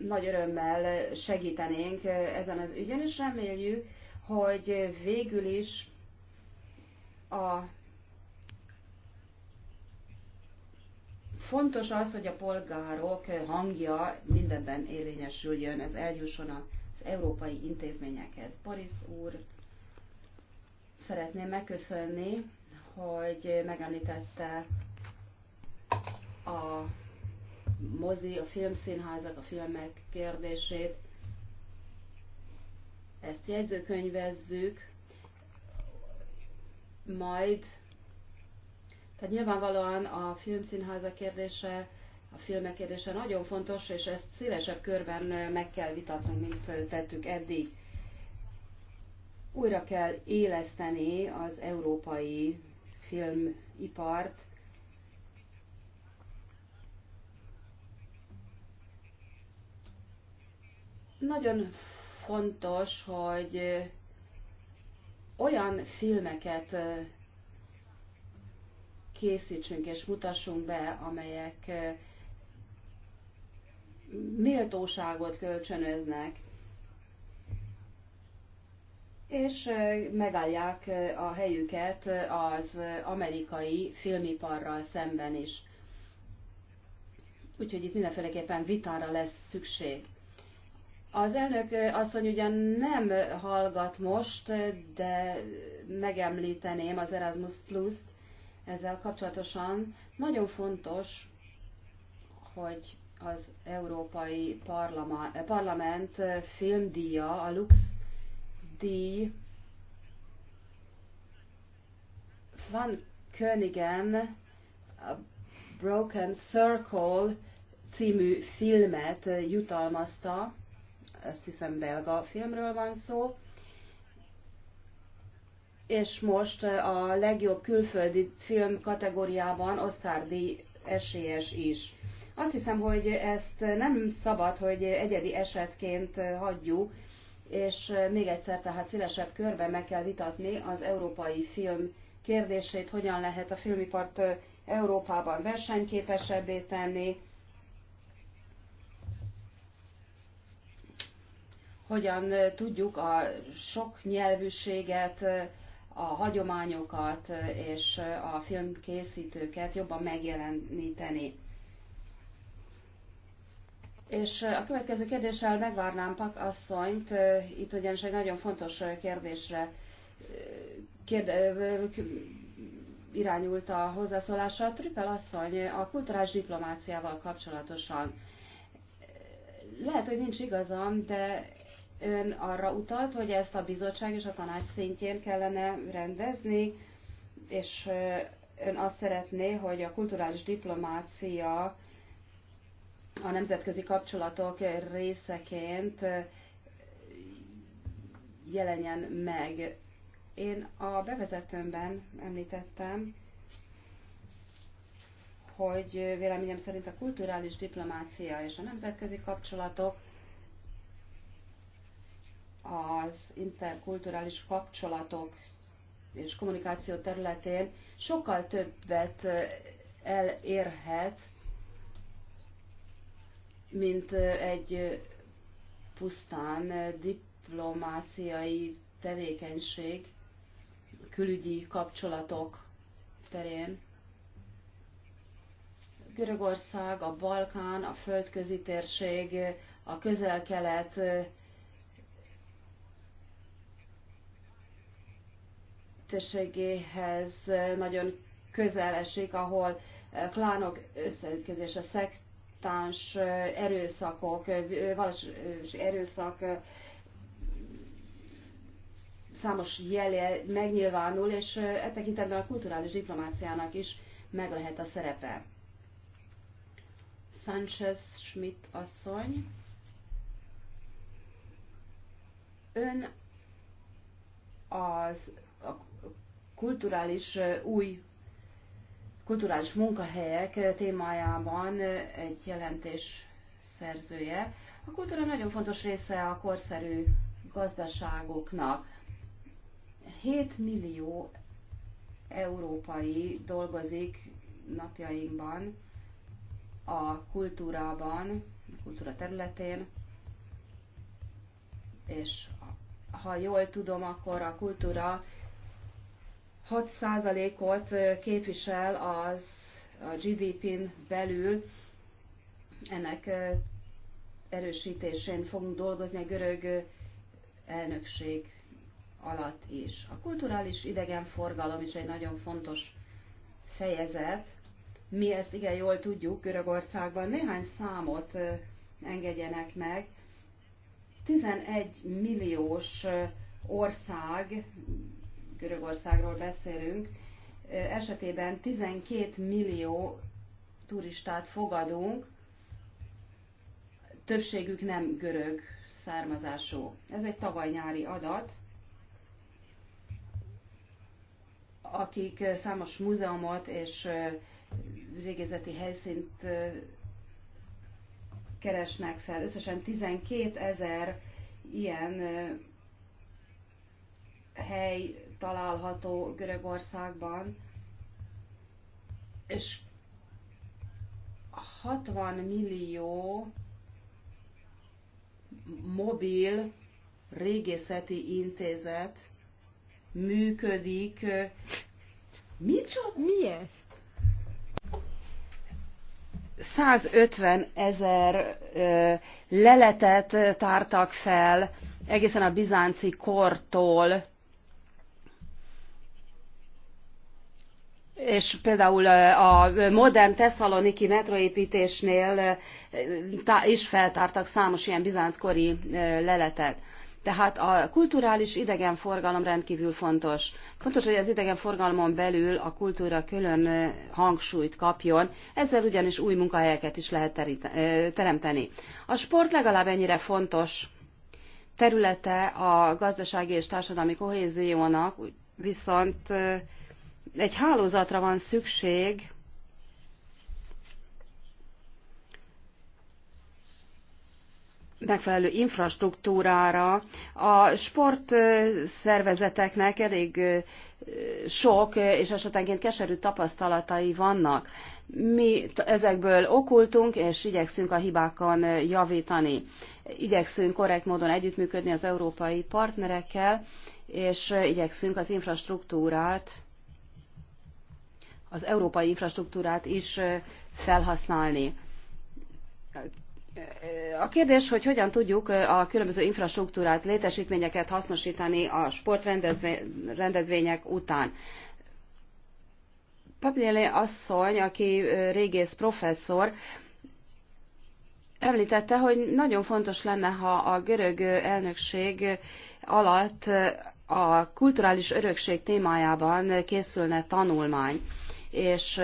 nagy örömmel segítenénk ezen az ügyen, és reméljük, hogy végül is a Fontos az, hogy a polgárok hangja mindenben érvényesüljön, ez eljusson az európai intézményekhez. Boris úr, szeretném megköszönni, hogy megemlítette a mozi, a filmszínházak, a filmek kérdését. Ezt jegyzőkönyvezzük, majd tehát nyilvánvalóan a filmszínháza kérdése, a filmek kérdése nagyon fontos, és ezt szélesebb körben meg kell vitatnunk, mint tettük eddig. Újra kell éleszteni az európai filmipart, nagyon fontos, hogy olyan filmeket készítsünk és mutassunk be, amelyek eh, méltóságot kölcsönöznek, és eh, megállják eh, a helyüket az amerikai filmiparral szemben is. Úgyhogy itt mindenféleképpen vitára lesz szükség. Az elnök asszony ugyan nem hallgat most, de megemlíteném az Erasmus Plus-t, ezzel kapcsolatosan nagyon fontos, hogy az Európai Parlament filmdíja, a Lux díj Van Königen a Broken Circle című filmet jutalmazta, azt hiszem belga filmről van szó, és most eh, a legjobb külföldi film kategóriában Oscar díj esélyes is. Azt hiszem, hogy ezt nem szabad, hogy egyedi esetként eh, hagyjuk, és eh, még egyszer tehát szélesebb körben meg kell vitatni az európai film kérdését, hogyan lehet a filmipart Európában versenyképesebbé tenni, hogyan tudjuk a sok nyelvűséget a hagyományokat és a filmkészítőket jobban megjeleníteni. És a következő kérdéssel megvárnám Pak asszonyt, itt ugyanis egy nagyon fontos kérdésre kérde, irányult a hozzászólása. Trüppel asszony a kulturális diplomáciával kapcsolatosan. Lehet, hogy nincs igazam, de Ön arra utalt, hogy ezt a bizottság és a tanács szintjén kellene rendezni, és ön azt szeretné, hogy a kulturális diplomácia a nemzetközi kapcsolatok részeként jelenjen meg. Én a bevezetőmben említettem, hogy véleményem szerint a kulturális diplomácia és a nemzetközi kapcsolatok az interkulturális kapcsolatok és kommunikáció területén sokkal többet elérhet, mint egy pusztán diplomáciai tevékenység, külügyi kapcsolatok terén. Görögország, a Balkán, a földközi térség, a közel-kelet térségéhez nagyon közel esik, ahol eh, klánok összeütközése, szektáns eh, erőszakok, eh, valós erőszak számos jelje megnyilvánul, és e tekintetben a kulturális diplomáciának is meg lehet a szerepe. Sanchez Schmidt asszony. Ön az a kulturális új kulturális munkahelyek témájában egy jelentés szerzője. A kultúra nagyon fontos része a korszerű gazdaságoknak. 7 millió európai dolgozik napjainkban a kultúrában, a kultúra területén, és ha jól tudom, akkor a kultúra 6%-ot képvisel az a GDP-n belül, ennek erősítésén fogunk dolgozni a görög elnökség alatt is. A kulturális idegenforgalom is egy nagyon fontos fejezet. Mi ezt igen jól tudjuk Görögországban. Néhány számot engedjenek meg. 11 milliós ország Görögországról beszélünk, esetében 12 millió turistát fogadunk, többségük nem görög származású. Ez egy tavaly nyári adat, akik számos múzeumot és régészeti helyszínt keresnek fel. Összesen 12 ezer ilyen hely található Görögországban, és 60 millió mobil régészeti intézet működik. Micsoda? Mi ez? 150 ezer leletet tártak fel egészen a bizánci kortól és például a modern thessaloniki metroépítésnél is feltártak számos ilyen bizánckori leletet. Tehát a kulturális idegenforgalom rendkívül fontos. Fontos, hogy az idegenforgalmon belül a kultúra külön hangsúlyt kapjon, ezzel ugyanis új munkahelyeket is lehet teremteni. A sport legalább ennyire fontos területe a gazdasági és társadalmi kohéziónak, viszont egy hálózatra van szükség, megfelelő infrastruktúrára. A sportszervezeteknek elég sok és esetenként keserű tapasztalatai vannak. Mi ezekből okultunk, és igyekszünk a hibákon javítani. Igyekszünk korrekt módon együttműködni az európai partnerekkel, és igyekszünk az infrastruktúrát az európai infrastruktúrát is felhasználni. A kérdés, hogy hogyan tudjuk a különböző infrastruktúrát, létesítményeket hasznosítani a sportrendezvények után. Pabliele asszony, aki régész professzor, említette, hogy nagyon fontos lenne, ha a görög elnökség alatt a kulturális örökség témájában készülne tanulmány és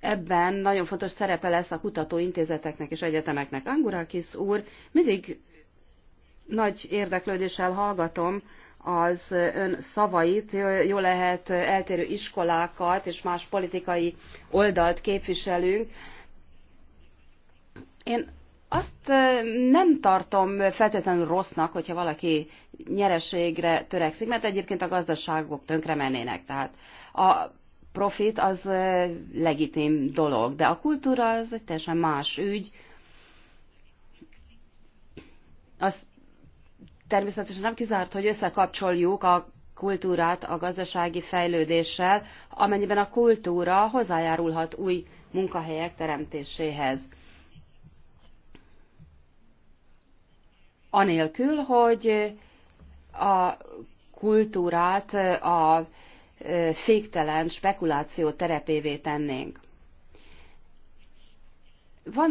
ebben nagyon fontos szerepe lesz a kutatóintézeteknek és egyetemeknek. Angurakis úr, mindig nagy érdeklődéssel hallgatom az ön szavait, jó lehet eltérő iskolákat és más politikai oldalt képviselünk. Én azt nem tartom feltétlenül rossznak, hogyha valaki nyereségre törekszik, mert egyébként a gazdaságok tönkre mennének. Tehát a profit az legitim dolog, de a kultúra az egy teljesen más ügy. Az természetesen nem kizárt, hogy összekapcsoljuk a kultúrát a gazdasági fejlődéssel, amennyiben a kultúra hozzájárulhat új munkahelyek teremtéséhez. Anélkül, hogy a kultúrát a féktelen spekuláció terepévé tennénk. Van,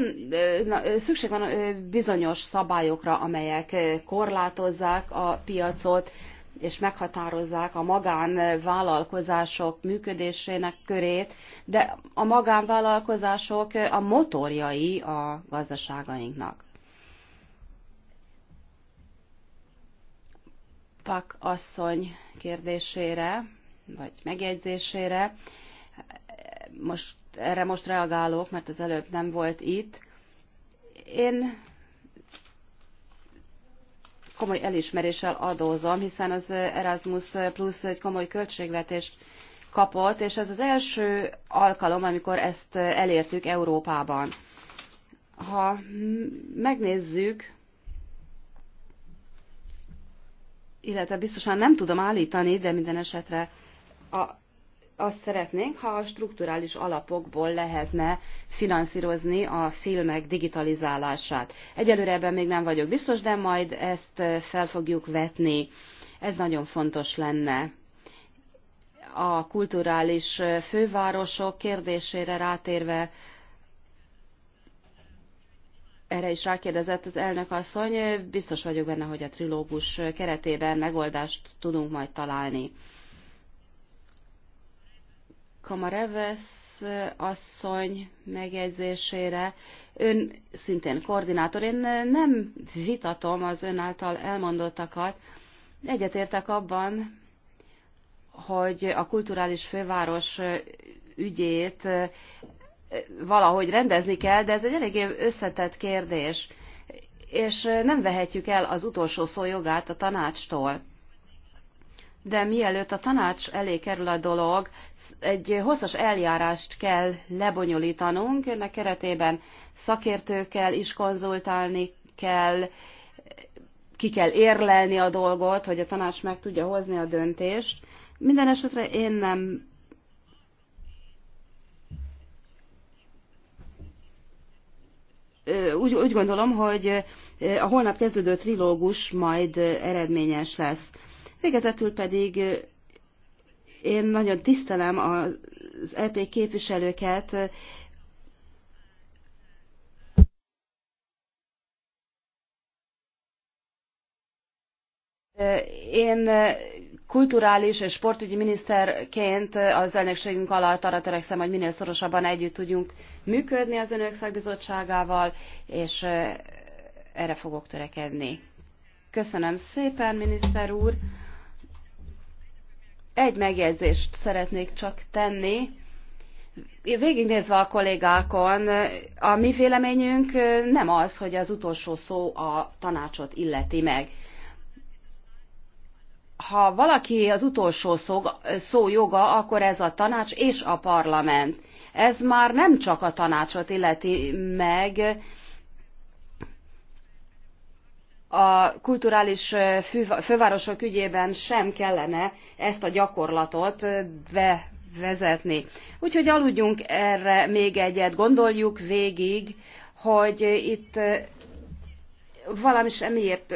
na, szükség van bizonyos szabályokra, amelyek korlátozzák a piacot, és meghatározzák a magánvállalkozások működésének körét, de a magánvállalkozások a motorjai a gazdaságainknak. Pak asszony kérdésére vagy megjegyzésére. Most, erre most reagálok, mert az előbb nem volt itt. Én komoly elismeréssel adózom, hiszen az Erasmus Plus egy komoly költségvetést kapott, és ez az első alkalom, amikor ezt elértük Európában. Ha megnézzük, illetve biztosan nem tudom állítani, de minden esetre a, azt szeretnénk, ha a strukturális alapokból lehetne finanszírozni a filmek digitalizálását. Egyelőre ebben még nem vagyok biztos, de majd ezt fel fogjuk vetni. Ez nagyon fontos lenne. A kulturális fővárosok kérdésére rátérve, erre is rákérdezett az elnök asszony, biztos vagyok benne, hogy a trilógus keretében megoldást tudunk majd találni. Kamarevesz asszony megjegyzésére. Ön szintén koordinátor, én nem vitatom az ön által elmondottakat. Egyetértek abban, hogy a kulturális főváros ügyét valahogy rendezni kell, de ez egy eléggé összetett kérdés, és nem vehetjük el az utolsó szó jogát a tanácstól de mielőtt a tanács elé kerül a dolog, egy hosszas eljárást kell lebonyolítanunk, ennek keretében szakértőkkel is konzultálni kell, ki kell érlelni a dolgot, hogy a tanács meg tudja hozni a döntést. Minden esetre én nem úgy, úgy gondolom, hogy a holnap kezdődő trilógus majd eredményes lesz. Végezetül pedig én nagyon tisztelem az EP képviselőket, Én kulturális és sportügyi miniszterként az elnökségünk alatt arra törekszem, hogy minél szorosabban együtt tudjunk működni az önök szakbizottságával, és erre fogok törekedni. Köszönöm szépen, miniszter úr! Egy megjegyzést szeretnék csak tenni. Végignézve a kollégákon, a mi véleményünk nem az, hogy az utolsó szó a tanácsot illeti meg. Ha valaki az utolsó szó, szó joga, akkor ez a tanács és a parlament. Ez már nem csak a tanácsot illeti meg, a kulturális fővárosok ügyében sem kellene ezt a gyakorlatot bevezetni. Úgyhogy aludjunk erre még egyet, gondoljuk végig, hogy itt valami semmiért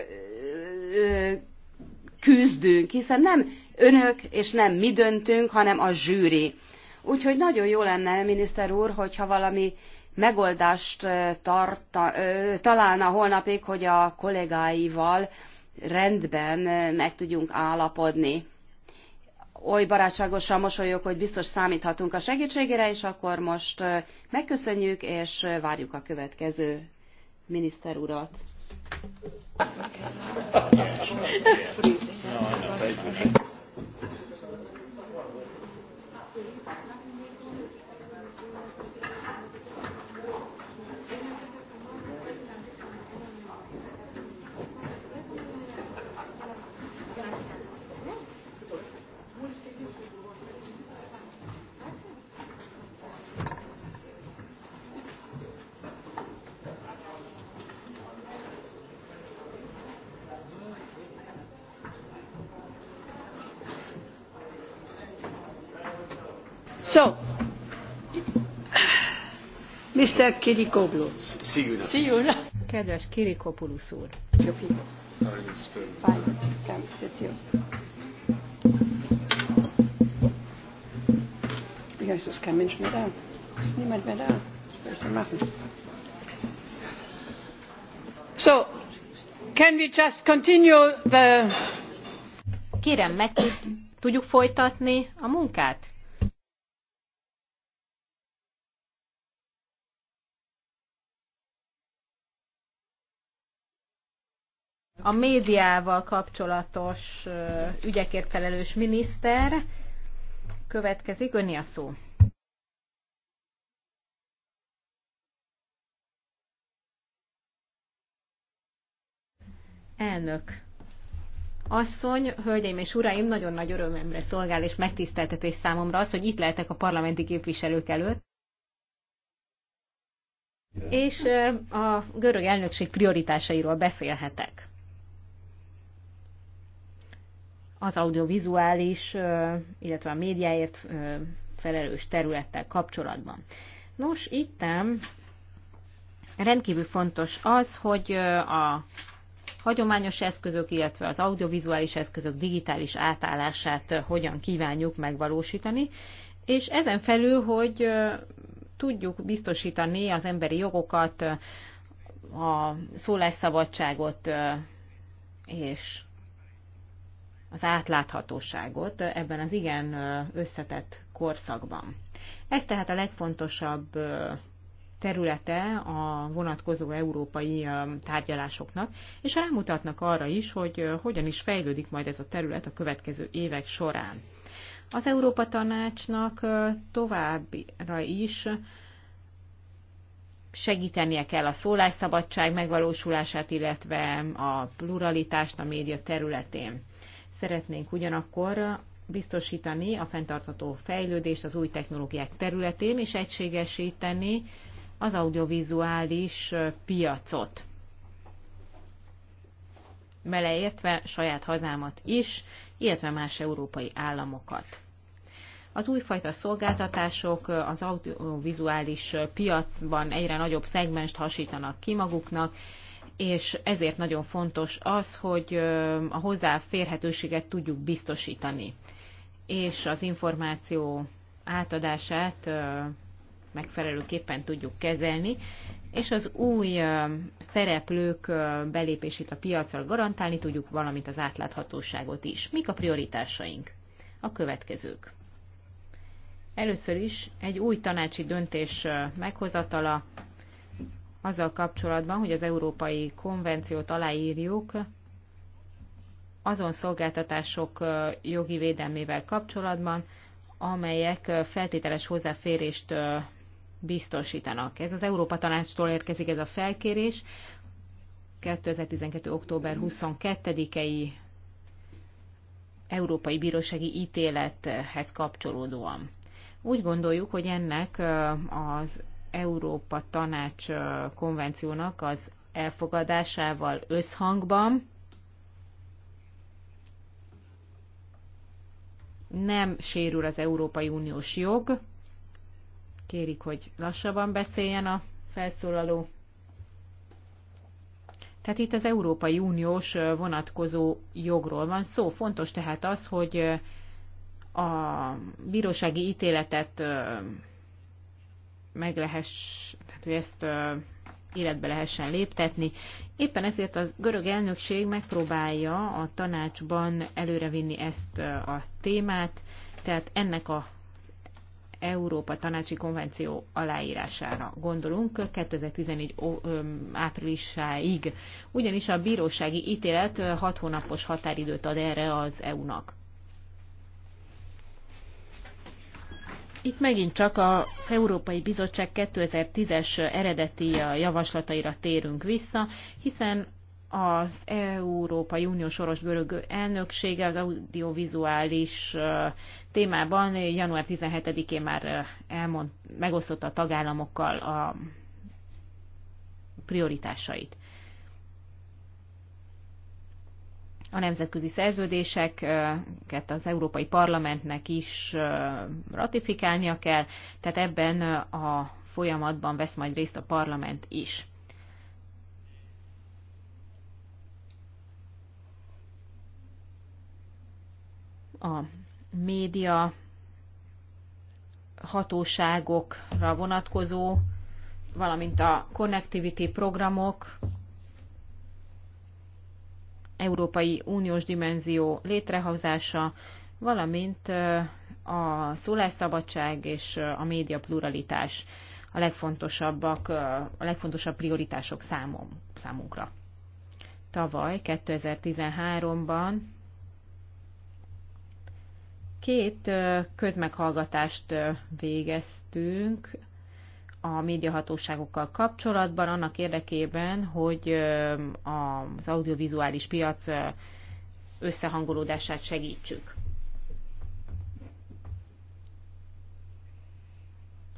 küzdünk, hiszen nem önök és nem mi döntünk, hanem a zsűri. Úgyhogy nagyon jó lenne, miniszter úr, hogyha valami megoldást tarta, találna holnapig, hogy a kollégáival rendben meg tudjunk állapodni. Oly barátságosan mosolyog, hogy biztos számíthatunk a segítségére, és akkor most megköszönjük, és várjuk a következő miniszter urat. Thank you. Mr. Kirikopoulos. Szigula. Szigula. Kedves Kirikopoulos you. Ja, es ist So, can we just continue the... Kérem, meg tudjuk folytatni a munkát? a médiával kapcsolatos ügyekért felelős miniszter. Következik, önni a szó. Elnök. Asszony, hölgyeim és uraim, nagyon nagy örömemre szolgál és megtiszteltetés számomra az, hogy itt lehetek a parlamenti képviselők előtt. És a görög elnökség prioritásairól beszélhetek az audiovizuális, illetve a médiáért felelős területtel kapcsolatban. Nos, ittem rendkívül fontos az, hogy a hagyományos eszközök, illetve az audiovizuális eszközök digitális átállását hogyan kívánjuk megvalósítani, és ezen felül, hogy tudjuk biztosítani az emberi jogokat, a szólásszabadságot és az átláthatóságot ebben az igen összetett korszakban. Ez tehát a legfontosabb területe a vonatkozó európai tárgyalásoknak, és rámutatnak arra is, hogy hogyan is fejlődik majd ez a terület a következő évek során. Az Európa Tanácsnak továbbra is segítenie kell a szólásszabadság megvalósulását, illetve a pluralitást a média területén. Szeretnénk ugyanakkor biztosítani a fenntartható fejlődést az új technológiák területén, és egységesíteni az audiovizuális piacot. Beleértve saját hazámat is, illetve más európai államokat. Az újfajta szolgáltatások az audiovizuális piacban egyre nagyobb szegmest hasítanak ki maguknak, és ezért nagyon fontos az, hogy a hozzáférhetőséget tudjuk biztosítani, és az információ átadását megfelelőképpen tudjuk kezelni, és az új szereplők belépését a piacra garantálni tudjuk, valamint az átláthatóságot is. Mik a prioritásaink? A következők. Először is egy új tanácsi döntés meghozatala azzal kapcsolatban, hogy az Európai Konvenciót aláírjuk azon szolgáltatások jogi védelmével kapcsolatban, amelyek feltételes hozzáférést biztosítanak. Ez az Európa Tanácstól érkezik ez a felkérés. 2012. október 22-i Európai Bírósági ítélethez kapcsolódóan. Úgy gondoljuk, hogy ennek az Európa Tanács konvenciónak az elfogadásával összhangban. Nem sérül az Európai Uniós jog. Kérik, hogy lassabban beszéljen a felszólaló. Tehát itt az Európai Uniós vonatkozó jogról van szó. Fontos tehát az, hogy a bírósági ítéletet meg lehess, tehát hogy ezt életbe lehessen léptetni. Éppen ezért a görög elnökség megpróbálja a tanácsban előrevinni ezt a témát, tehát ennek a Európa Tanácsi Konvenció aláírására gondolunk 2014 áprilisáig, ugyanis a bírósági ítélet 6 hónapos határidőt ad erre az EU-nak. Itt megint csak az Európai Bizottság 2010-es eredeti javaslataira térünk vissza, hiszen az Európai Unió soros bőrög elnöksége az audiovizuális témában január 17-én már elmond, megosztotta a tagállamokkal a prioritásait. a nemzetközi szerződéseket az Európai Parlamentnek is ratifikálnia kell, tehát ebben a folyamatban vesz majd részt a parlament is. A média hatóságokra vonatkozó, valamint a connectivity programok Európai Uniós dimenzió létrehozása, valamint a szólásszabadság és a média pluralitás a legfontosabbak, a legfontosabb prioritások számom, számunkra. Tavaly, 2013-ban két közmeghallgatást végeztünk a médiahatóságokkal kapcsolatban, annak érdekében, hogy az audiovizuális piac összehangolódását segítsük.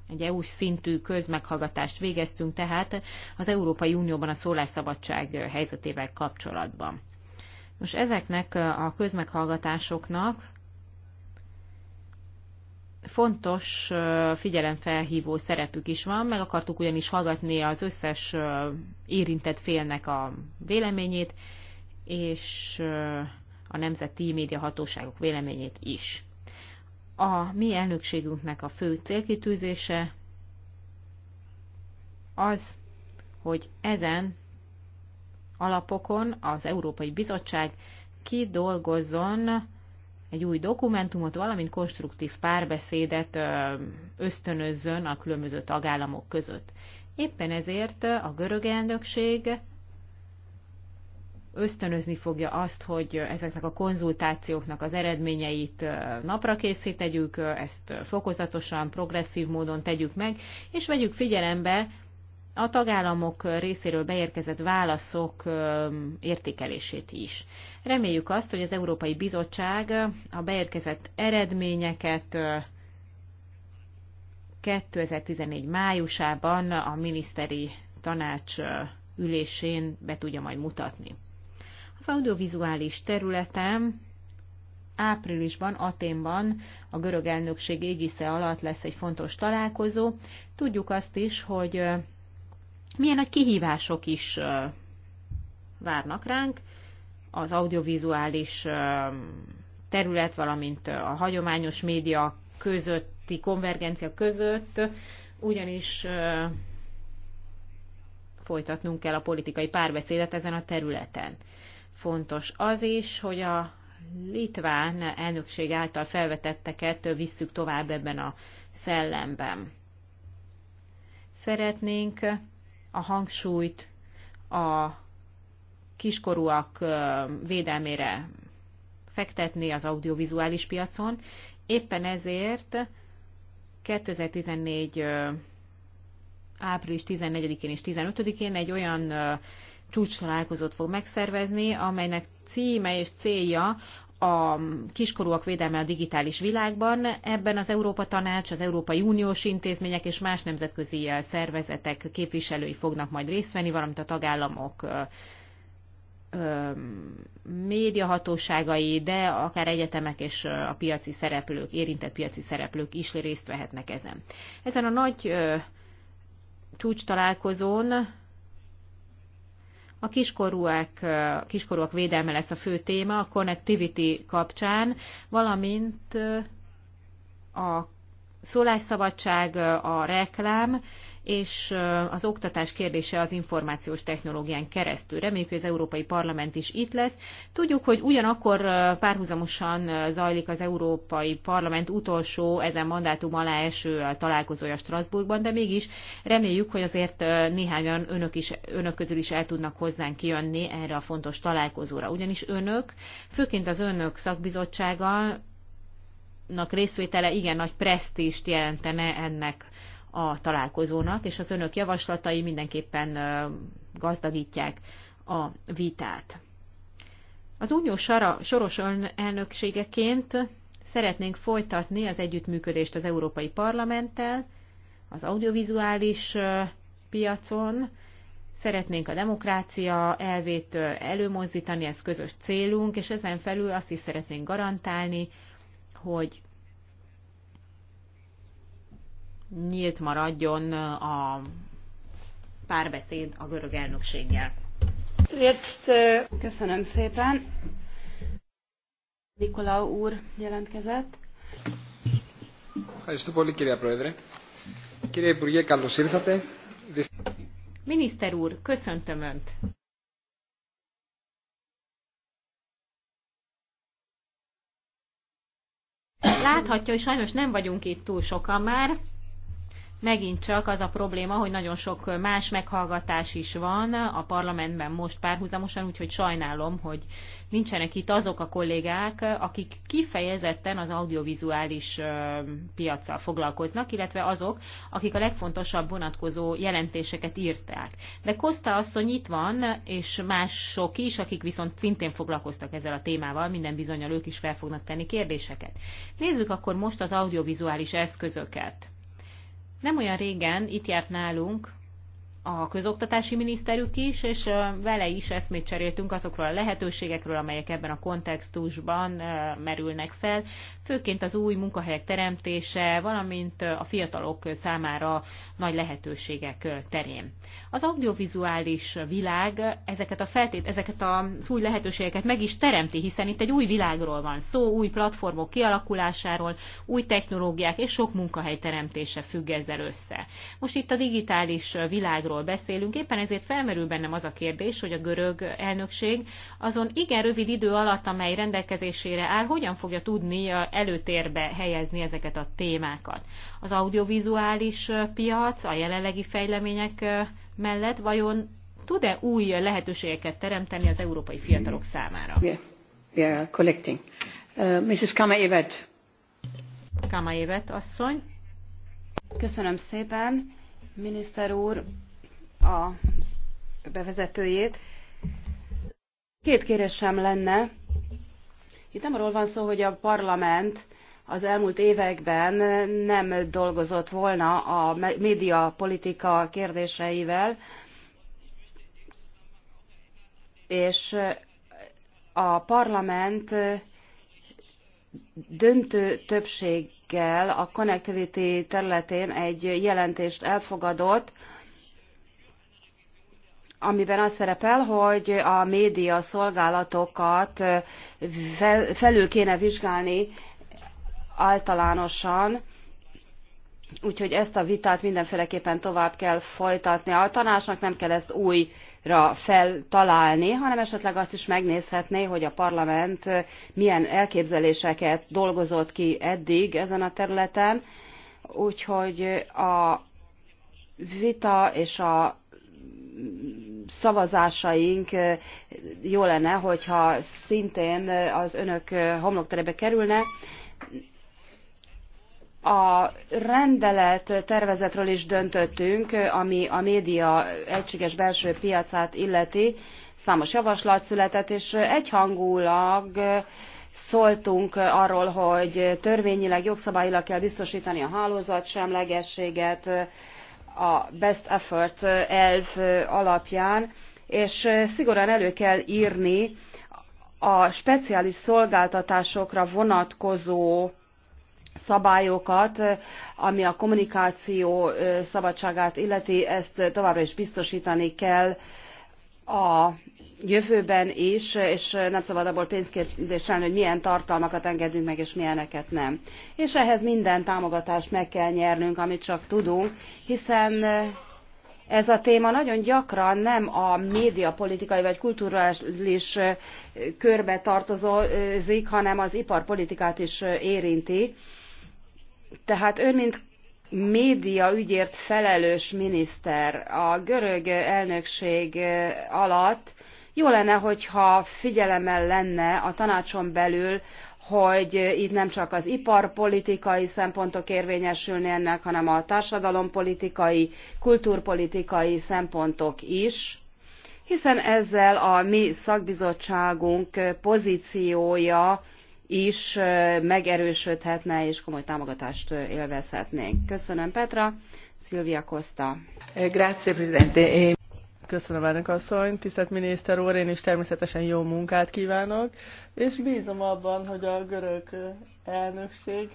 Egy EU-s szintű közmeghallgatást végeztünk tehát az Európai Unióban a szólásszabadság helyzetével kapcsolatban. Most ezeknek a közmeghallgatásoknak fontos figyelemfelhívó szerepük is van, meg akartuk ugyanis hallgatni az összes érintett félnek a véleményét, és a nemzeti média hatóságok véleményét is. A mi elnökségünknek a fő célkitűzése az, hogy ezen alapokon az Európai Bizottság kidolgozzon egy új dokumentumot, valamint konstruktív párbeszédet ösztönözzön a különböző tagállamok között. Éppen ezért a görög elnökség ösztönözni fogja azt, hogy ezeknek a konzultációknak az eredményeit napra készítegyük, ezt fokozatosan, progresszív módon tegyük meg, és vegyük figyelembe a tagállamok részéről beérkezett válaszok értékelését is. Reméljük azt, hogy az Európai Bizottság a beérkezett eredményeket 2014 májusában a miniszteri tanács ülésén be tudja majd mutatni. Az audiovizuális területen áprilisban Aténban a görög elnökség égisze alatt lesz egy fontos találkozó. Tudjuk azt is, hogy milyen nagy kihívások is várnak ránk az audiovizuális terület, valamint a hagyományos média közötti konvergencia között, ugyanis folytatnunk kell a politikai párbeszédet ezen a területen. Fontos az is, hogy a litván elnökség által felvetetteket visszük tovább ebben a szellemben. Szeretnénk a hangsúlyt a kiskorúak védelmére fektetni az audiovizuális piacon. Éppen ezért 2014 április 14-én és 15-én egy olyan csúcs találkozót fog megszervezni, amelynek címe és célja a kiskorúak védelme a digitális világban. Ebben az Európa Tanács, az Európai Uniós intézmények és más nemzetközi szervezetek képviselői fognak majd részt venni, valamint a tagállamok médiahatóságai, de akár egyetemek és a piaci szereplők, érintett piaci szereplők is részt vehetnek ezen. Ezen a nagy csúcs találkozón a kiskorúak, kiskorúak védelme lesz a fő téma a connectivity kapcsán, valamint a szólásszabadság, a reklám, és az oktatás kérdése az információs technológián keresztül. Reméljük, hogy az Európai Parlament is itt lesz. Tudjuk, hogy ugyanakkor párhuzamosan zajlik az Európai Parlament utolsó, ezen mandátum alá eső találkozója Strasbourgban, de mégis reméljük, hogy azért néhányan önök, is, önök közül is el tudnak hozzánk kijönni erre a fontos találkozóra. Ugyanis önök, főként az önök szakbizottsága, részvétele igen nagy presztíst jelentene ennek a találkozónak, és az önök javaslatai mindenképpen gazdagítják a vitát. Az unió soros elnökségeként szeretnénk folytatni az együttműködést az Európai Parlamenttel, az audiovizuális piacon, szeretnénk a demokrácia elvét előmozdítani, ez közös célunk, és ezen felül azt is szeretnénk garantálni, hogy nyílt maradjon a párbeszéd a görög elnökséggel. Köszönöm szépen. Nikola úr jelentkezett. Ευχαριστώ πολύ κυρία Πρόεδρε. Κύριε Υπουργέ, καλώς ήρθατε. Miniszter úr, köszöntöm Önt! Láthatja, hogy sajnos nem vagyunk itt túl sokan már, megint csak az a probléma, hogy nagyon sok más meghallgatás is van a parlamentben most párhuzamosan, úgyhogy sajnálom, hogy nincsenek itt azok a kollégák, akik kifejezetten az audiovizuális piaccal foglalkoznak, illetve azok, akik a legfontosabb vonatkozó jelentéseket írták. De Kosta asszony itt van, és mások is, akik viszont szintén foglalkoztak ezzel a témával, minden bizonyal ők is fel fognak tenni kérdéseket. Nézzük akkor most az audiovizuális eszközöket. Nem olyan régen itt járt nálunk a közoktatási miniszterük is, és vele is eszmét cseréltünk azokról a lehetőségekről, amelyek ebben a kontextusban merülnek fel, főként az új munkahelyek teremtése, valamint a fiatalok számára nagy lehetőségek terén. Az audiovizuális világ ezeket a, feltét, ezeket a új lehetőségeket meg is teremti, hiszen itt egy új világról van szó, új platformok kialakulásáról, új technológiák és sok munkahely teremtése függ ezzel össze. Most itt a digitális világról Ukrajnáról beszélünk, éppen ezért felmerül bennem az a kérdés, hogy a görög elnökség azon igen rövid idő alatt, amely rendelkezésére áll, hogyan fogja tudni előtérbe helyezni ezeket a témákat. Az audiovizuális piac a jelenlegi fejlemények mellett vajon tud-e új lehetőségeket teremteni az európai fiatalok számára? Yeah, yeah collecting. Uh, Mrs. Kama Évet. Kama Évet asszony. Köszönöm szépen, miniszter úr a bevezetőjét. Két kérésem lenne. Itt nem arról van szó, hogy a parlament az elmúlt években nem dolgozott volna a médiapolitika kérdéseivel, és a parlament döntő többséggel a connectivity területén egy jelentést elfogadott, amiben az szerepel, hogy a média szolgálatokat felül kéne vizsgálni általánosan, úgyhogy ezt a vitát mindenféleképpen tovább kell folytatni. A tanácsnak nem kell ezt újra feltalálni, hanem esetleg azt is megnézhetné, hogy a parlament milyen elképzeléseket dolgozott ki eddig ezen a területen, úgyhogy a vita és a szavazásaink jó lenne, hogyha szintén az önök homlokterébe kerülne. A rendelet tervezetről is döntöttünk, ami a média egységes belső piacát illeti. Számos javaslat született, és egyhangulag szóltunk arról, hogy törvényileg, jogszabályilag kell biztosítani a hálózat semlegességet, a best effort elv alapján, és szigorúan elő kell írni a speciális szolgáltatásokra vonatkozó szabályokat, ami a kommunikáció szabadságát illeti, ezt továbbra is biztosítani kell a jövőben is, és nem szabad abból pénzkérdéselni, hogy milyen tartalmakat engedünk meg, és milyeneket nem. És ehhez minden támogatást meg kell nyernünk, amit csak tudunk, hiszen ez a téma nagyon gyakran nem a médiapolitikai vagy kulturális körbe tartozik, hanem az iparpolitikát is érinti. Tehát ön, mint média ügyért felelős miniszter a görög elnökség alatt jó lenne, hogyha figyelemmel lenne a tanácson belül, hogy itt nem csak az iparpolitikai szempontok érvényesülnének, hanem a társadalompolitikai, kultúrpolitikai szempontok is, hiszen ezzel a mi szakbizottságunk pozíciója is megerősödhetne és komoly támogatást élvezhetnénk. Köszönöm Petra, Silvia Costa. Grazie, Presidente. Köszönöm, elnök asszony, tisztelt miniszter úr, én is természetesen jó munkát kívánok, és bízom abban, hogy a görög elnökség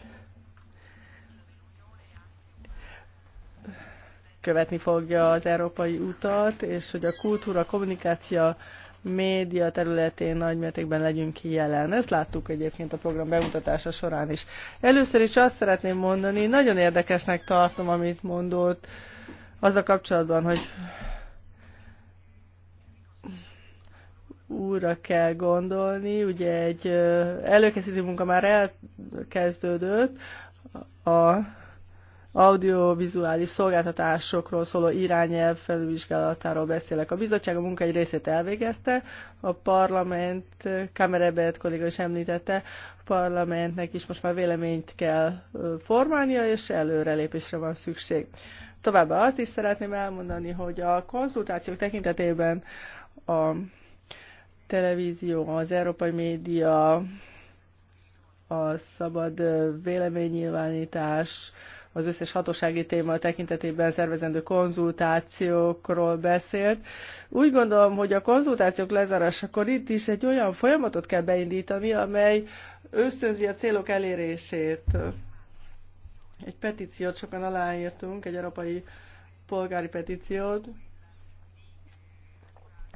követni fogja az európai utat, és hogy a kultúra, kommunikáció, média területén nagymértékben legyünk jelen. Ezt láttuk egyébként a program bemutatása során is. Először is azt szeretném mondani, nagyon érdekesnek tartom, amit mondott az a kapcsolatban, hogy újra kell gondolni. Ugye egy előkészítő munka már elkezdődött, a audiovizuális szolgáltatásokról szóló irányelv felülvizsgálatáról beszélek. A bizottság a munka egy részét elvégezte, a parlament, Kamerebet kolléga is említette, a parlamentnek is most már véleményt kell formálnia, és előrelépésre van szükség. Továbbá azt is szeretném elmondani, hogy a konzultációk tekintetében a televízió, az európai média, a szabad véleménynyilvánítás, az összes hatósági téma tekintetében szervezendő konzultációkról beszélt. Úgy gondolom, hogy a konzultációk lezárásakor itt is egy olyan folyamatot kell beindítani, amely ösztönzi a célok elérését. Egy petíciót sokan aláírtunk, egy európai polgári petíciót,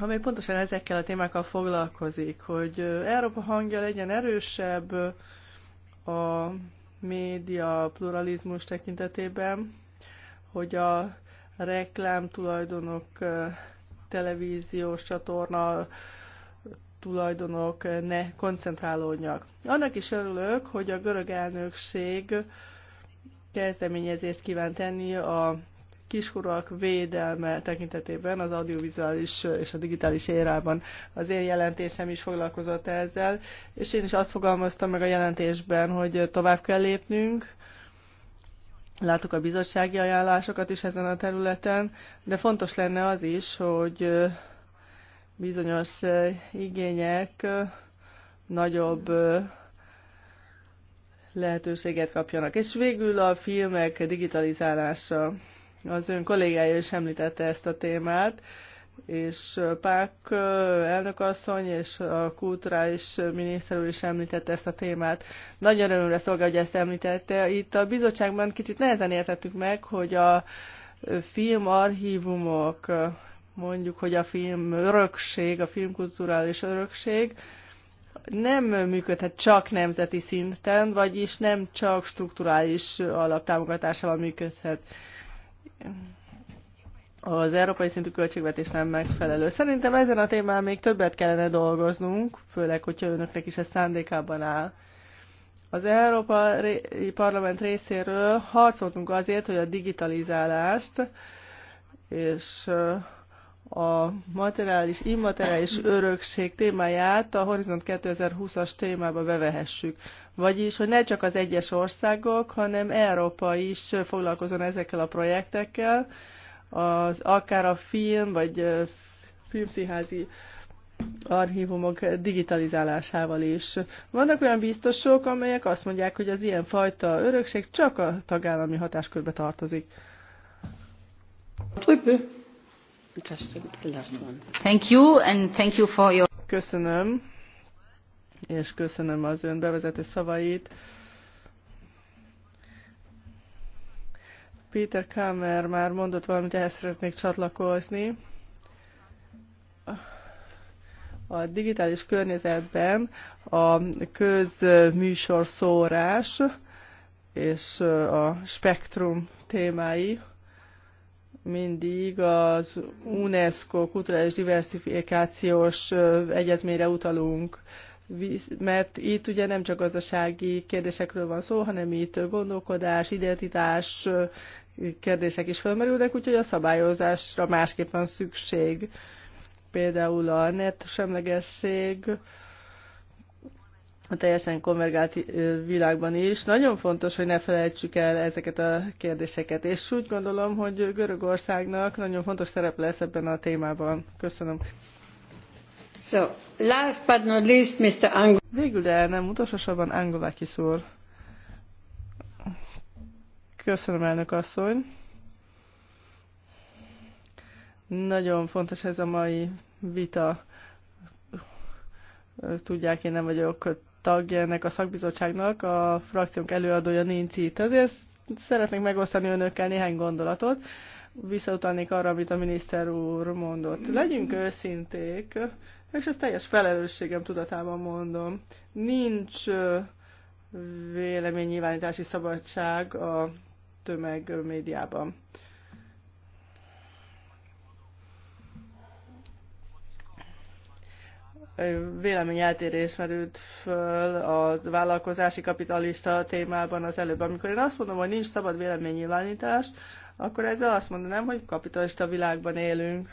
amely pontosan ezekkel a témákkal foglalkozik, hogy Európa hangja legyen erősebb a média pluralizmus tekintetében, hogy a reklám tulajdonok, televíziós csatorna tulajdonok ne koncentrálódjak. Annak is örülök, hogy a görög elnökség kezdeményezést kíván tenni a kiskorúak védelme tekintetében az audiovizuális és a digitális érában. Az én jelentésem is foglalkozott ezzel, és én is azt fogalmaztam meg a jelentésben, hogy tovább kell lépnünk, Látok a bizottsági ajánlásokat is ezen a területen, de fontos lenne az is, hogy bizonyos igények nagyobb lehetőséget kapjanak. És végül a filmek digitalizálása. Az ön kollégája is említette ezt a témát, és Pák elnökasszony és a kulturális miniszter úr is említette ezt a témát. Nagy örömre szolgál, hogy ezt említette. Itt a bizottságban kicsit nehezen értettük meg, hogy a filmarchívumok, mondjuk, hogy a film örökség, a filmkulturális örökség, nem működhet csak nemzeti szinten, vagyis nem csak strukturális alaptámogatásával működhet az európai szintű költségvetés nem megfelelő. Szerintem ezen a témán még többet kellene dolgoznunk, főleg, hogyha önöknek is ez szándékában áll. Az Európai Parlament részéről harcoltunk azért, hogy a digitalizálást és a materiális, immateriális örökség témáját a Horizont 2020-as témába bevehessük. Vagyis, hogy ne csak az egyes országok, hanem Európa is foglalkozon ezekkel a projektekkel, az, akár a film, vagy filmszínházi archívumok digitalizálásával is. Vannak olyan biztosok, amelyek azt mondják, hogy az ilyen fajta örökség csak a tagállami hatáskörbe tartozik. Trüppel. Thank you, and thank you for your... Köszönöm, és köszönöm az ön bevezető szavait. Peter Kammer már mondott valamit, ehhez szeretnék csatlakozni. A digitális környezetben a közműsor szórás és a spektrum témái mindig az UNESCO kulturális diversifikációs egyezményre utalunk, mert itt ugye nem csak gazdasági kérdésekről van szó, hanem itt gondolkodás, identitás kérdések is felmerülnek, úgyhogy a szabályozásra másképp van szükség. Például a net semlegesség, a teljesen konvergált világban is. Nagyon fontos, hogy ne felejtsük el ezeket a kérdéseket, és úgy gondolom, hogy Görögországnak nagyon fontos szerep lesz ebben a témában. Köszönöm. So, last but not least, Mr. Ang- Végül, de nem utolsósorban Angoláki szól. Köszönöm, elnök asszony. Nagyon fontos ez a mai vita tudják, én nem vagyok tagja ennek a szakbizottságnak, a frakciónk előadója nincs itt. Ezért szeretnék megosztani önökkel néhány gondolatot. Visszautalnék arra, amit a miniszter úr mondott. Legyünk őszinték, és ezt teljes felelősségem tudatában mondom. Nincs véleménynyilvánítási szabadság a tömegmédiában. eltérés merült föl a vállalkozási kapitalista témában az előbb. Amikor én azt mondom, hogy nincs szabad véleménynyilvánítás, akkor ezzel azt mondanám, hogy kapitalista világban élünk.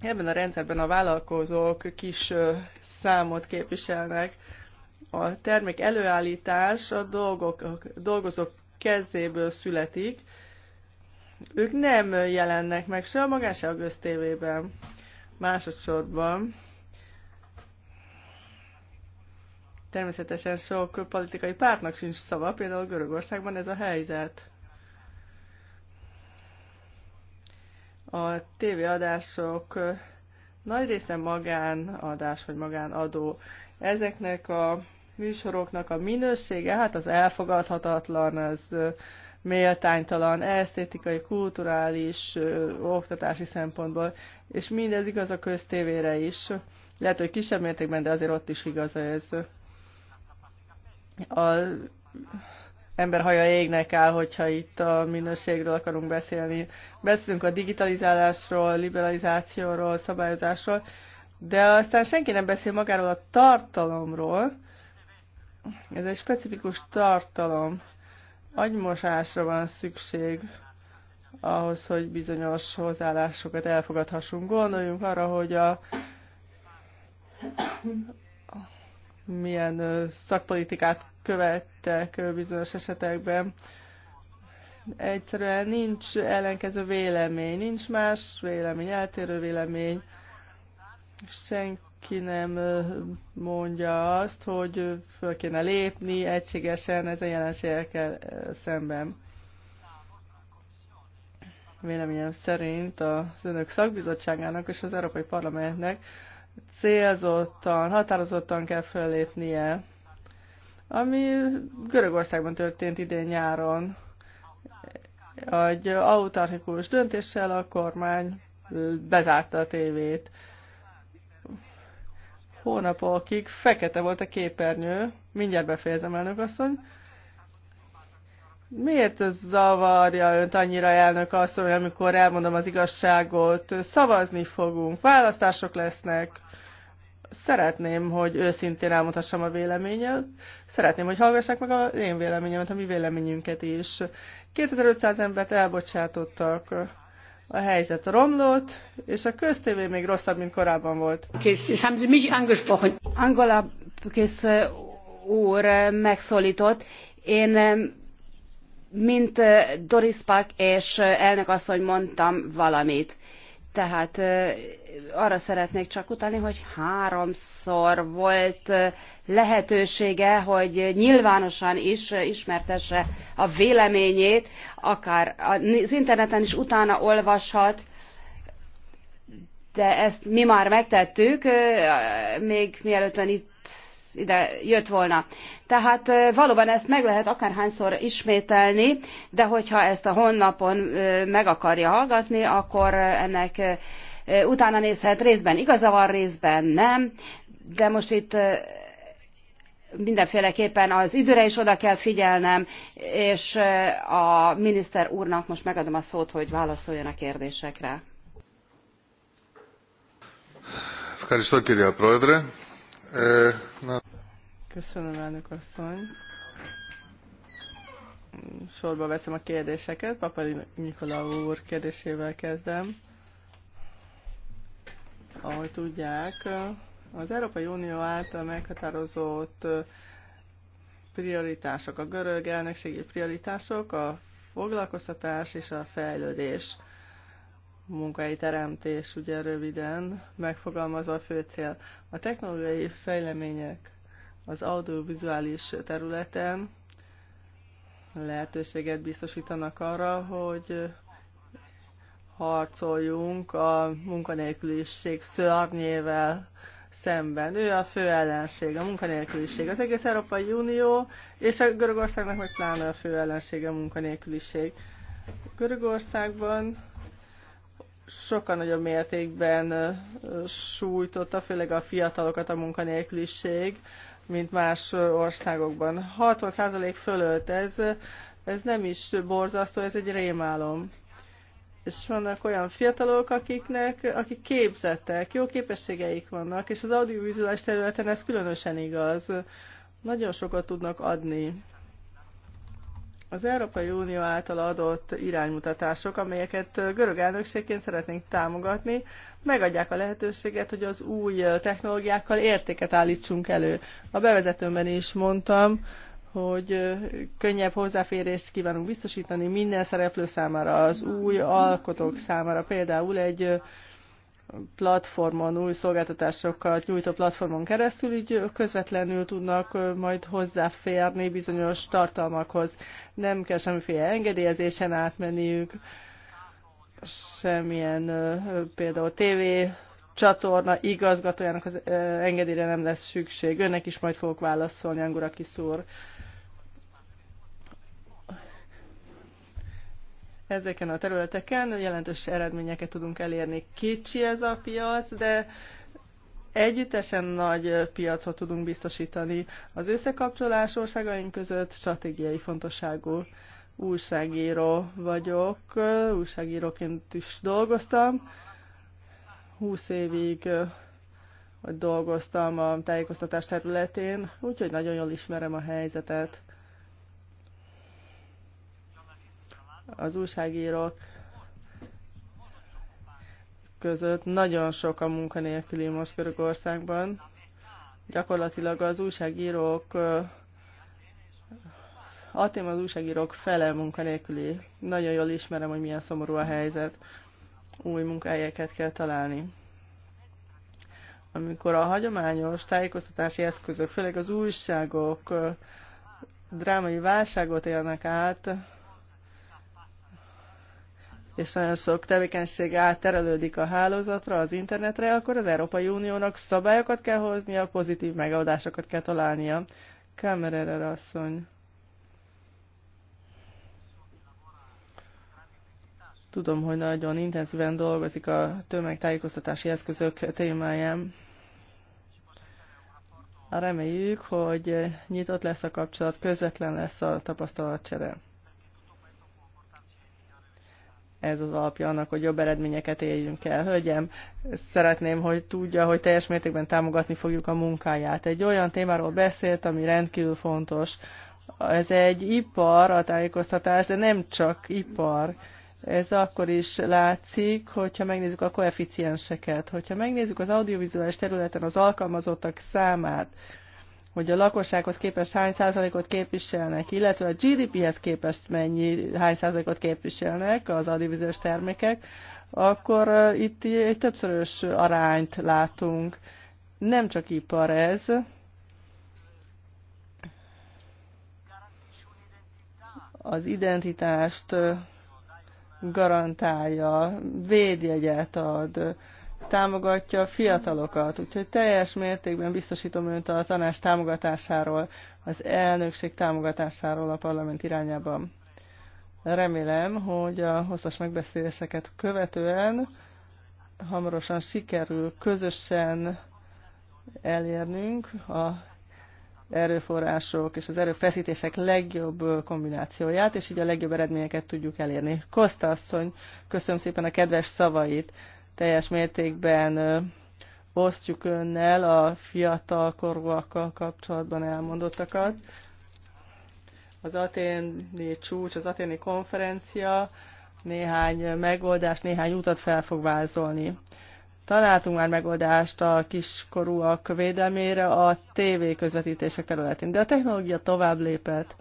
Ebben a rendszerben a vállalkozók kis számot képviselnek. A termék előállítás a, dolgok, a dolgozók kezéből születik. Ők nem jelennek meg se a magán, se a köztévében Másodszorban természetesen sok politikai pártnak sincs szava, például Görögországban ez a helyzet. A tévéadások nagy része magánadás vagy magánadó. Ezeknek a műsoroknak a minősége, hát az elfogadhatatlan, az méltánytalan, esztétikai, kulturális, oktatási szempontból és mindez igaz a köztévére is. Lehet, hogy kisebb mértékben, de azért ott is igaz ez. A ember haja égnek áll, hogyha itt a minőségről akarunk beszélni. Beszélünk a digitalizálásról, liberalizációról, szabályozásról, de aztán senki nem beszél magáról a tartalomról. Ez egy specifikus tartalom. Agymosásra van szükség ahhoz, hogy bizonyos hozzáállásokat elfogadhassunk. Gondoljunk arra, hogy a milyen szakpolitikát követtek bizonyos esetekben. Egyszerűen nincs ellenkező vélemény, nincs más vélemény, eltérő vélemény. Senki nem mondja azt, hogy föl kéne lépni egységesen ezen jelenségekkel szemben. Véleményem szerint az önök szakbizottságának és az Európai Parlamentnek célzottan, határozottan kell fellépnie, ami Görögországban történt idén nyáron. Egy autarchikus döntéssel a kormány bezárta a tévét. Hónapokig fekete volt a képernyő, mindjárt befejezem, elnök asszony. Miért ez zavarja önt annyira elnök asszony, amikor elmondom az igazságot? Szavazni fogunk, választások lesznek. Szeretném, hogy őszintén elmondhassam a véleményet. Szeretném, hogy hallgassák meg az én véleményemet, a mi véleményünket is. 2500 embert elbocsátottak. A helyzet romlott, és a köztévé még rosszabb, mint korábban volt. Hát Angola kész úr megszólított. Én mint Doris Park és elnök asszony mondtam valamit. Tehát arra szeretnék csak utalni, hogy háromszor volt lehetősége, hogy nyilvánosan is ismertesse a véleményét, akár az interneten is utána olvashat, de ezt mi már megtettük, még mielőtt ön itt ide jött volna. Tehát valóban ezt meg lehet akárhányszor ismételni, de hogyha ezt a honlapon meg akarja hallgatni, akkor ennek utána nézhet részben igaza van, részben nem, de most itt mindenféleképpen az időre is oda kell figyelnem, és a miniszter úrnak most megadom a szót, hogy válaszoljon a kérdésekre. Köszönöm, Köszönöm, elnök asszony. Sorba veszem a kérdéseket. Papari Nikola úr kérdésével kezdem. Ahogy tudják, az Európai Unió által meghatározott prioritások, a görög elnökségi prioritások, a foglalkoztatás és a fejlődés munkai teremtés, ugye röviden megfogalmazva a fő cél. A technológiai fejlemények az audiovizuális területen lehetőséget biztosítanak arra, hogy harcoljunk a munkanélküliség szörnyével szemben. Ő a fő ellenség, a munkanélküliség. Az egész Európai Unió és a Görögországnak meg pláne a fő ellensége a munkanélküliség. Görögországban sokkal nagyobb mértékben sújtotta, főleg a fiatalokat a munkanélküliség, mint más országokban. 60% fölött ez, ez nem is borzasztó, ez egy rémálom. És vannak olyan fiatalok, akiknek, akik képzettek, jó képességeik vannak, és az audiovizuális területen ez különösen igaz. Nagyon sokat tudnak adni. Az Európai Unió által adott iránymutatások, amelyeket görög elnökségként szeretnénk támogatni, megadják a lehetőséget, hogy az új technológiákkal értéket állítsunk elő. A bevezetőmben is mondtam, hogy könnyebb hozzáférést kívánunk biztosítani minden szereplő számára, az új alkotók számára, például egy platformon, új szolgáltatásokat nyújtó platformon keresztül, így közvetlenül tudnak majd hozzáférni bizonyos tartalmakhoz. Nem kell semmiféle engedélyezésen átmenniük, semmilyen például TV csatorna igazgatójának az engedélyre nem lesz szükség. Önnek is majd fogok válaszolni, Angura Kiszúr. ezeken a területeken jelentős eredményeket tudunk elérni. Kicsi ez a piac, de együttesen nagy piacot tudunk biztosítani. Az összekapcsolás országaink között stratégiai fontosságú újságíró vagyok, újságíróként is dolgoztam. 20 évig dolgoztam a tájékoztatás területén, úgyhogy nagyon jól ismerem a helyzetet. az újságírók között nagyon sok a munkanélküli most Görögországban. Gyakorlatilag az újságírók Atém az újságírók fele munkanélküli. Nagyon jól ismerem, hogy milyen szomorú a helyzet. Új munkahelyeket kell találni. Amikor a hagyományos tájékoztatási eszközök, főleg az újságok drámai válságot élnek át, és nagyon sok tevékenység átterelődik a hálózatra, az internetre, akkor az Európai Uniónak szabályokat kell hoznia, pozitív megoldásokat kell találnia. Kamerer asszony. Tudom, hogy nagyon intenzíven dolgozik a tömegtájékoztatási eszközök témáján. Reméljük, hogy nyitott lesz a kapcsolat, közvetlen lesz a tapasztalatcsere ez az alapja annak, hogy jobb eredményeket érjünk el. Hölgyem, szeretném, hogy tudja, hogy teljes mértékben támogatni fogjuk a munkáját. Egy olyan témáról beszélt, ami rendkívül fontos. Ez egy ipar, a tájékoztatás, de nem csak ipar. Ez akkor is látszik, hogyha megnézzük a koeficienseket. Hogyha megnézzük az audiovizuális területen az alkalmazottak számát, hogy a lakossághoz képest hány százalékot képviselnek, illetve a GDP-hez képest mennyi, hány százalékot képviselnek az adivizős termékek, akkor itt egy többszörös arányt látunk. Nem csak ipar ez, az identitást garantálja, védjegyet ad, támogatja a fiatalokat, úgyhogy teljes mértékben biztosítom önt a tanács támogatásáról, az elnökség támogatásáról a parlament irányában. Remélem, hogy a hosszas megbeszéléseket követően hamarosan sikerül közösen elérnünk a erőforrások és az erőfeszítések legjobb kombinációját, és így a legjobb eredményeket tudjuk elérni. Kosta asszony, köszönöm szépen a kedves szavait teljes mértékben osztjuk önnel a fiatal korúakkal kapcsolatban elmondottakat. Az aténi csúcs, az aténi konferencia néhány megoldást, néhány utat fel fog vázolni. Találtunk már megoldást a kiskorúak védelmére a TV közvetítések területén, de a technológia tovább lépett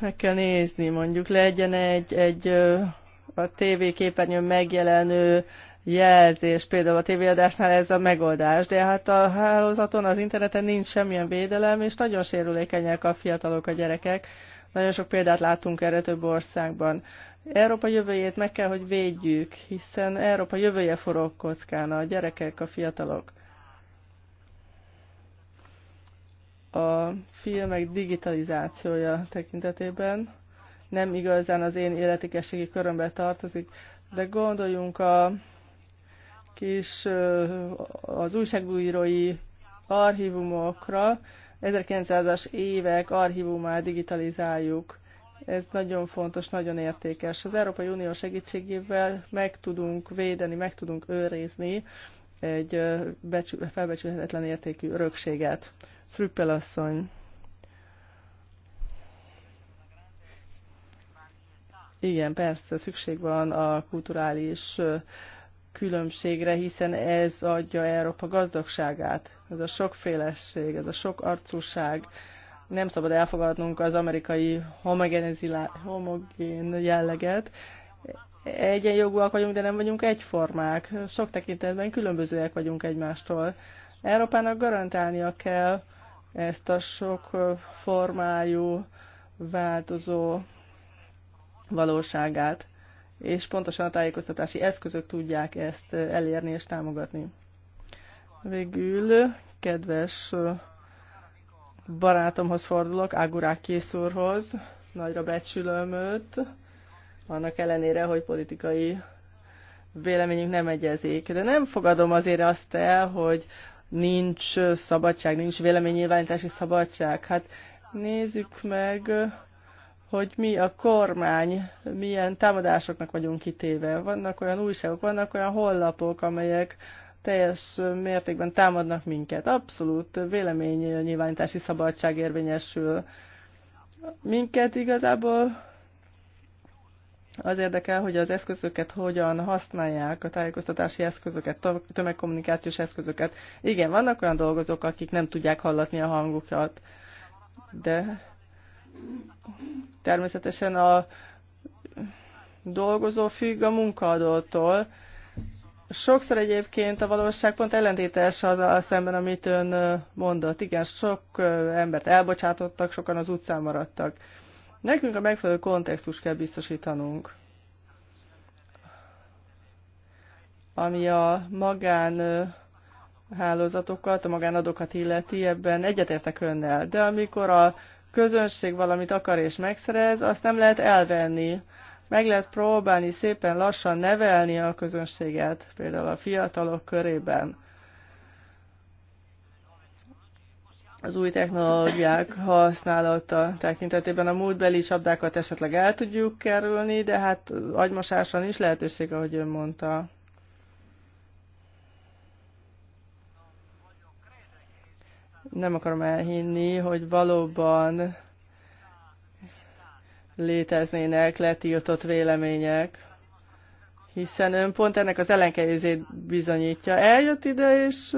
meg kell nézni, mondjuk legyen egy, egy a TV képernyőn megjelenő jelzés, például a tévéadásnál ez a megoldás, de hát a hálózaton, az interneten nincs semmilyen védelem, és nagyon sérülékenyek a fiatalok, a gyerekek. Nagyon sok példát látunk erre több országban. Európa jövőjét meg kell, hogy védjük, hiszen Európa jövője forog kockán, a gyerekek, a fiatalok. a filmek digitalizációja tekintetében. Nem igazán az én életikességi körömbe tartozik, de gondoljunk a kis az újságújírói archívumokra, 1900-as évek archívumát digitalizáljuk. Ez nagyon fontos, nagyon értékes. Az Európai Unió segítségével meg tudunk védeni, meg tudunk őrizni egy felbecsülhetetlen értékű örökséget. Trüppel asszony. Igen, persze, szükség van a kulturális különbségre, hiszen ez adja Európa gazdagságát. Ez a sokféleség, ez a sok arcúság. Nem szabad elfogadnunk az amerikai homogén jelleget. Egyenjogúak vagyunk, de nem vagyunk egyformák. Sok tekintetben különbözőek vagyunk egymástól. Európának garantálnia kell, ezt a sok formájú, változó valóságát, és pontosan a tájékoztatási eszközök tudják ezt elérni és támogatni. Végül, kedves barátomhoz fordulok, Águrák Készúrhoz, nagyra becsülöm őt, annak ellenére, hogy politikai véleményünk nem egyezik. De nem fogadom azért azt el, hogy nincs szabadság, nincs véleménynyilvánítási szabadság. Hát nézzük meg, hogy mi a kormány, milyen támadásoknak vagyunk kitéve. Vannak olyan újságok, vannak olyan hollapok, amelyek teljes mértékben támadnak minket. Abszolút véleménynyilvánítási szabadság érvényesül. Minket igazából az érdekel, hogy az eszközöket hogyan használják, a tájékoztatási eszközöket, tömegkommunikációs eszközöket. Igen, vannak olyan dolgozók, akik nem tudják hallatni a hangukat, de természetesen a dolgozó függ a munkaadótól. Sokszor egyébként a valóság pont ellentétes az a szemben, amit ön mondott. Igen, sok embert elbocsátottak, sokan az utcán maradtak. Nekünk a megfelelő kontextus kell biztosítanunk, ami a magán hálózatokat, a magánadokat illeti, ebben egyetértek önnel. De amikor a közönség valamit akar és megszerez, azt nem lehet elvenni. Meg lehet próbálni szépen lassan nevelni a közönséget, például a fiatalok körében. az új technológiák használata tekintetében a múltbeli csapdákat esetleg el tudjuk kerülni, de hát agymosásra is lehetőség, ahogy ön mondta. Nem akarom elhinni, hogy valóban léteznének letiltott vélemények, hiszen ön pont ennek az ellenkezőjét bizonyítja. Eljött ide, és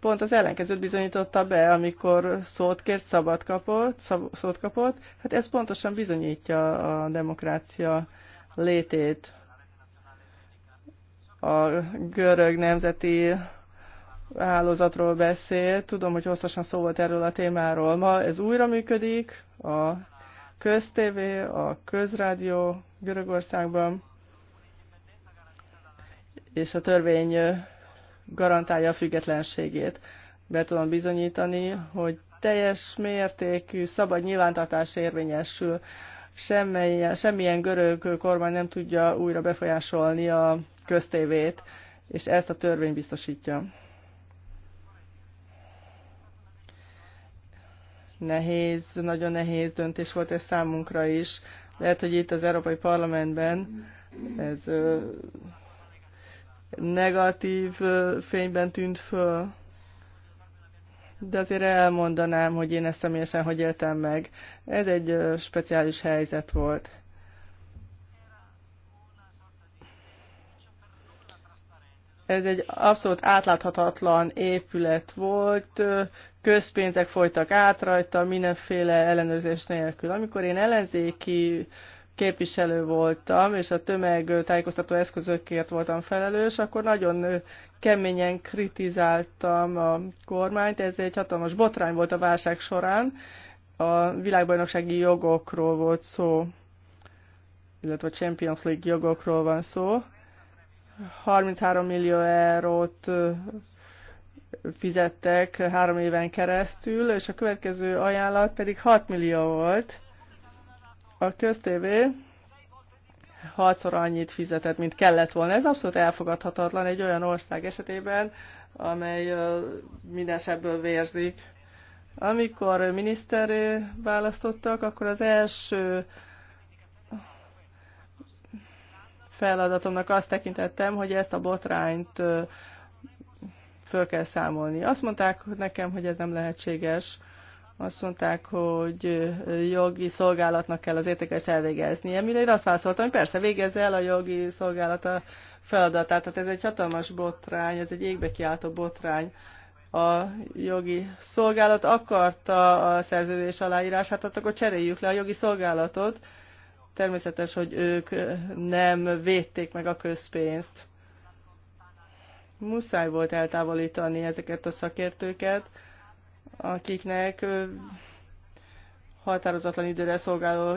pont az ellenkezőt bizonyította be, amikor szót kért, szabad kapott, szab, szót kapott. Hát ez pontosan bizonyítja a demokrácia létét. A görög nemzeti hálózatról beszél. Tudom, hogy hosszasan szó volt erről a témáról. Ma ez újra működik, a köztévé, a közrádió Görögországban, és a törvény garantálja a függetlenségét. Be tudom bizonyítani, hogy teljes mértékű szabad nyilvántartás érvényesül. Semmilyen, semmilyen görög kormány nem tudja újra befolyásolni a köztévét, és ezt a törvény biztosítja. Nehéz, nagyon nehéz döntés volt ez számunkra is. Lehet, hogy itt az Európai Parlamentben ez negatív fényben tűnt föl. De azért elmondanám, hogy én ezt személyesen hogy éltem meg. Ez egy speciális helyzet volt. Ez egy abszolút átláthatatlan épület volt, közpénzek folytak át rajta, mindenféle ellenőrzés nélkül. Amikor én ellenzéki képviselő voltam, és a tájékoztató eszközökért voltam felelős, akkor nagyon keményen kritizáltam a kormányt. Ez egy hatalmas botrány volt a válság során. A világbajnoksági jogokról volt szó, illetve a Champions League jogokról van szó. 33 millió eurót fizettek három éven keresztül, és a következő ajánlat pedig 6 millió volt a köztévé hatszor annyit fizetett, mint kellett volna. Ez abszolút elfogadhatatlan egy olyan ország esetében, amely minden sebből vérzik. Amikor miniszteré választottak, akkor az első feladatomnak azt tekintettem, hogy ezt a botrányt föl kell számolni. Azt mondták nekem, hogy ez nem lehetséges azt mondták, hogy jogi szolgálatnak kell az értékelést elvégezni, Amire én azt válaszoltam, hogy persze végezze el a jogi szolgálata feladatát. Tehát ez egy hatalmas botrány, ez egy égbe kiáltó botrány. A jogi szolgálat akarta a szerződés aláírását, tehát akkor cseréljük le a jogi szolgálatot. Természetes, hogy ők nem védték meg a közpénzt. Muszáj volt eltávolítani ezeket a szakértőket, akiknek határozatlan időre szolgáló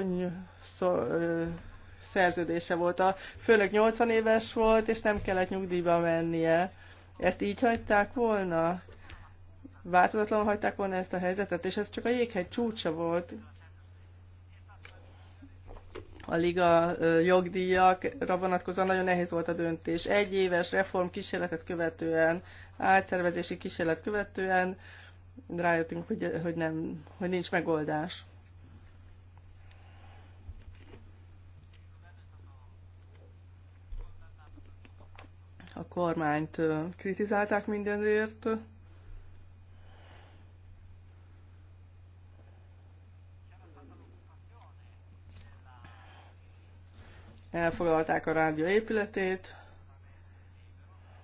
szerződése volt. A főnök 80 éves volt, és nem kellett nyugdíjba mennie. Ezt így hagyták volna? Változatlanul hagyták volna ezt a helyzetet, és ez csak a jéghegy csúcsa volt. A liga jogdíjakra vonatkozóan nagyon nehéz volt a döntés. Egy éves reform kísérletet követően, átszervezési kísérlet követően rájöttünk, hogy, hogy, nem, hogy nincs megoldás. A kormányt kritizálták mindenért. Elfoglalták a rádió épületét.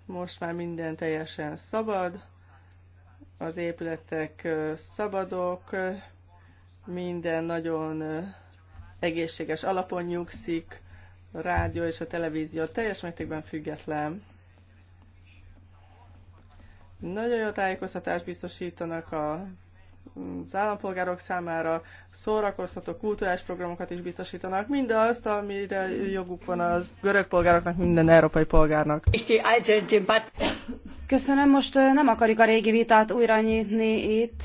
Most már minden teljesen szabad az épületek szabadok, minden nagyon egészséges alapon nyugszik, a rádió és a televízió teljes mértékben független. Nagyon jó tájékoztatást biztosítanak a az állampolgárok számára szórakoztató kulturális programokat is biztosítanak, mindazt, amire joguk van az görög polgároknak, minden európai polgárnak. Köszönöm, most nem akarjuk a régi vitát újra nyitni itt.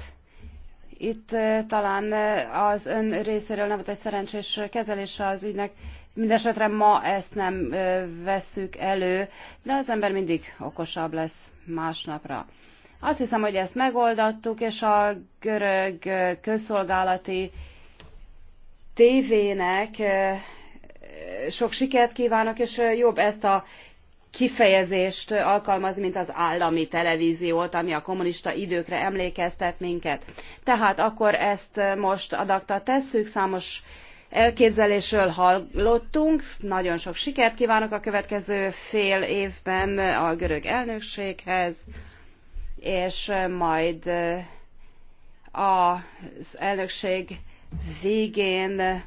Itt talán az ön részéről nem volt egy szerencsés kezelése az ügynek. Mindenesetre ma ezt nem vesszük elő, de az ember mindig okosabb lesz másnapra. Azt hiszem, hogy ezt megoldattuk, és a görög közszolgálati tévének sok sikert kívánok, és jobb ezt a kifejezést alkalmaz, mint az állami televíziót, ami a kommunista időkre emlékeztet minket. Tehát akkor ezt most adakta tesszük, számos elképzelésről hallottunk, nagyon sok sikert kívánok a következő fél évben a görög elnökséghez és majd az elnökség végén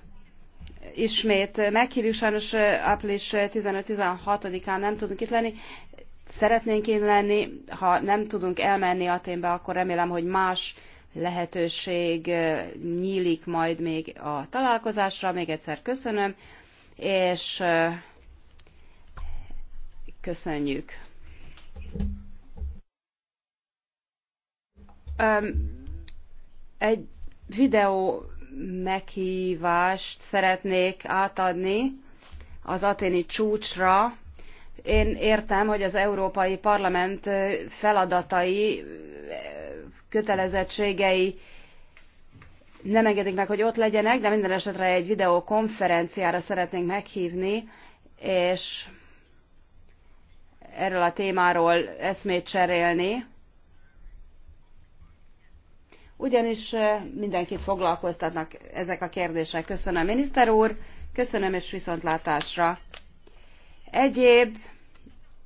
ismét meghívjuk, sajnos április 15-16-án nem tudunk itt lenni. Szeretnénk én lenni, ha nem tudunk elmenni Aténbe, akkor remélem, hogy más lehetőség nyílik majd még a találkozásra. Még egyszer köszönöm, és köszönjük egy videó meghívást szeretnék átadni az aténi csúcsra. Én értem, hogy az Európai Parlament feladatai, kötelezettségei nem engedik meg, hogy ott legyenek, de minden esetre egy videokonferenciára szeretnénk meghívni, és erről a témáról eszmét cserélni ugyanis mindenkit foglalkoztatnak ezek a kérdések. Köszönöm, miniszter úr, köszönöm és viszontlátásra. Egyéb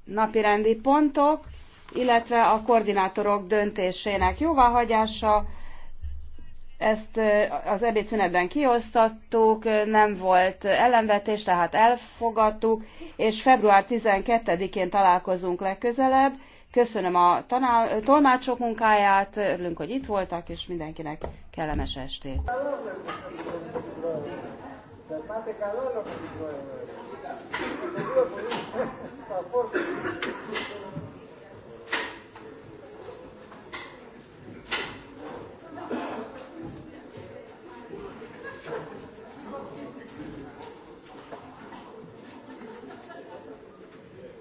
napirendi pontok, illetve a koordinátorok döntésének jóváhagyása, ezt az ebédszünetben kiosztattuk, nem volt ellenvetés, tehát elfogadtuk, és február 12-én találkozunk legközelebb. Köszönöm a tanál, tolmácsok munkáját, örülünk, hogy itt voltak, és mindenkinek kellemes estét. Περνάτε